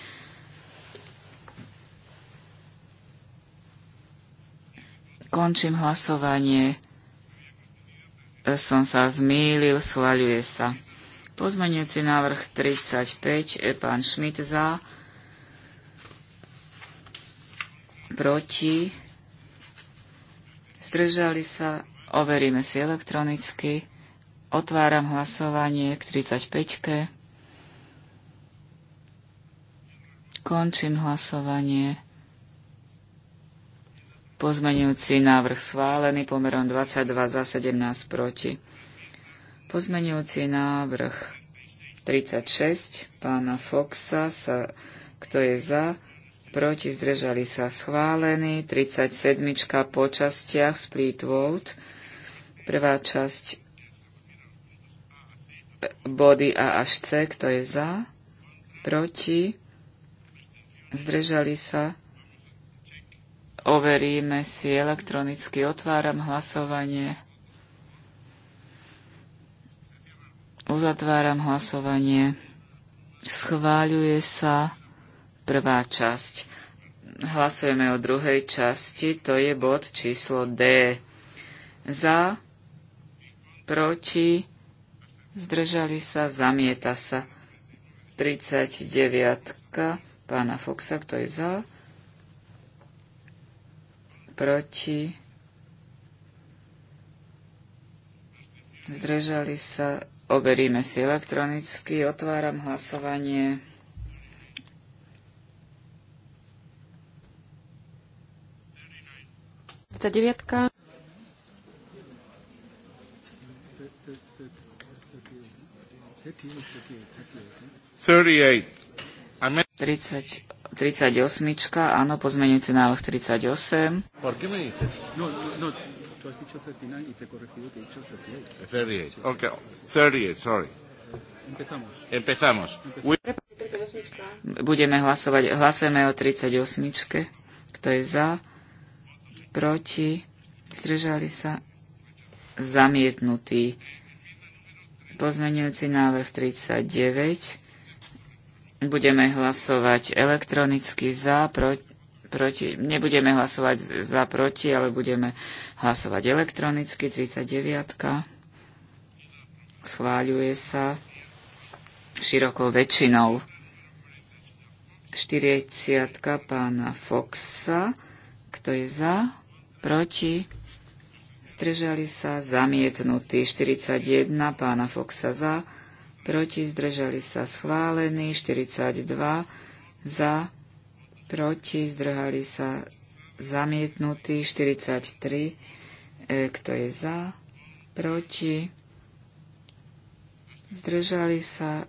Končím hlasovanie som sa zmýlil, schvaľuje sa. Pozmeňujúci návrh 35, e, pán Šmit za, proti, zdržali sa, overíme si elektronicky, otváram hlasovanie k 35. -ke. Končím hlasovanie. Pozmenujúci návrh schválený pomerom 22 za 17 proti. Pozmenujúci návrh 36 pána Foxa, sa, kto je za, proti, zdržali sa schválený. 37 po častiach split vote. Prvá časť body A až C, kto je za, proti, zdržali sa Overíme si elektronicky. Otváram hlasovanie. Uzatváram hlasovanie. Schváľuje sa prvá časť. Hlasujeme o druhej časti, to je bod číslo D. Za, proti, zdržali sa, zamieta sa. 39. pána Foxa, kto je za, proti, zdržali sa, overíme si elektronicky, otváram hlasovanie. Tá Thirty-eight. 38, áno, pozmenujúci návrh 38. Por qué me dices? No, no, no, tú has dicho 39 y te he corregido, te he dicho 38. 38, ok, 38, sorry. Empezamos. Empezamos. Budeme hlasovať, hlasujeme o 38. Kto je za? Proti? Zdržali sa? Zamietnutý. Pozmeňujúci návrh 39. Budeme hlasovať elektronicky za, proti, proti. Nebudeme hlasovať za, proti, ale budeme hlasovať elektronicky. 39. Schváľuje sa širokou väčšinou. 40. pána Foxa. Kto je za? Proti? Zdržali sa? Zamietnutý. 41. pána Foxa za proti, zdržali sa schválení, 42 za, proti, zdržali sa zamietnutí, 43, e, kto je za, proti, zdržali sa,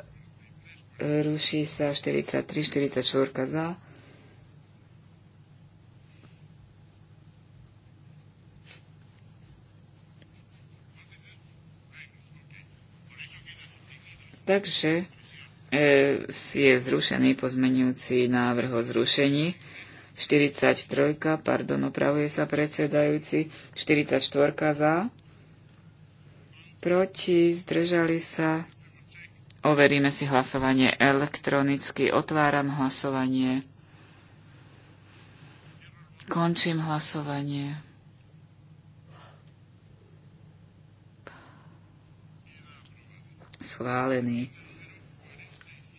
e, ruší sa 43, 44 za, Takže e, je zrušený pozmenujúci návrh o zrušení. 43, pardon, opravuje sa predsedajúci. 44 za. Proti, zdržali sa. Overíme si hlasovanie elektronicky. Otváram hlasovanie. Končím hlasovanie. schválený.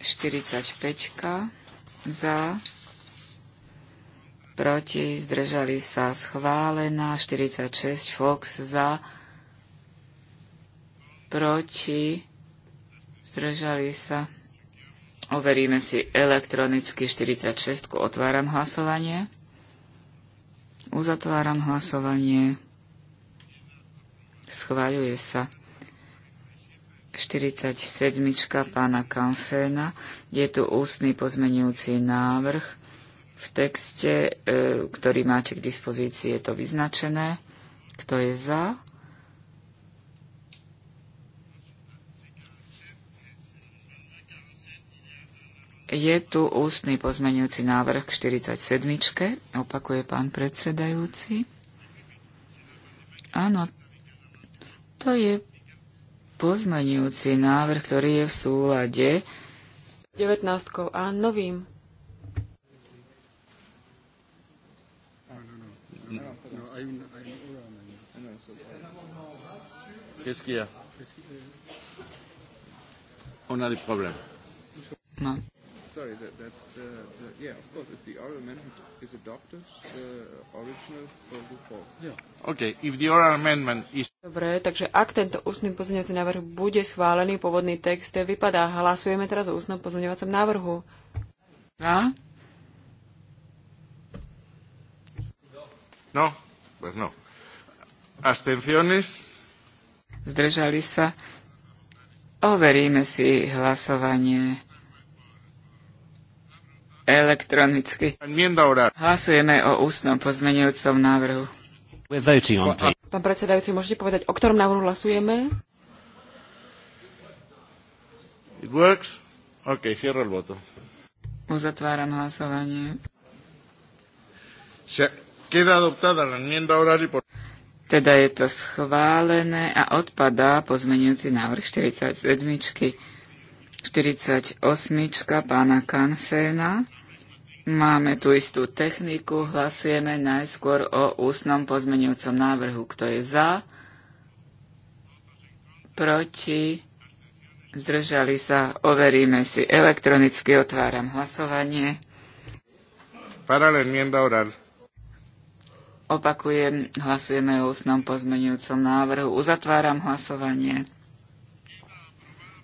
45 za, proti, zdržali sa schválená, 46 Fox za, proti, zdržali sa. Overíme si elektronicky 46, otváram hlasovanie, uzatváram hlasovanie, schváľuje sa. 47. pána Kamféna. Je tu ústny pozmenujúci návrh. V texte, e, ktorý máte k dispozícii, je to vyznačené. Kto je za? Je tu ústny pozmenujúci návrh k 47. Opakuje pán predsedajúci. Áno, to je pozmenujúci návrh, ktorý je v súlade 19 a novým. Qu'est-ce qu'il y a On a des problèmes. Non sorry, that, that's the, uh, the, yeah, of course, if the oral amendment is adopted, the original will be false. Yeah. Okay, if the oral amendment is... Dobre, takže ak tento ústny pozorňovací návrh bude schválený, pôvodný text vypadá. Hlasujeme teraz o ústnom pozorňovacom návrhu. A? No, pues no. Abstenciones? Zdržali sa. Overíme si hlasovanie elektronicky. Hlasujeme o ústnom pozmenujúcom návrhu. Pán predsedajúci, môžete povedať, o ktorom návrhu hlasujeme? It works? OK, cierro el voto. Uzatváram hlasovanie. Se queda adoptada la enmienda oral y por... Teda je to schválené a odpadá pozmenujúci návrh 47. 48. pána Kanféna. Máme tu istú techniku, hlasujeme najskôr o ústnom pozmenujúcom návrhu. Kto je za? Proti? Zdržali sa? Overíme si. Elektronicky otváram hlasovanie. Opakujem, hlasujeme o ústnom pozmenujúcom návrhu. Uzatváram hlasovanie.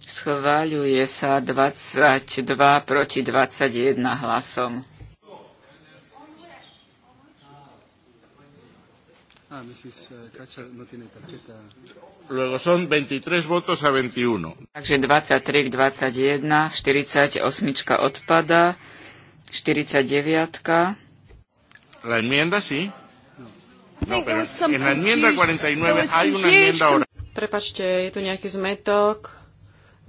Schváľuje sa 22 proti 21 hlasom. Luego ah, eh, no son 23 votos a 21. Takže 23 k 21, 48 odpada, 49. La enmienda sí. No, no pero en la enmienda 49 hay una enmienda ahora. Prepačte, je tu nejaký zmetok.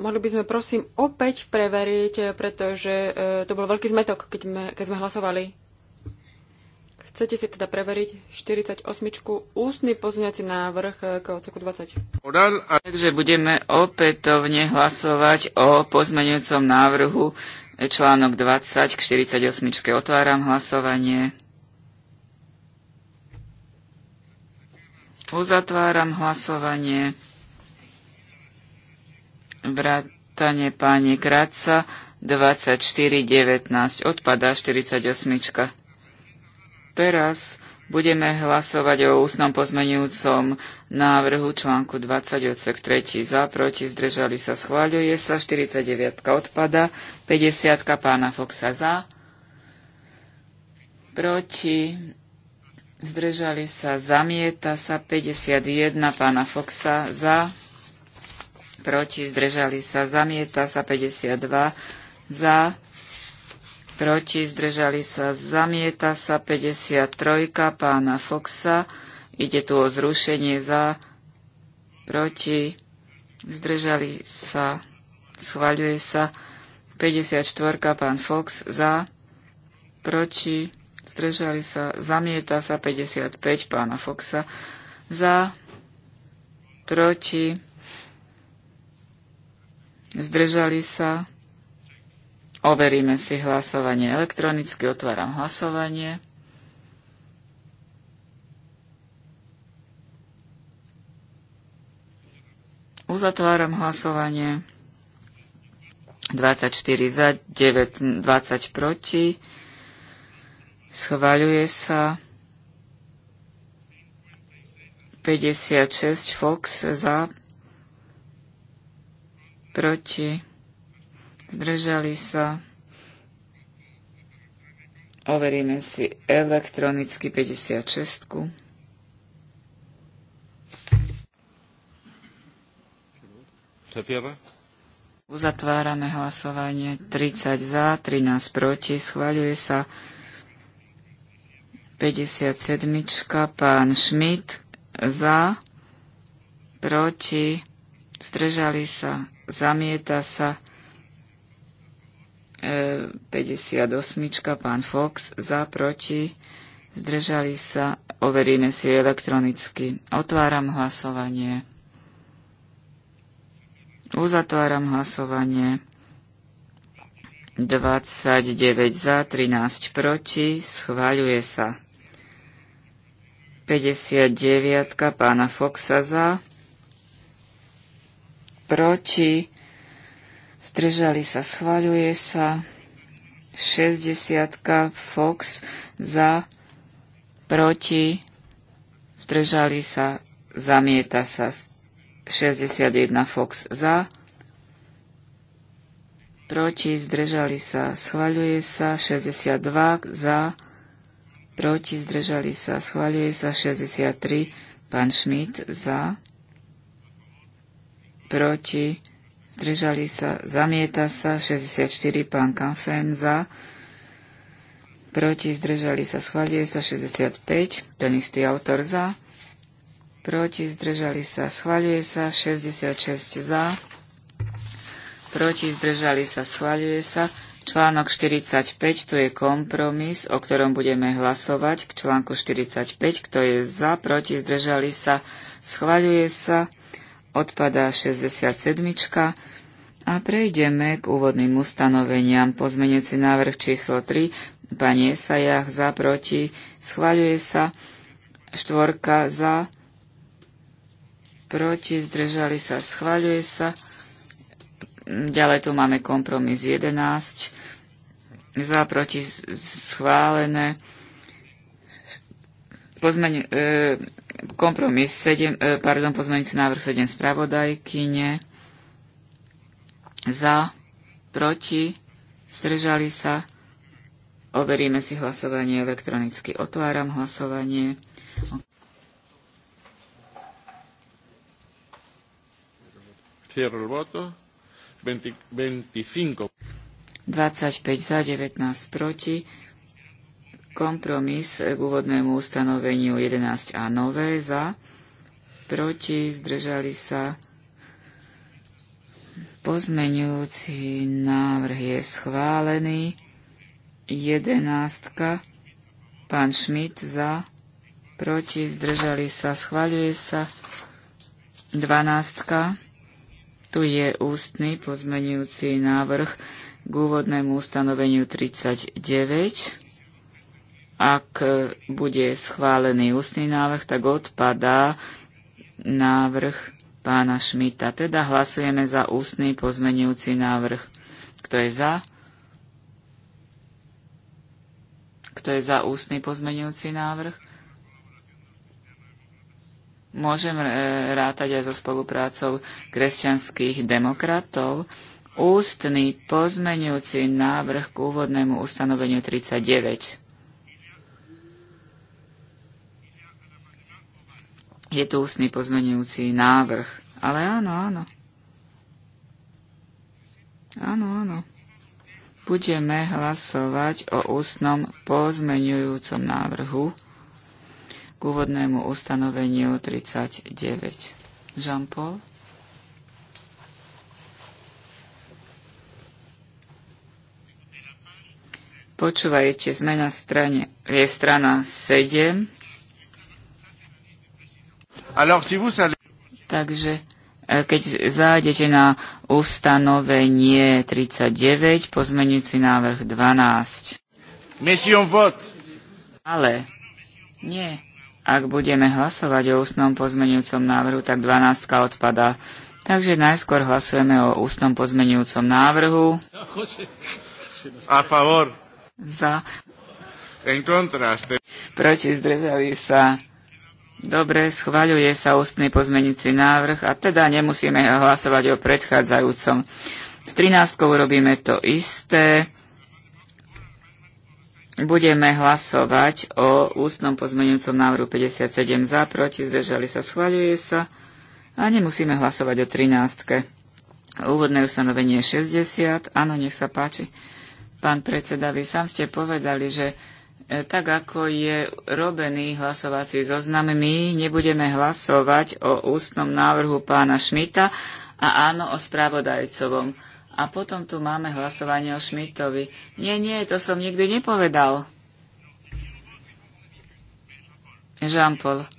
Mohli by sme prosím opäť preveriť, pretože e, to bol veľký zmetok, keď, me, keď sme hlasovali. Chcete si teda preveriť 48. ústny pozňací návrh eh, k odseku 20. Takže budeme opätovne hlasovať o pozmeňujúcom návrhu eh, článok 20 k 48. Otváram hlasovanie. Uzatváram hlasovanie. Vrátane páni Kráca 24.19 odpadá 48 teraz budeme hlasovať o ústnom pozmenujúcom návrhu článku 20 odsek 3 za, proti, zdržali sa, schváľuje sa, 49 odpada, 50 pána Foxa za, proti, zdržali sa, zamieta sa, 51 pána Foxa za, proti, zdržali sa, zamieta sa, 52 za, proti, zdržali sa, zamieta sa 53 pána Foxa, ide tu o zrušenie za, proti, zdržali sa, schvaľuje sa 54 pán Fox za, proti, zdržali sa, zamieta sa 55 pána Foxa za, proti, zdržali sa, Overíme si hlasovanie elektronicky, otváram hlasovanie. Uzatváram hlasovanie. 24 za, 9, 20 proti. Schvaľuje sa 56 Fox za, proti zdržali sa. Overíme si elektronicky 56. Uzatvárame hlasovanie 30 za, 13 proti, schváľuje sa 57. Pán Šmit za, proti, zdržali sa, zamieta sa 58. E, pán Fox za, proti. Zdržali sa. Overíme si elektronicky. Otváram hlasovanie. Uzatváram hlasovanie. 29 za, 13 proti. Schváľuje sa. 59. Pána Foxa za. Proti zdržali sa, schváľuje sa. 60 Fox za, proti, zdržali sa, zamieta sa. 61 Fox za, proti, zdržali sa, schváľuje sa. 62 za, proti, zdržali sa, schváľuje sa. 63 pán Schmidt za, proti, zdržali sa, zamieta sa, 64 pán Kanfenza, za, proti, zdržali sa, schvaľuje sa, 65, ten istý autor za, proti, zdržali sa, schvaľuje sa, 66 za, proti, zdržali sa, schvaľuje sa, Článok 45, tu je kompromis, o ktorom budeme hlasovať k článku 45, kto je za, proti, zdržali sa, schvaľuje sa odpadá 67. A prejdeme k úvodným ustanoveniam. Pozmenujúci návrh číslo 3, pani Esajach za proti, schváľuje sa, štvorka za, proti, zdržali sa, schváľuje sa. Ďalej tu máme kompromis 11, za, proti, schválené. Pozmeň, e, kompromis 7, e, pardon, pozmeňujúci návrh 7 spravodajkyne za, proti, stržali sa. Overíme si hlasovanie elektronicky. Otváram hlasovanie. Cierro el voto. 25 za, 19 proti Kompromis k úvodnému ustanoveniu 11a nové za, proti, zdržali sa. Pozmeňujúci návrh je schválený. 11. Pán Šmit za, proti, zdržali sa, schváľuje sa. 12. Tu je ústny pozmeňujúci návrh k úvodnému ustanoveniu 39 ak e, bude schválený ústny návrh, tak odpadá návrh pána Šmita. Teda hlasujeme za ústny pozmenujúci návrh. Kto je za? Kto je za ústny pozmenujúci návrh? Môžem e, rátať aj so spoluprácou kresťanských demokratov. Ústny pozmenujúci návrh k úvodnému ustanoveniu 39. Je tu ústny pozmenujúci návrh. Ale áno, áno. Áno, áno. Budeme hlasovať o ústnom pozmenujúcom návrhu k úvodnému ustanoveniu 39. Jean-Paul? Počúvajte, sme na strane, je strana 7, Takže e, keď zájdete na ustanovenie 39, si návrh 12. Ale nie. Ak budeme hlasovať o ústnom pozmenujúcom návrhu, tak 12 odpadá. Takže najskôr hlasujeme o ústnom pozmenujúcom návrhu. A favor. Za. Proti zdržali sa. Dobre, schvaľuje sa ústny pozmenici návrh a teda nemusíme hlasovať o predchádzajúcom. S 13 urobíme to isté. Budeme hlasovať o ústnom pozmenujúcom návrhu 57 za, proti, zdržali sa, schvaľuje sa. A nemusíme hlasovať o 13. Úvodné ustanovenie 60. Áno, nech sa páči. Pán predseda, vy sám ste povedali, že E, tak ako je robený hlasovací zoznam, my nebudeme hlasovať o ústnom návrhu pána Šmita a áno o spravodajcovom. A potom tu máme hlasovanie o Šmitovi. Nie, nie, to som nikdy nepovedal. Žampol, paul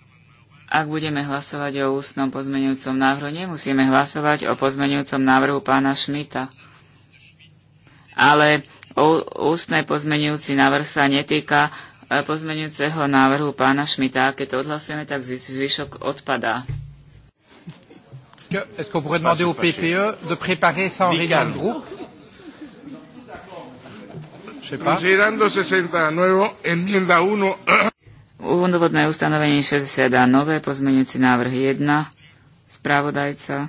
ak budeme hlasovať o ústnom pozmenujúcom návrhu, nemusíme hlasovať o pozmenujúcom návrhu pána Šmita. Ale ústne pozmenujúci návrh sa netýka e, pozmenujúceho návrhu pána Šmita. Keď to odhlasujeme, tak zvyšok odpadá. Est-ce qu'on pourrait demander au PPE de préparer ça en réunion de groupe Je sais pas. Considerando 60 enmienda 1. Úvodné ustanovenie 60 a nové, pozmenujúci návrh 1, Správodajca.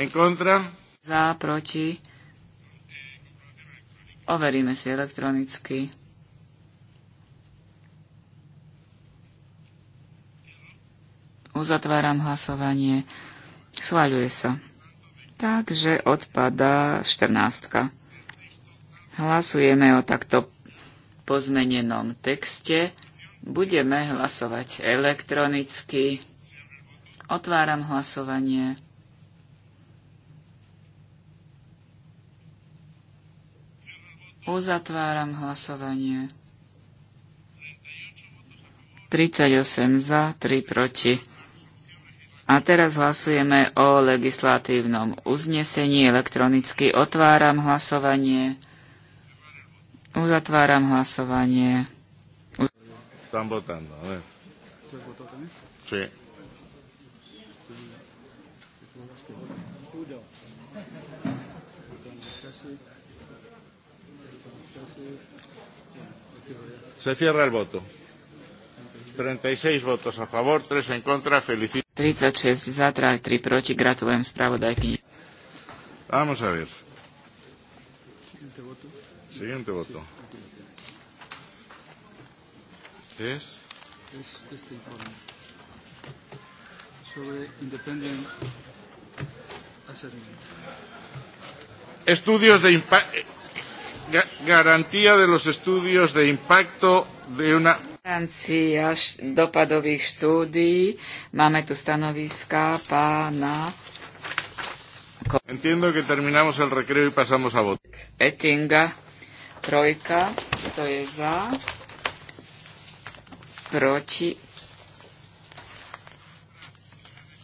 En contra. Za, proti. Overíme si elektronicky. Uzatváram hlasovanie. Schváľuje sa. Takže odpadá 14. Hlasujeme o takto pozmenenom texte. Budeme hlasovať elektronicky. Otváram hlasovanie. Uzatváram hlasovanie. 38 za, 3 proti. A teraz hlasujeme o legislatívnom uznesení. Elektronicky otváram hlasovanie. Uzatváram hlasovanie. Están votando, a Čo je? Se cierra el voto. 36 votos a favor, 3 en contra. Felicito. 36 za, 3 proti. Gratulujem spravodajkyni. Vamos a ver. Siguiente voto. Siguiente voto. Es. Es este informe sobre independent assessment. Estudios de impacto garantía de los estudios de impacto de una... Garancia dopadových štúdií. Máme tu stanoviska pána... Entiendo que terminamos el recreo y pasamos a voto. Ettinga, trojka, to je za, proti,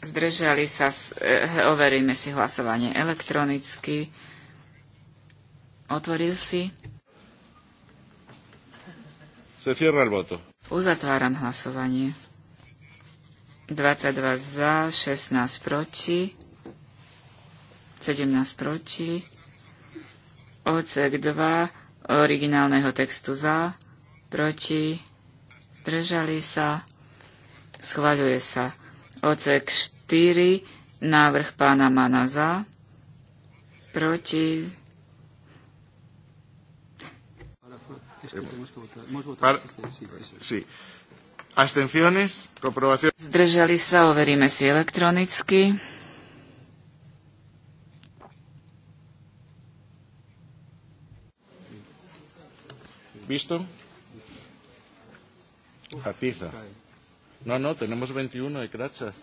zdržali sa, eh, overíme si hlasovanie elektronicky. Otvoril si. Se cierra el voto. Uzatváram hlasovanie. 22 za, 16 proti, 17 proti, odsek 2 originálneho textu za, proti, držali sa, schváľuje sa. Ocek 4, návrh pána Mana za, proti, Abstenciones, comprobación. Zdržali sa, overíme si elektronicky. ¿Visto? Atiza. No, no, tenemos 21 de crachas.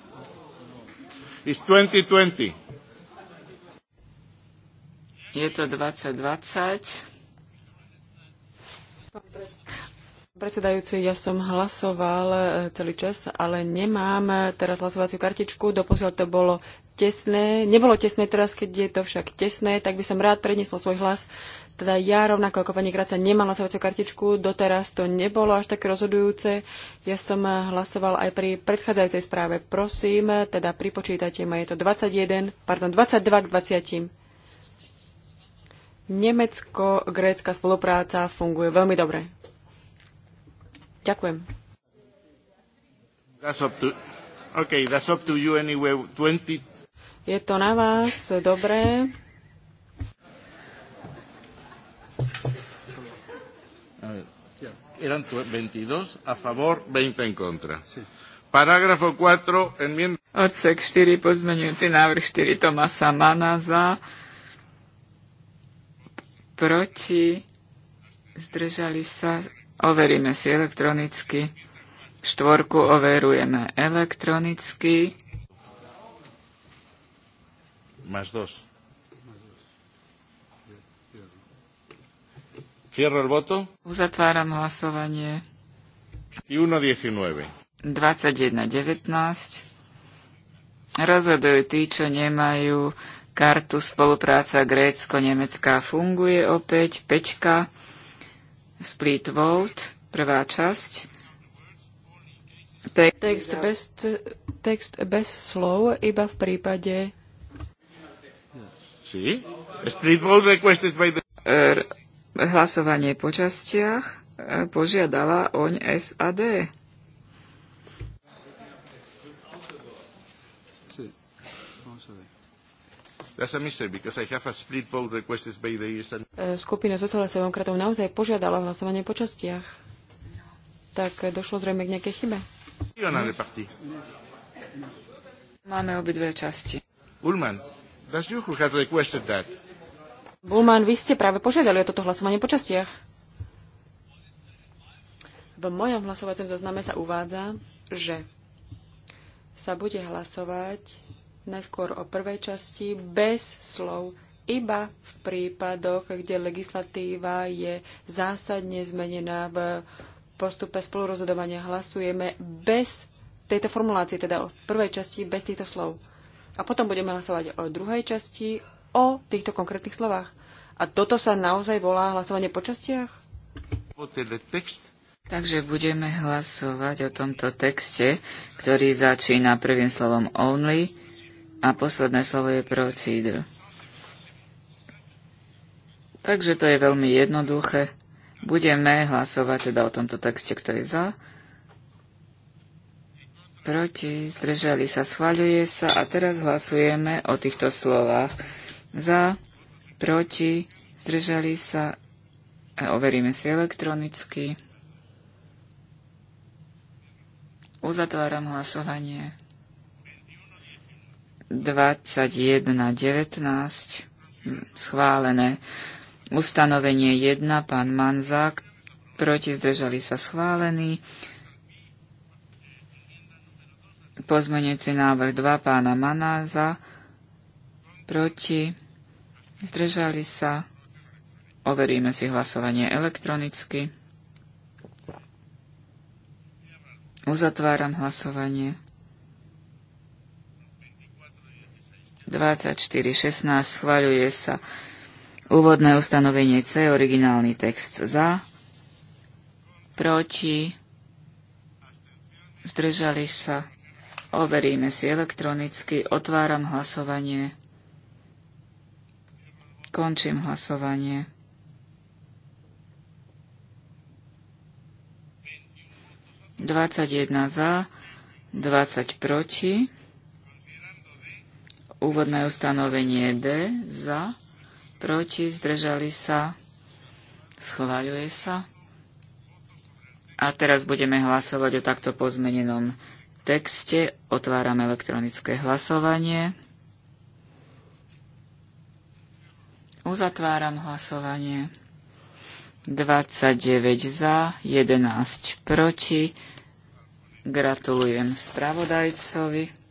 It's 2020. Je to 2020. 20 pán predsedajúci, ja som hlasoval e, celý čas, ale nemám e, teraz hlasovaciu kartičku. Doposiaľ to bolo tesné. Nebolo tesné teraz, keď je to však tesné, tak by som rád predniesol svoj hlas. Teda ja rovnako ako pani Graca nemám hlasovaciu kartičku, doteraz to nebolo až také rozhodujúce. Ja som e, hlasoval aj pri predchádzajúcej správe. Prosím, teda pripočítajte ma, je to 21, pardon, 22 k 20. Nemecko-grécka spolupráca funguje veľmi dobre. Ďakujem. That's up to, okay, that's up to you anyway. 20... Je to na vás, dobre. Eran 22 a favor, 20 en contra. Sí. 4, enmienda. Odsek 4, pozmenujúci návrh 4 Tomasa Mana za proti, zdržali sa, overíme si elektronicky. Štvorku overujeme elektronicky. Más dos. Cierro el voto. Uzatváram hlasovanie. 21.19. Rozhodujú tí, čo nemajú kartu spolupráca Grécko-Nemecká funguje opäť, pečka, split vote, prvá časť. Text, text, bez, text bez slov, iba v prípade... Hlasovanie po častiach e, požiadala oň SAD. Skupina sociálnych demokratov naozaj požiadala hlasovanie po častiach. Tak e, došlo zrejme k nejakej chybe. Máme obidve časti. Ullman, that's you who had requested that. Bulman, vy ste práve požiadali o toto hlasovanie po častiach. V mojom hlasovacom zozname sa uvádza, že sa bude hlasovať najskôr o prvej časti bez slov iba v prípadoch, kde legislatíva je zásadne zmenená v postupe spolurozhodovania. Hlasujeme bez tejto formulácie, teda o prvej časti bez týchto slov. A potom budeme hlasovať o druhej časti o týchto konkrétnych slovách. A toto sa naozaj volá hlasovanie po častiach? Takže budeme hlasovať o tomto texte, ktorý začína prvým slovom only a posledné slovo je procedure. Takže to je veľmi jednoduché. Budeme hlasovať teda o tomto texte, kto je za. Proti, zdržali sa, schváľuje sa a teraz hlasujeme o týchto slovách. Za, proti, zdržali sa, a e, overíme si elektronicky. Uzatváram hlasovanie. 21.19 schválené. Ustanovenie 1, pán Manzák, proti zdržali sa schválený. Pozmenujúci návrh 2 pána Manáza, proti zdržali sa. Overíme si hlasovanie elektronicky. Uzatváram hlasovanie. 24, 16, schvaľuje sa úvodné ustanovenie C, originálny text za, proti, zdržali sa, overíme si elektronicky, otváram hlasovanie, končím hlasovanie. 21 za, 20 proti. Úvodné ustanovenie D za, proti, zdržali sa, schváľuje sa. A teraz budeme hlasovať o takto pozmenenom texte. Otváram elektronické hlasovanie. Uzatváram hlasovanie. 29 za, 11 proti. Gratulujem spravodajcovi.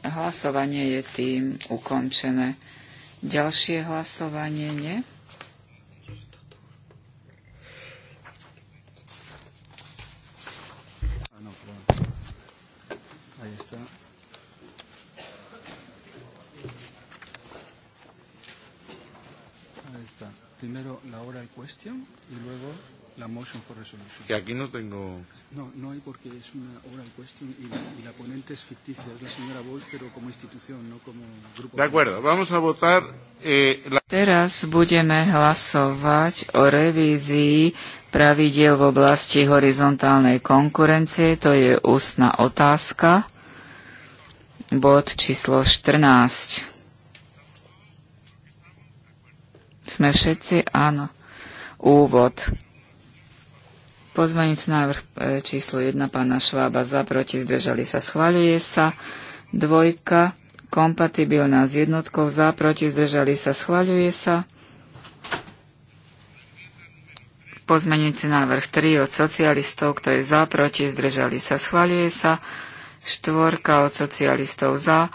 Hlasovanie je tým ukončené. Ďalšie hlasovanie nie. Primero la hora en cuestión y luego La motion for resolution. Que aquí no tengo... No, no hay porque es una oral question y la, y la ponente es ficticia, es la señora Bosch, pero como institución, no como grupo. De acuerdo, vamos a votar... Eh, la... Teraz budeme hlasovať o revízii pravidiel v oblasti horizontálnej konkurencie, to je ústna otázka, bod číslo 14. Sme všetci? Áno. Úvod. Pozvanic návrh e, číslo 1 pána Švába za, proti, zdržali sa, schváľuje sa. Dvojka, kompatibilná s jednotkou, za, proti, zdržali sa, schváľuje sa. Pozmenujúci návrh 3 od socialistov, kto je za, proti, zdržali sa, schváľuje sa. Štvorka od socialistov za,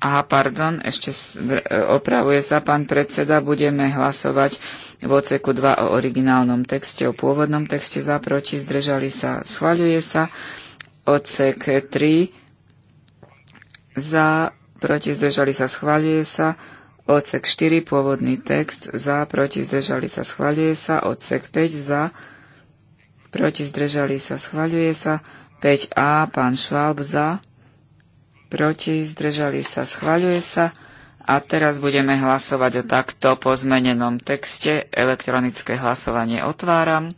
Aha, pardon, ešte e, opravuje sa pán predseda, budeme hlasovať v oceku 2 o originálnom texte, o pôvodnom texte za proti, zdržali sa, schvaľuje sa. Ocek 3 za proti, zdržali sa, schvaľuje sa. Ocek 4, pôvodný text, za, proti, zdržali sa, schvaľuje sa. Ocek 5, za, proti, zdržali sa, schvaľuje sa. 5a, pán Švalb, za proti, zdržali sa, schvaľuje sa. A teraz budeme hlasovať o takto pozmenenom texte. Elektronické hlasovanie otváram.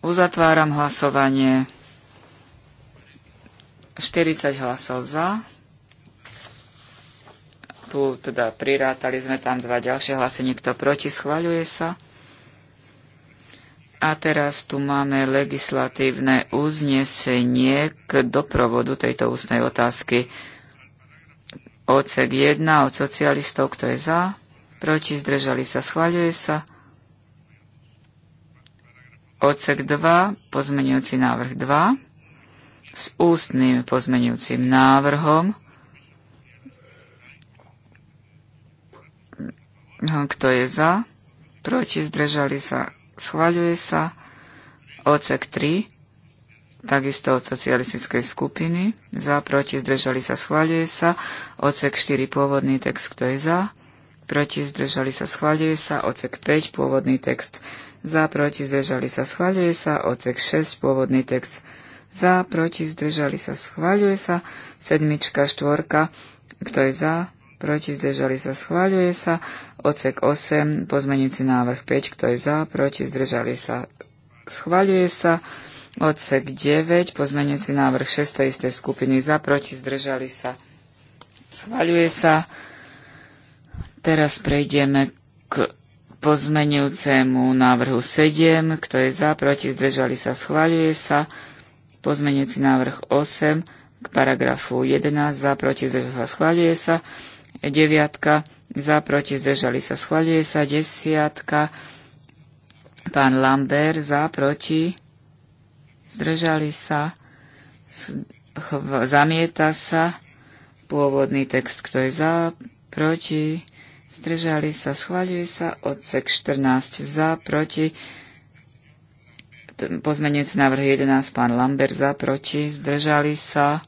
Uzatváram hlasovanie. 40 hlasov za. Tu teda prirátali sme tam dva ďalšie hlasy, nikto proti, schvaľuje sa. A teraz tu máme legislatívne uznesenie k doprovodu tejto ústnej otázky. Odsek 1 od socialistov, kto je za, proti, zdržali sa, schváľuje sa. Odsek 2, pozmenujúci návrh 2, s ústnym pozmenujúcim návrhom, kto je za, proti, zdržali sa, schváľuje sa odsek 3, takisto od socialistickej skupiny, za, proti, zdržali sa, schváľuje sa, odsek 4, pôvodný text, kto je za, proti, zdržali sa, schváľuje sa, odsek 5, pôvodný text, za, proti, zdržali sa, schváľuje sa, odsek 6, pôvodný text, za, proti, zdržali sa, schváľuje sa, sedmička, štvorka, kto je za, proti, zdržali sa, schváľuje sa. Ocek 8, pozmenujúci návrh 5, kto je za, proti, zdržali sa, schváľuje sa. Ocek 9, pozmenujúci návrh 6 to isté skupiny za, proti, zdržali sa, schváľuje sa. Teraz prejdeme k pozmenujúcemu návrhu 7, kto je za, proti, zdržali sa, schváľuje sa. Pozmenujúci návrh 8 k paragrafu 11, za, proti, zdržali sa, schváľuje sa deviatka za, proti, zdržali sa, schvaľuje sa, desiatka, pán Lambert za, proti, zdržali sa, zamieta sa, pôvodný text, kto je za, proti, zdržali sa, schvaľuje sa, odsek 14 za, proti, pozmeňujúci návrh 11, pán Lambert za, proti, zdržali sa,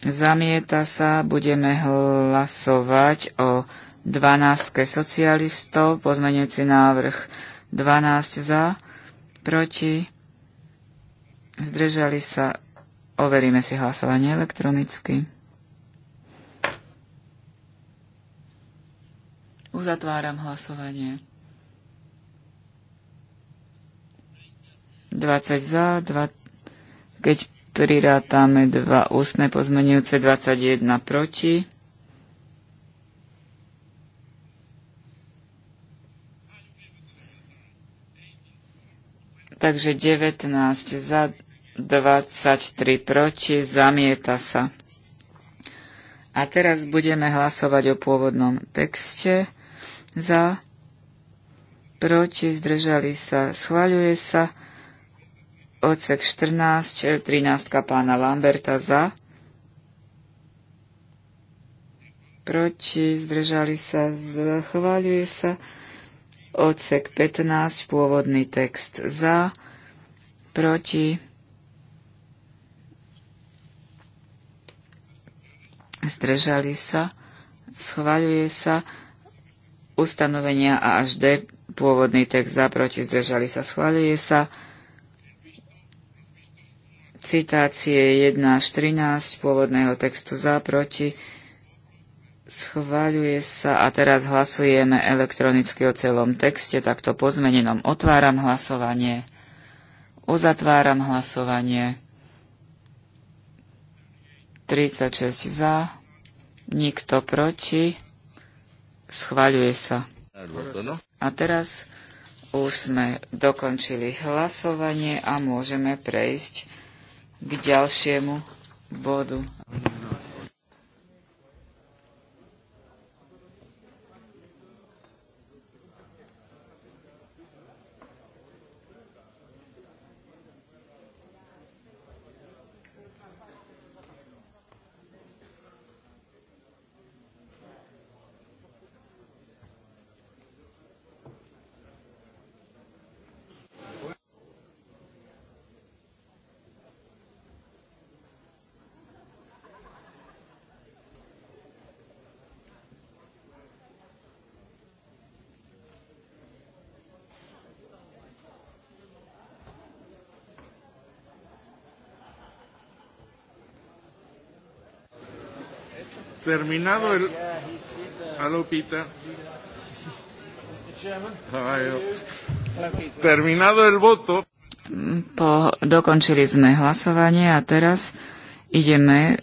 Zamieta sa, budeme hlasovať o 12 socialistov, pozmenujúci návrh 12 za, proti, zdržali sa, overíme si hlasovanie elektronicky. Uzatváram hlasovanie. 20 za, 2, keď Prirátame dva ústne pozmenujúce 21 proti. Takže 19 za 23 proti, zamieta sa. A teraz budeme hlasovať o pôvodnom texte. Za, proti, zdržali sa, schvaľuje sa. Odsek 14, 13 eh, pána Lamberta za. Proti, zdržali sa, zachváľuje sa. Odsek 15, pôvodný text za. Proti. Zdržali sa, schváľuje sa. Ustanovenia a až D, pôvodný text za, proti, zdržali sa, schváľuje sa citácie 1 až 13 pôvodného textu za, proti, schváľuje sa a teraz hlasujeme elektronicky o celom texte, takto pozmenenom. Otváram hlasovanie, uzatváram hlasovanie, 36 za, nikto proti, schváľuje sa. A teraz už sme dokončili hlasovanie a môžeme prejsť k ďalšiemu bodu. terminado el... Hello, Peter. Terminado el voto. Po, dokončili sme hlasovanie a teraz ideme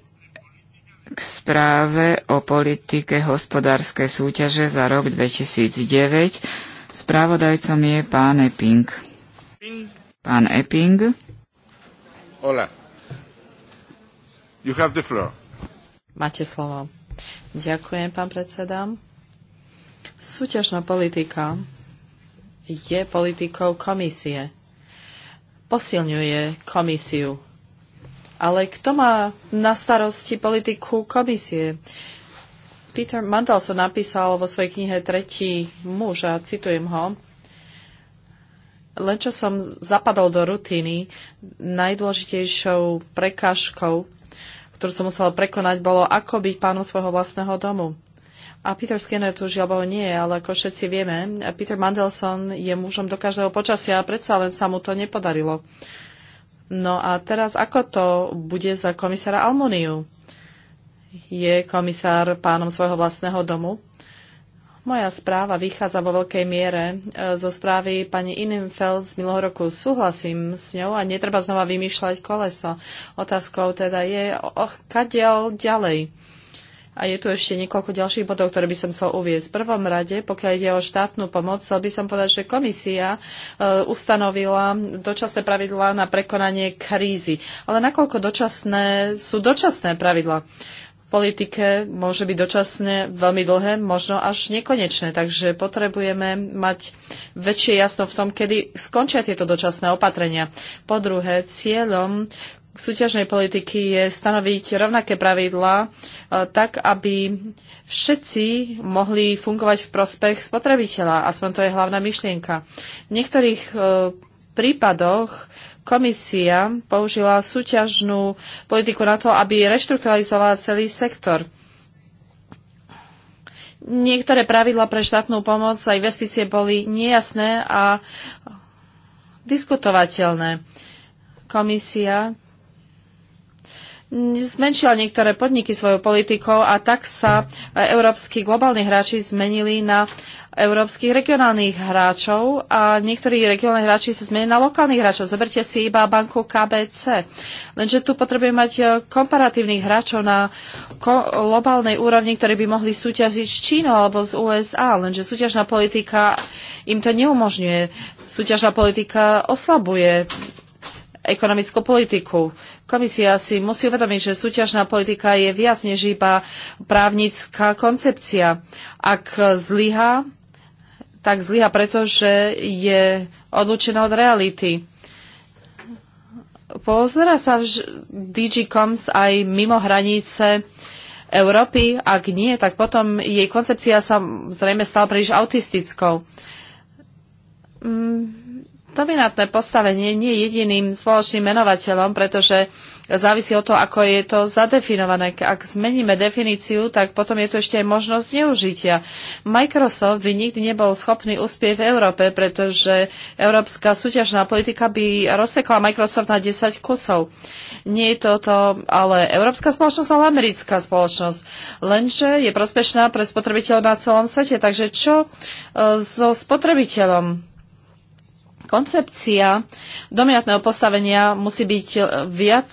k správe o politike hospodárskej súťaže za rok 2009. Správodajcom je pán Epping. Pán Epping. Hola. You have the floor. Máte slovo. Ďakujem, pán predseda. Súťažná politika je politikou komisie. Posilňuje komisiu. Ale kto má na starosti politiku komisie? Peter Mandelson napísal vo svojej knihe Tretí muž a citujem ho. Len čo som zapadol do rutiny, najdôležitejšou prekážkou ktorú som musela prekonať, bolo ako byť pánom svojho vlastného domu. A Peter Skinner tu žiaľ nie ale ako všetci vieme, Peter Mandelson je mužom do každého počasia a predsa len sa mu to nepodarilo. No a teraz ako to bude za komisára Almoniu? Je komisár pánom svojho vlastného domu? Moja správa vychádza vo veľkej miere e, zo správy pani Innenfeld z minulého roku. Súhlasím s ňou a netreba znova vymýšľať koleso. Otázkou teda je, oh, kadeľ ďalej. A je tu ešte niekoľko ďalších bodov, ktoré by som chcel uviezť. V prvom rade, pokiaľ ide o štátnu pomoc, chcel by som povedať, že komisia e, ustanovila dočasné pravidlá na prekonanie krízy. Ale nakoľko dočasné sú dočasné pravidlá? politike môže byť dočasne veľmi dlhé, možno až nekonečné. Takže potrebujeme mať väčšie jasno v tom, kedy skončia tieto dočasné opatrenia. Po druhé, cieľom súťažnej politiky je stanoviť rovnaké pravidlá e, tak, aby všetci mohli fungovať v prospech spotrebiteľa. Aspoň to je hlavná myšlienka. V niektorých e, prípadoch komisia použila súťažnú politiku na to, aby reštrukturalizovala celý sektor. Niektoré pravidla pre štátnu pomoc a investície boli nejasné a diskutovateľné. Komisia zmenšila niektoré podniky svojou politikou a tak sa európsky globálni hráči zmenili na európskych regionálnych hráčov a niektorí regionálni hráči sa zmenili na lokálnych hráčov. Zoberte si iba banku KBC. Lenže tu potrebujem mať e, komparatívnych hráčov na globálnej úrovni, ktorí by mohli súťažiť s Čínou alebo z USA. Lenže súťažná politika im to neumožňuje. Súťažná politika oslabuje ekonomickú politiku. Komisia si musí uvedomiť, že súťažná politika je viac než iba právnická koncepcia. Ak zlyha, tak zlyha, pretože je odlučená od reality. Pozera sa DG Coms aj mimo hranice Európy? Ak nie, tak potom jej koncepcia sa zrejme stala príliš autistickou. Mm dominantné postavenie nie je jediným spoločným menovateľom, pretože závisí od toho, ako je to zadefinované. Ak zmeníme definíciu, tak potom je tu ešte aj možnosť zneužitia. Microsoft by nikdy nebol schopný uspieť v Európe, pretože európska súťažná politika by rozsekla Microsoft na 10 kusov. Nie je toto ale európska spoločnosť, ale americká spoločnosť. Lenže je prospešná pre spotrebiteľov na celom svete. Takže čo e, so spotrebiteľom? koncepcia dominantného postavenia musí byť e, viac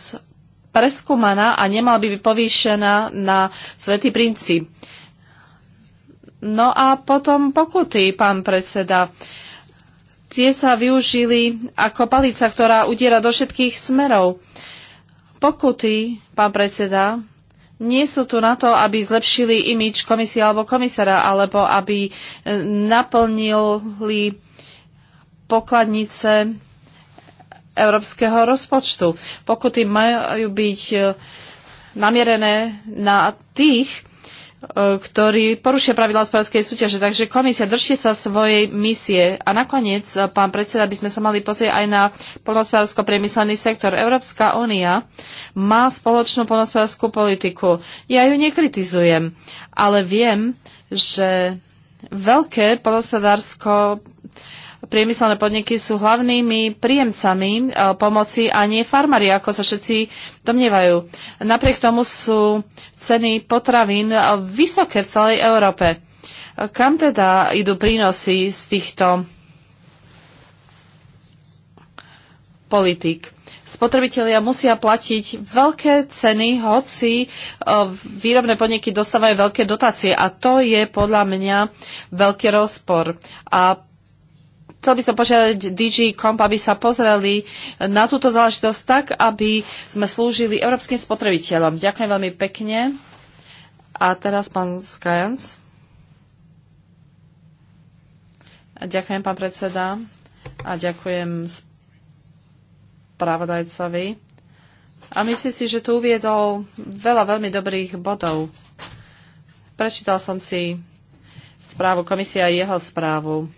preskúmaná a nemala by byť povýšená na svetý princíp. No a potom pokuty, pán predseda. Tie sa využili ako palica, ktorá udiera do všetkých smerov. Pokuty, pán predseda, nie sú tu na to, aby zlepšili imič komisie alebo komisára, alebo aby e, naplnili pokladnice európskeho rozpočtu. Pokuty majú byť e, namierené na tých, e, ktorí porušia pravidla hospodárskej súťaže. Takže komisia, držte sa svojej misie. A nakoniec, e, pán predseda, by sme sa mali pozrieť aj na polnospodársko priemyselný sektor. Európska únia má spoločnú polnospodárskú politiku. Ja ju nekritizujem, ale viem, že veľké polnospodársko priemyselné podniky sú hlavnými príjemcami e, pomoci a nie farmári, ako sa všetci domnievajú. Napriek tomu sú ceny potravín e, vysoké v celej Európe. E, kam teda idú prínosy z týchto politik? spotrebitelia musia platiť veľké ceny, hoci výrobné podniky dostávajú veľké dotácie. A to je podľa mňa veľký rozpor. A chcel by som požiadať DG Comp, aby sa pozreli na túto záležitosť tak, aby sme slúžili európskym spotrebiteľom. Ďakujem veľmi pekne. A teraz pán Skajans. Ďakujem, pán predseda. A ďakujem spravodajcovi. A myslím si, že tu uviedol veľa veľmi dobrých bodov. Prečítal som si správu komisia a jeho správu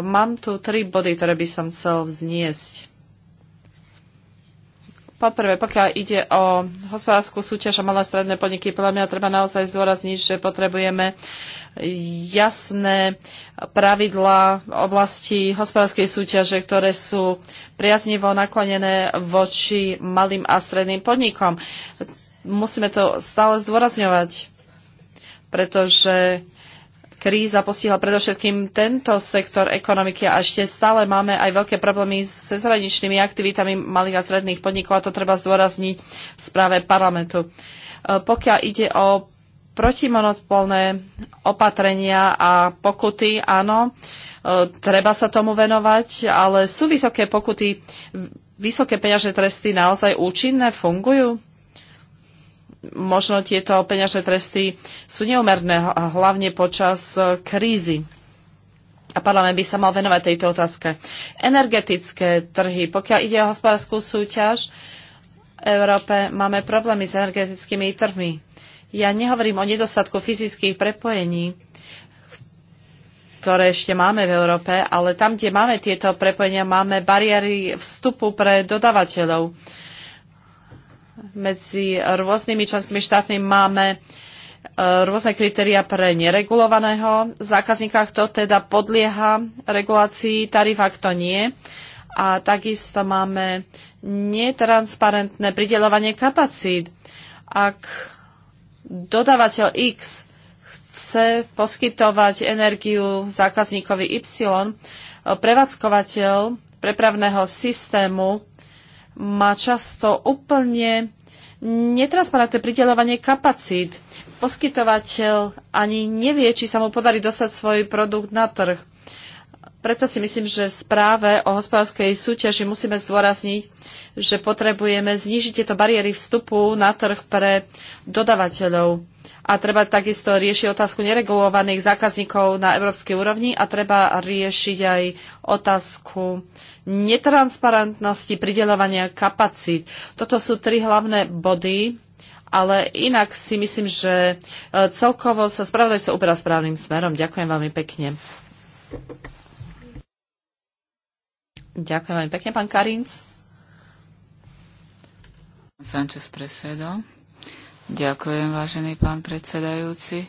Mám tu tri body, ktoré by som chcel vzniesť. Poprvé, pokiaľ ide o hospodárskú súťaž a malé stredné podniky, podľa mňa treba naozaj zdôrazniť, že potrebujeme jasné pravidlá v oblasti hospodárskej súťaže, ktoré sú priaznivo naklonené voči malým a stredným podnikom. Musíme to stále zdôrazňovať, pretože Kríza postihla predovšetkým tento sektor ekonomiky a ešte stále máme aj veľké problémy s cezhraničnými aktivitami malých a stredných podnikov a to treba zdôrazniť v správe parlamentu. E, pokiaľ ide o protimonopolné opatrenia a pokuty, áno, e, treba sa tomu venovať, ale sú vysoké pokuty, vysoké peňažné tresty naozaj účinné, fungujú? možno tieto peňažné tresty sú neumerné, hlavne počas e, krízy. A parlament by sa mal venovať tejto otázke. Energetické trhy. Pokiaľ ide o hospodárskú súťaž, v Európe máme problémy s energetickými trhmi. Ja nehovorím o nedostatku fyzických prepojení, ktoré ešte máme v Európe, ale tam, kde máme tieto prepojenia, máme bariéry vstupu pre dodávateľov. Uh, medzi rôznymi členskými štátmi máme e, rôzne kritéria pre neregulovaného zákazníka, kto teda podlieha regulácii tarif, a kto nie. A takisto máme netransparentné pridelovanie kapacít. Ak dodávateľ X chce poskytovať energiu zákazníkovi Y, prevádzkovateľ prepravného systému má často úplne netransparentné pridelovanie kapacít. Poskytovateľ ani nevie, či sa mu podarí dostať svoj produkt na trh preto si myslím, že v správe o hospodárskej súťaži musíme zdôrazniť, že potrebujeme znižiť tieto bariéry vstupu na trh pre dodavateľov. A treba takisto riešiť otázku neregulovaných zákazníkov na európskej úrovni a treba riešiť aj otázku netransparentnosti pridelovania kapacít. Toto sú tri hlavné body, ale inak si myslím, že e, celkovo sa spravodajca uberá správnym smerom. Ďakujem veľmi pekne. Ďakujem veľmi pekne, pán Karinc. Sanchez presedo. Ďakujem, vážený pán predsedajúci.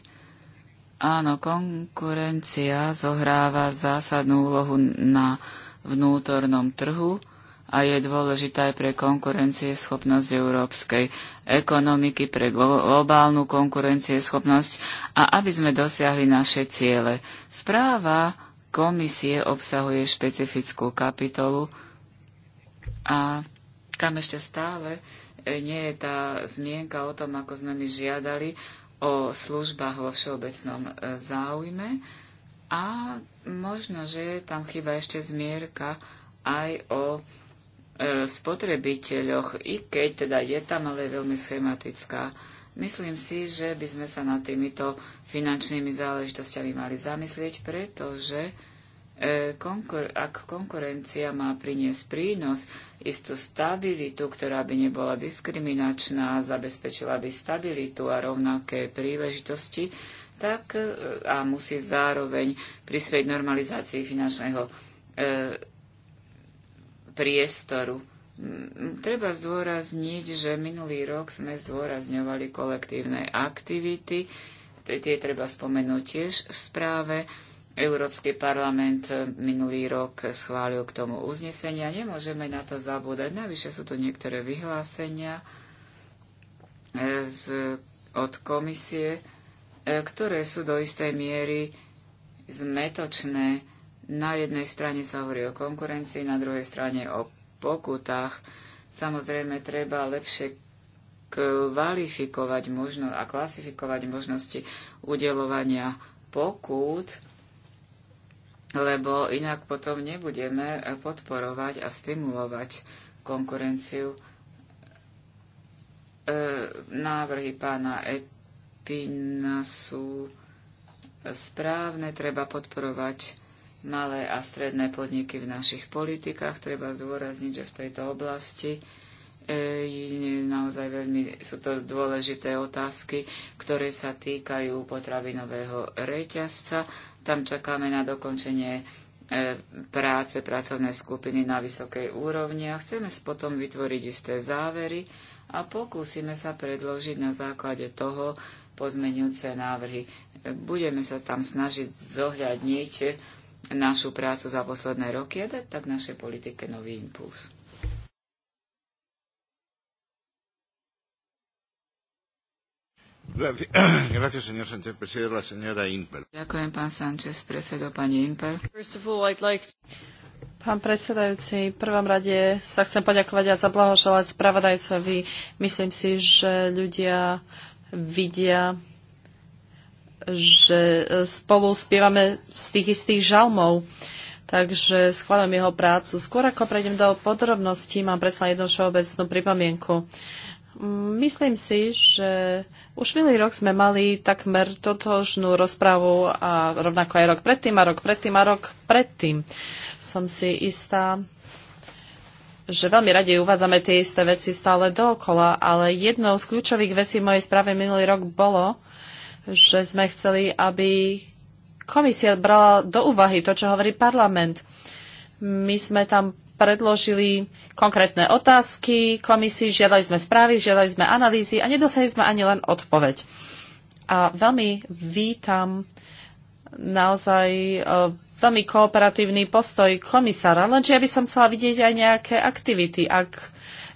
Áno, konkurencia zohráva zásadnú úlohu na vnútornom trhu a je dôležitá aj pre schopnosť európskej ekonomiky, pre globálnu schopnosť a aby sme dosiahli naše ciele. Správa komisie obsahuje špecifickú kapitolu a tam ešte stále e, nie je tá zmienka o tom, ako sme my žiadali o službách vo všeobecnom e, záujme a možno, že tam chyba ešte zmierka aj o e, spotrebiteľoch, i keď teda je tam, ale je veľmi schematická. Myslím si, že by sme sa nad týmito finančnými záležitosťami mali zamyslieť, pretože e, konkur- ak konkurencia má priniesť prínos, istú stabilitu, ktorá by nebola diskriminačná, zabezpečila by stabilitu a rovnaké príležitosti, tak e, a musí zároveň prispieť normalizácii finančného e, priestoru. Treba zdôrazniť, že minulý rok sme zdôrazňovali kolektívne aktivity, tie treba spomenúť tiež v správe. Európsky parlament eh, minulý rok schválil k tomu uznesenia. Nemôžeme na to zabúdať. Navyše sú to niektoré vyhlásenia eh, z, od komisie, eh, ktoré sú do istej miery zmetočné. Na jednej strane sa hovorí o konkurencii, na druhej strane o pokutách. Samozrejme, treba lepšie kvalifikovať možno a klasifikovať možnosti udelovania pokút, lebo inak potom nebudeme podporovať a stimulovať konkurenciu. E, návrhy pána Epina sú správne, treba podporovať malé a stredné podniky v našich politikách. Treba zdôrazniť, že v tejto oblasti e, naozaj veľmi sú to dôležité otázky, ktoré sa týkajú potravinového reťazca. Tam čakáme na dokončenie e, práce pracovnej skupiny na vysokej úrovni a chceme potom vytvoriť isté závery a pokúsime sa predložiť na základe toho pozmeňujúce návrhy. E, budeme sa tam snažiť zohľadniť našu prácu za posledné roky a dať tak našej politike nový impuls. Ďakujem, pán Sánchez, presedo pani Imper. Pán predsedajúci, v prvom rade sa chcem poďakovať a zablahoželať spravodajcovi. Myslím si, že ľudia vidia že e, spolu spievame z tých istých žalmov. Takže skladám jeho prácu. Skôr ako prejdem do podrobností, mám predsa jednu všeobecnú pripomienku. Myslím si, že už minulý rok sme mali takmer totožnú rozpravu a rovnako aj rok predtým a rok predtým a rok predtým. Som si istá, že veľmi radi uvádzame tie isté veci stále dookola, ale jednou z kľúčových vecí v mojej správe minulý rok bolo, že sme chceli, aby komisia brala do úvahy to, čo hovorí parlament. My sme tam predložili konkrétne otázky komisii, žiadali sme správy, žiadali sme analýzy a nedosahli sme ani len odpoveď. A veľmi vítam naozaj e, veľmi kooperatívny postoj komisára, lenže ja by som chcela vidieť aj nejaké aktivity. Ak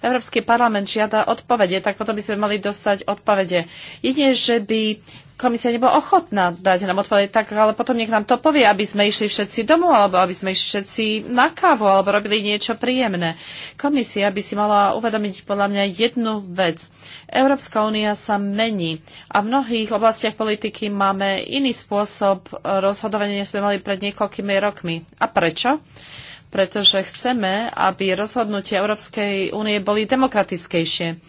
Európsky parlament žiada odpovede, tak potom by sme mali dostať odpovede. Jedine, že by komisia nebola ochotná dať nám odpovedať, tak ale potom niek nám to povie, aby sme išli všetci domov, alebo aby sme išli všetci na kávu, alebo robili niečo príjemné. Komisia by si mala uvedomiť podľa mňa jednu vec. Európska únia sa mení a v mnohých oblastiach politiky máme iný spôsob rozhodovania, než sme mali pred niekoľkými rokmi. A prečo? Pretože chceme, aby rozhodnutie Európskej únie boli demokratickejšie.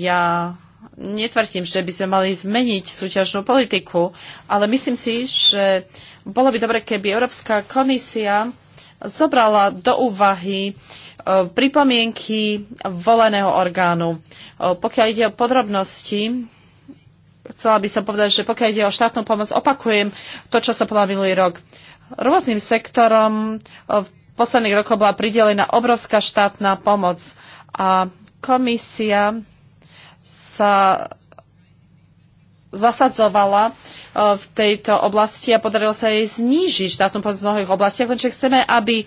Ja netvrdím, že by sme mali zmeniť súťažnú politiku, ale myslím si, že bolo by dobre, keby Európska komisia zobrala do úvahy e, pripomienky voleného orgánu. E, pokiaľ ide o podrobnosti, chcela by som povedať, že pokiaľ ide o štátnu pomoc, opakujem to, čo sa povedal minulý rok. Rôznym sektorom e, v posledných rokoch bola pridelená obrovská štátna pomoc a komisia sa zasadzovala e, v tejto oblasti a podarilo sa jej znížiť štátnu pomoc v mnohých oblastiach, lenže chceme, aby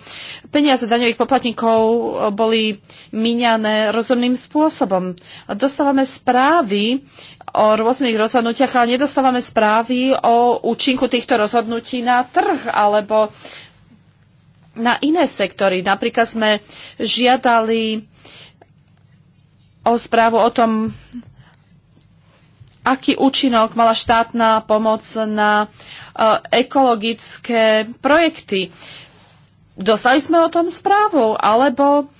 peniaze daňových poplatníkov e, boli míňané rozumným spôsobom. Dostávame správy o rôznych rozhodnutiach, ale nedostávame správy o účinku týchto rozhodnutí na trh alebo na iné sektory. Napríklad sme žiadali o správu o tom, aký účinok mala štátna pomoc na e, ekologické projekty. Dostali sme o tom správu, alebo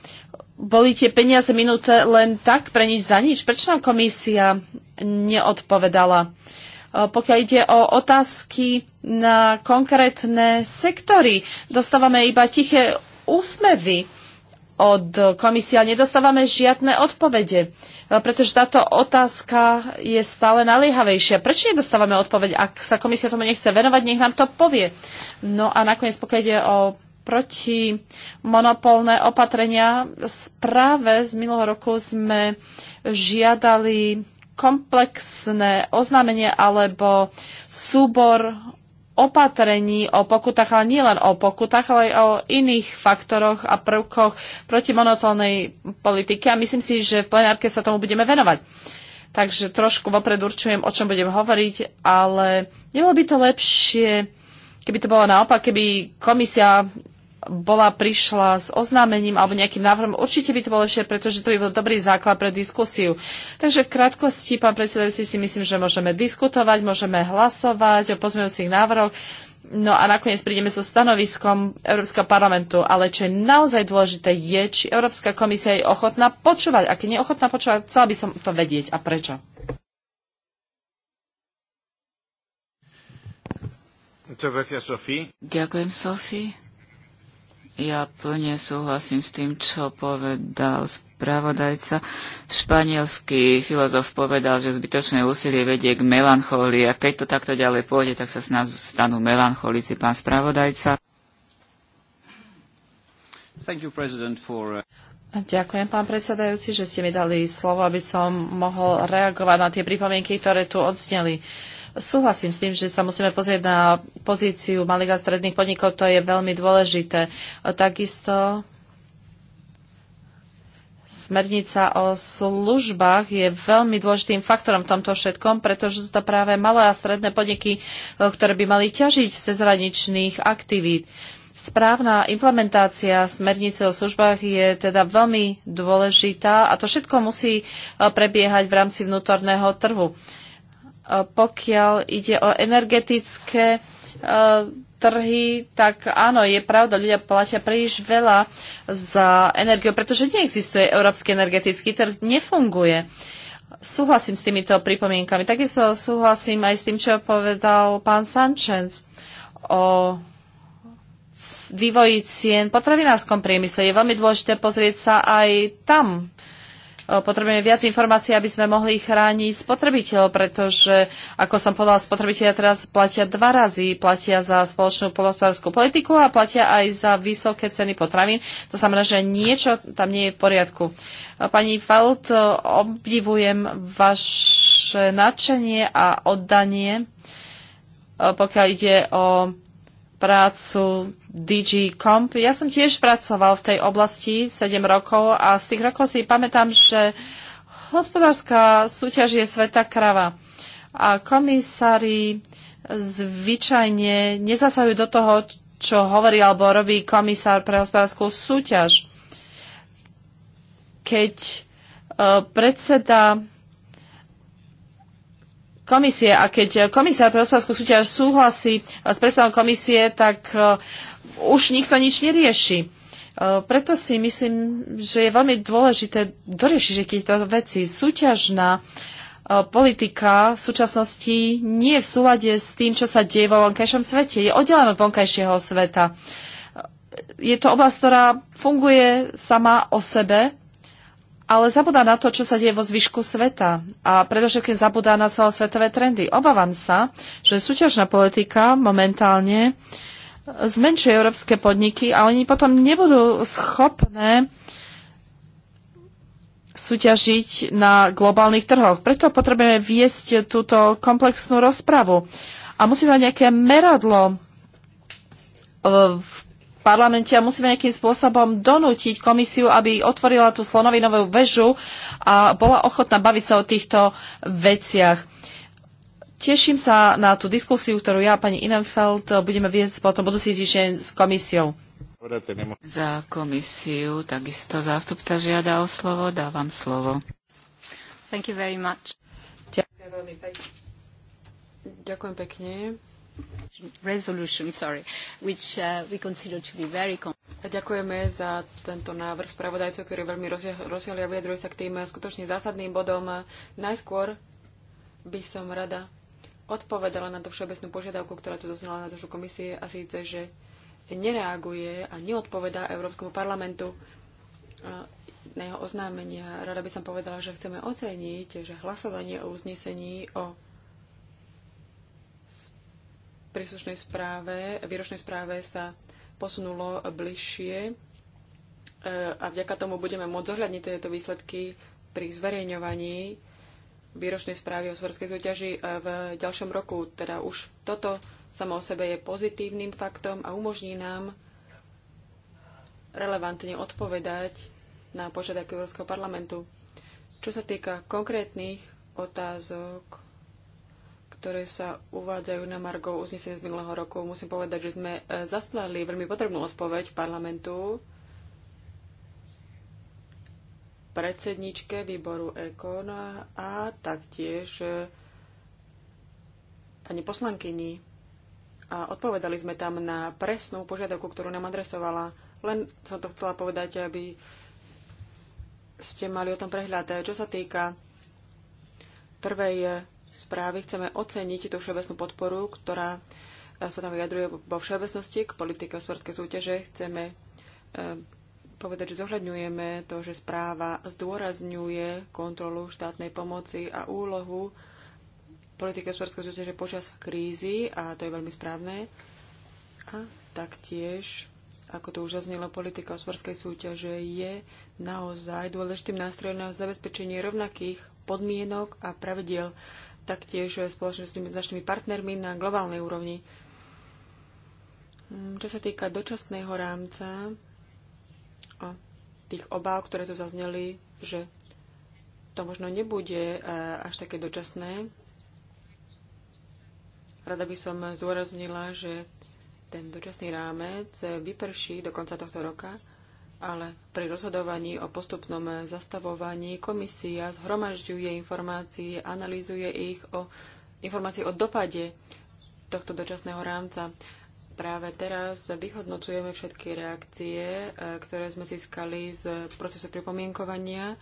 boli tie peniaze minuté len tak pre nič za nič? Prečo nám komisia neodpovedala? E, pokiaľ ide o otázky na konkrétne sektory, dostávame iba tiché úsmevy od komisia nedostávame žiadne odpovede, eh, pretože táto otázka je stále naliehavejšia. Prečo nedostávame odpoveď? Ak sa komisia tomu nechce venovať, nech nám to povie. No a nakoniec, pokiaľ ide o protimonopolné opatrenia, práve z minulého roku sme žiadali komplexné oznámenie alebo súbor opatrení o pokutách, ale nie len o pokutách, ale aj o iných faktoroch a prvkoch proti monotónnej politike a myslím si, že v plenárke sa tomu budeme venovať. Takže trošku vopred určujem, o čom budem hovoriť, ale nebolo by to lepšie, keby to bolo naopak, keby komisia bola prišla s oznámením alebo nejakým návrhom, určite by to bolo ešte, pretože to by bol dobrý základ pre diskusiu. Takže v krátkosti, pán predsedajúci, si myslím, že môžeme diskutovať, môžeme hlasovať o pozmeňujúcich návrhoch. No a nakoniec prídeme so stanoviskom Európskeho parlamentu. Ale čo je naozaj dôležité je, či Európska komisia je ochotná počúvať. A keď neochotná počúvať, chcela by som to vedieť. A prečo? Ďakujem, Sofie. Ja plne súhlasím s tým, čo povedal spravodajca. Španielský filozof povedal, že zbytočné úsilie vedie k melancholii a keď to takto ďalej pôjde, tak sa stanú melancholici, pán spravodajca. You, for... Uh, ďakujem, pán predsedajúci, že ste mi dali slovo, aby som mohol reagovať na tie pripomienky, ktoré tu odsneli. Uh, Súhlasím s tým, že sa musíme pozrieť na pozíciu malých a stredných podnikov, to je veľmi dôležité. Takisto smernica o službách je veľmi dôležitým faktorom v tomto všetkom, pretože sú to práve malé a stredné podniky, ktoré by mali ťažiť z cezhraničných aktivít. Správna implementácia smernice o službách je teda veľmi dôležitá a to všetko musí prebiehať v rámci vnútorného trhu. E, pokiaľ ide o energetické e, trhy, tak áno, je pravda, ľudia platia príliš veľa za energiu, pretože neexistuje európsky energetický trh, nefunguje. Súhlasím s týmito pripomienkami. Takisto súhlasím aj s tým, čo povedal pán Sanchez o vývoji cien potravinárskom priemysle. Je veľmi dôležité pozrieť sa aj tam. Eh, potrebujeme viac informácií, aby sme mohli chrániť spotrebiteľov, pretože, ako som povedala, spotrebiteľia teraz platia dva razy. Platia za spoločnú polospodárskú politiku a platia aj za vysoké ceny potravín. To znamená, že niečo tam nie je v poriadku. Eh, pani Falt, eh, obdivujem vaše nadšenie a oddanie, pokiaľ ide o prácu DG Comp. Ja som tiež pracoval v tej oblasti 7 rokov a z tých rokov si pamätám, že hospodárska súťaž je sveta krava. A komisári zvyčajne nezasahujú do toho, čo hovorí alebo robí komisár pre hospodárskú súťaž. Keď e, predseda komisie a keď e, komisár pre hospodárskú súťaž súhlasí e, s predsedom komisie, tak už nikto nič nerieši. E, preto si myslím, že je veľmi dôležité doriešiť tieto veci. Súťažná e, politika v súčasnosti nie je v súlade s tým, čo sa deje vo vonkajšom svete. Je oddelená od vonkajšieho sveta. E, je to oblasť, ktorá funguje sama o sebe, ale zabudá na to, čo sa deje vo zvyšku sveta a predovšetkým zabudá na celosvetové trendy. Obávam sa, že súťažná politika momentálne uh, zmenšuje európske podniky a oni potom nebudú schopné súťažiť na globálnych trhoch. Preto potrebujeme viesť túto komplexnú rozpravu. A musíme mať nejaké meradlo e, v parlamente a musíme nejakým spôsobom donútiť komisiu, aby otvorila tú slonovinovú väžu a bola ochotná baviť sa o týchto veciach. Teším sa na tú diskusiu, ktorú ja a pani Inenfeld budeme viesť potom budúci týždeň s komisiou. Za komisiu takisto zástupca žiada o slovo. Dávam slovo. Thank you very much. Ďakujem veľmi pekne. Ďakujem pekne. Resolution, sorry, which uh, we consider to be very Ďakujeme za tento návrh spravodajcov, ktorý je veľmi rozsiahly a vyjadruje sa k tým skutočne zásadným bodom. Najskôr by som rada odpovedala na tú všeobecnú požiadavku, ktorá tu zaznala na tú komisie a síce, že nereaguje a neodpovedá Európskemu parlamentu na jeho oznámenia. Rada by som povedala, že chceme oceniť, že hlasovanie o uznesení o príslušnej správe, výročnej správe sa posunulo bližšie e, a vďaka tomu budeme môcť zohľadniť tieto výsledky pri zverejňovaní výročnej správy o hospodárskej súťaži e, v ďalšom roku. Teda už toto samo o sebe je pozitívnym faktom a umožní nám relevantne odpovedať na požiadavky Európskeho parlamentu. Čo sa týka konkrétnych otázok, ktoré sa uvádzajú na Margo uznesenie z minulého roku, musím povedať, že sme e, zaslali veľmi potrebnú odpoveď parlamentu predsedničke výboru EKON a taktiež e, pani poslankyni. A odpovedali sme tam na presnú požiadavku, ktorú nám adresovala. Len som to chcela povedať, aby ste mali o tom prehľad. Čo sa týka prvej e, správy, chceme oceniť tú všeobecnú podporu, ktorá e, sa tam vyjadruje vo všeobecnosti k politike hospodárskej súťaže. Chceme povedať, že zohľadňujeme to, že správa zdôrazňuje kontrolu štátnej pomoci a úlohu politiky hospodárskej súťaže počas krízy a to je veľmi správne. A taktiež, ako to už zaznelo, politika hospodárskej súťaže je naozaj dôležitým nástrojom na zabezpečenie rovnakých podmienok a pravidiel taktiež spoločne s našimi partnermi na globálnej úrovni. Mm, čo sa týka dočasného rámca, a tých obáv, ktoré tu zazneli, že to možno nebude eh, až také dočasné. Rada by som zdôraznila, že ten dočasný rámec vyprší do konca tohto roka, ale pri rozhodovaní o postupnom zastavovaní komisia zhromažďuje informácie, analýzuje ich o informácie o dopade tohto dočasného rámca Práve teraz vyhodnocujeme všetky reakcie, e, ktoré sme získali z procesu pripomienkovania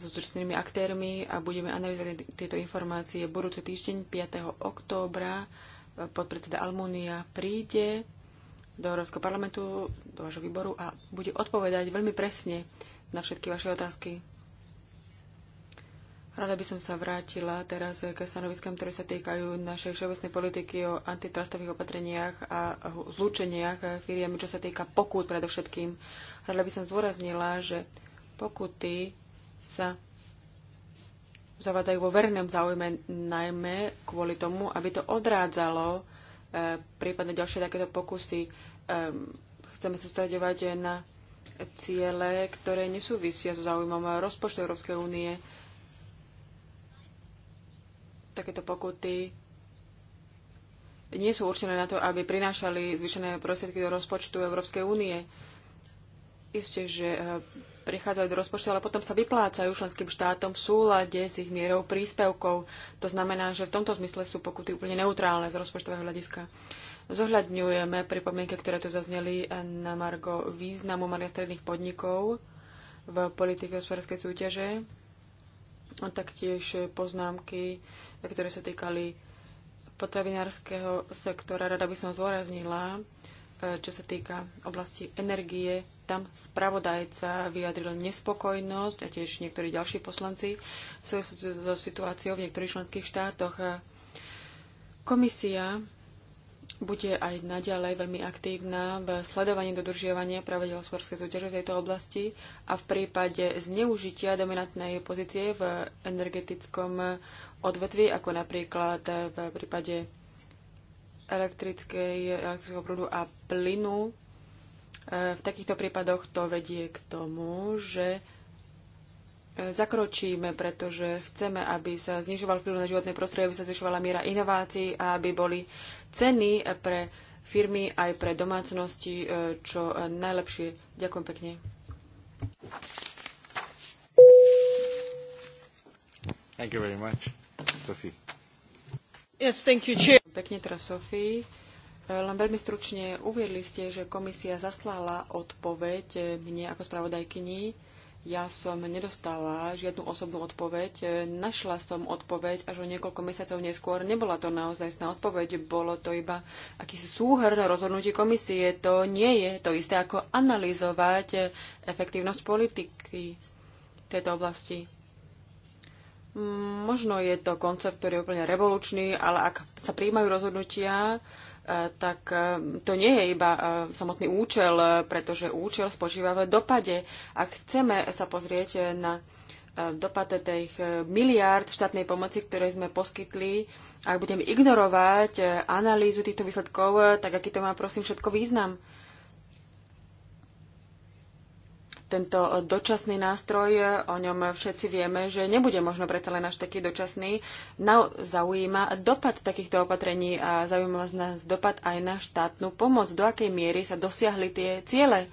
s zúčastnenými aktérmi a budeme analyzovať tieto informácie budúci týždeň 5. októbra. E, podpredseda Almúnia príde do Európskeho parlamentu, do vášho výboru a bude odpovedať veľmi presne na všetky vaše otázky. Rada by som sa vrátila teraz k stanoviskám, ktoré sa týkajú našej všeobecnej politiky o antitrustových opatreniach a zlúčeniach firiem, čo sa týka pokút predovšetkým. Rada by som zdôraznila, že pokuty sa zavádzajú vo verejnom záujme najmä kvôli tomu, aby to odrádzalo e, prípadne ďalšie takéto pokusy. E, chceme sústredovať na ciele, ktoré nesúvisia so záujmom rozpočtu Európskej únie. E, takéto pokuty nie sú určené na to, aby prinášali zvyšené prostriedky do rozpočtu Európskej únie. Isté, že e, prichádzajú do rozpočtu, ale potom sa vyplácajú členským štátom v súlade s ich mierou príspevkov. To znamená, že v tomto zmysle sú pokuty úplne neutrálne z rozpočtového hľadiska. Zohľadňujeme pripomienky, ktoré tu zazneli e, na Margo významu malých stredných podnikov v politike hospodárskej súťaže a taktiež poznámky, ktoré sa týkali potravinárskeho sektora. Rada by som zdôraznila, e, čo sa týka oblasti energie, tam spravodajca vyjadril nespokojnosť a tiež niektorí ďalší poslanci sú so situáciou v niektorých členských štátoch. Komisia bude aj naďalej veľmi aktívna v sledovaní dodržiavania pravidel hospodárskej súťaže v tejto oblasti a v prípade zneužitia dominantnej pozície v energetickom odvetví, ako napríklad v prípade elektrickej, elektrického prúdu a plynu. E, v takýchto prípadoch to vedie k tomu, že zakročíme, pretože chceme, aby sa znižoval vplyv na životné prostredie, aby sa zvyšovala miera inovácií a aby boli ceny pre firmy aj pre domácnosti e, čo najlepšie. Ďakujem pekne. Thank you very much. Sophie. Yes, thank you, chair. Pekne teraz Sophie. E, len veľmi stručne uviedli ste, že komisia zaslala odpoveď e, mne ako spravodajkyni ja som nedostala žiadnu osobnú odpoveď. Našla som odpoveď až o niekoľko mesiacov neskôr. Nebola to naozaj sná odpoveď, bolo to iba akýsi súhrn rozhodnutí komisie. To nie je to isté, ako analyzovať efektívnosť politiky v tejto oblasti. Možno je to koncept, ktorý je úplne revolučný, ale ak sa príjmajú rozhodnutia, E, tak e, to nie je iba e, samotný účel, pretože účel spočíva v dopade. Ak chceme sa pozrieť na dopad tých miliárd štátnej pomoci, ktoré sme poskytli, ak budeme ignorovať analýzu týchto výsledkov, tak aký to má prosím všetko význam. tento dočasný nástroj, o ňom všetci vieme, že nebude možno predsa len až taký dočasný. Na, zaujíma dopad takýchto opatrení a zaujíma vás nás dopad aj na štátnu pomoc. Do akej miery sa dosiahli tie ciele?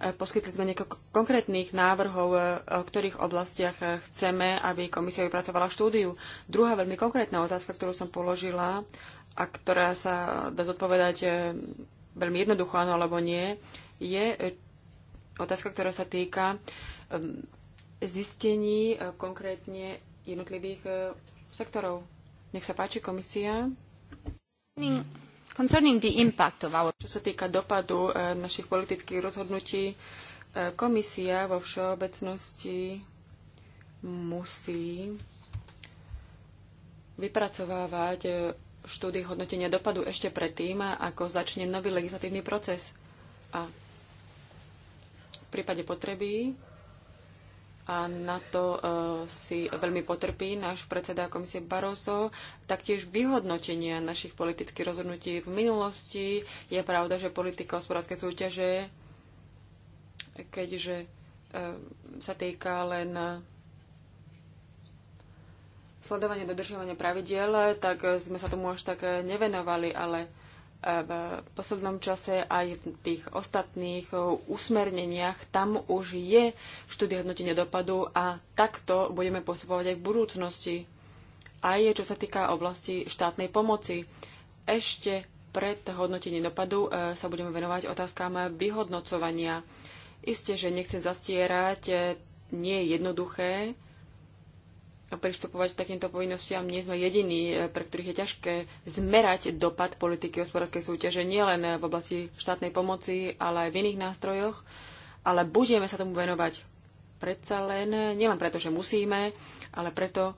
E, poskytli sme niekoľko konkrétnych návrhov, e, o ktorých oblastiach e, chceme, aby komisia vypracovala štúdiu. Druhá veľmi konkrétna otázka, ktorú som položila a ktorá sa dá zodpovedať veľmi jednoducho, áno alebo nie, je e, otázka, ktorá sa týka e, zistení e, konkrétne jednotlivých sektorov. Nech sa páči, komisia. Čo sa týka dopadu našich politických rozhodnutí, komisia vo všeobecnosti musí vypracovávať štúdy hodnotenia dopadu ešte predtým, ako začne nový legislatívny proces. A v prípade potreby a na to uh, si veľmi potrpí náš predseda komisie Barroso. Taktiež vyhodnotenia našich politických rozhodnutí v minulosti. Je pravda, že politika hospodárskej súťaže, keďže uh, sa týka len sledovanie dodržiavania pravidiel, tak sme sa tomu až tak nevenovali, ale v poslednom čase aj v tých ostatných usmerneniach, tam už je štúdia hodnotenia dopadu a takto budeme postupovať aj v budúcnosti. Aj čo sa týka oblasti štátnej pomoci. Ešte pred hodnotením dopadu e, sa budeme venovať otázkam vyhodnocovania. Isté, že nechcem zastierať, e, nie je jednoduché pristupovať k takýmto povinnostiam. Nie sme jediní, e, pre ktorých je ťažké zmerať dopad politiky hospodárskej súťaže nielen v oblasti štátnej pomoci, ale aj v iných nástrojoch. Ale budeme sa tomu venovať predsa len, nielen preto, že musíme, ale preto,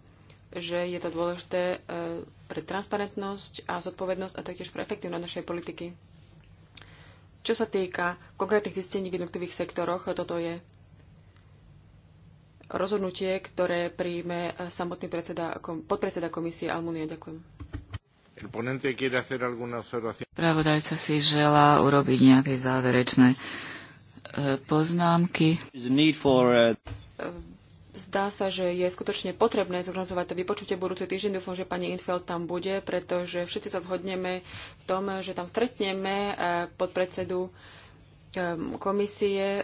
že je to dôležité e, pre transparentnosť a zodpovednosť a taktiež pre efektívnosť našej politiky. Čo sa týka konkrétnych zistení v jednotlivých sektoroch, toto je rozhodnutie, ktoré príjme samotný predseda, podpredseda komisie Almunia. Ďakujem. Pravodajca si želá urobiť nejaké záverečné e, poznámky. Uh, e, zdá sa, že je skutočne potrebné zorganizovať to vypočutie budúci týždeň. Dúfam, že pani Infeld tam bude, pretože všetci sa zhodneme v tom, že tam stretneme e, podpredsedu predsedu komisie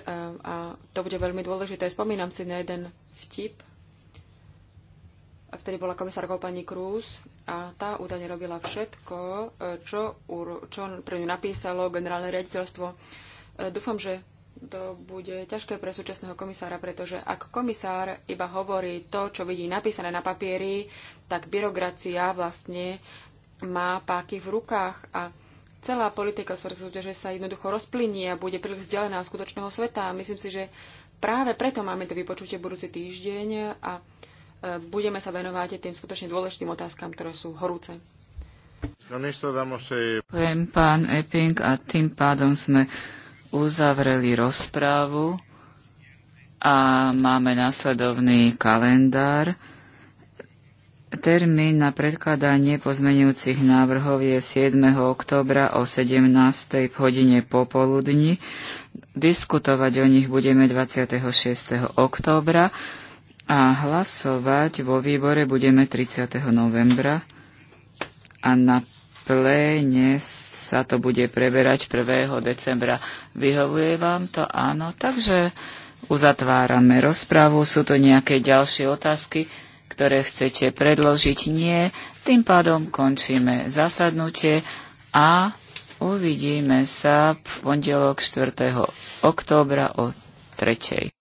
a to bude veľmi dôležité. Spomínam si na jeden vtip, vtedy bola komisárkou pani Krús a tá údajne robila všetko, e, čo, čo pre ňu napísalo generálne riaditeľstvo. E, dúfam, že to bude ťažké pre súčasného komisára, pretože ak komisár iba hovorí to, čo vidí napísané na papieri, tak byrokracia vlastne má páky v rukách a celá politika hospodárskej súťaže sa jednoducho rozplynie a bude príliš vzdialená od skutočného sveta. A myslím si, že práve preto máme to vypočutie budúci týždeň a e, budeme sa venovať tým skutočne dôležitým otázkam, ktoré sú horúce. No Ďakujem, pán Epping, a tým pádom sme uzavreli rozprávu a máme následovný kalendár. Termín na predkladanie pozmenujúcich návrhov je 7. oktobra o 17. hodine popoludní. Diskutovať o nich budeme 26. októbra a hlasovať vo výbore budeme 30. novembra a na pléne sa to bude preberať 1. decembra. Vyhovuje vám to? Áno. Takže uzatvárame rozprávu. Sú to nejaké ďalšie otázky? ktoré chcete predložiť. Nie. Tým pádom končíme zasadnutie a uvidíme sa v pondelok 4. októbra o 3.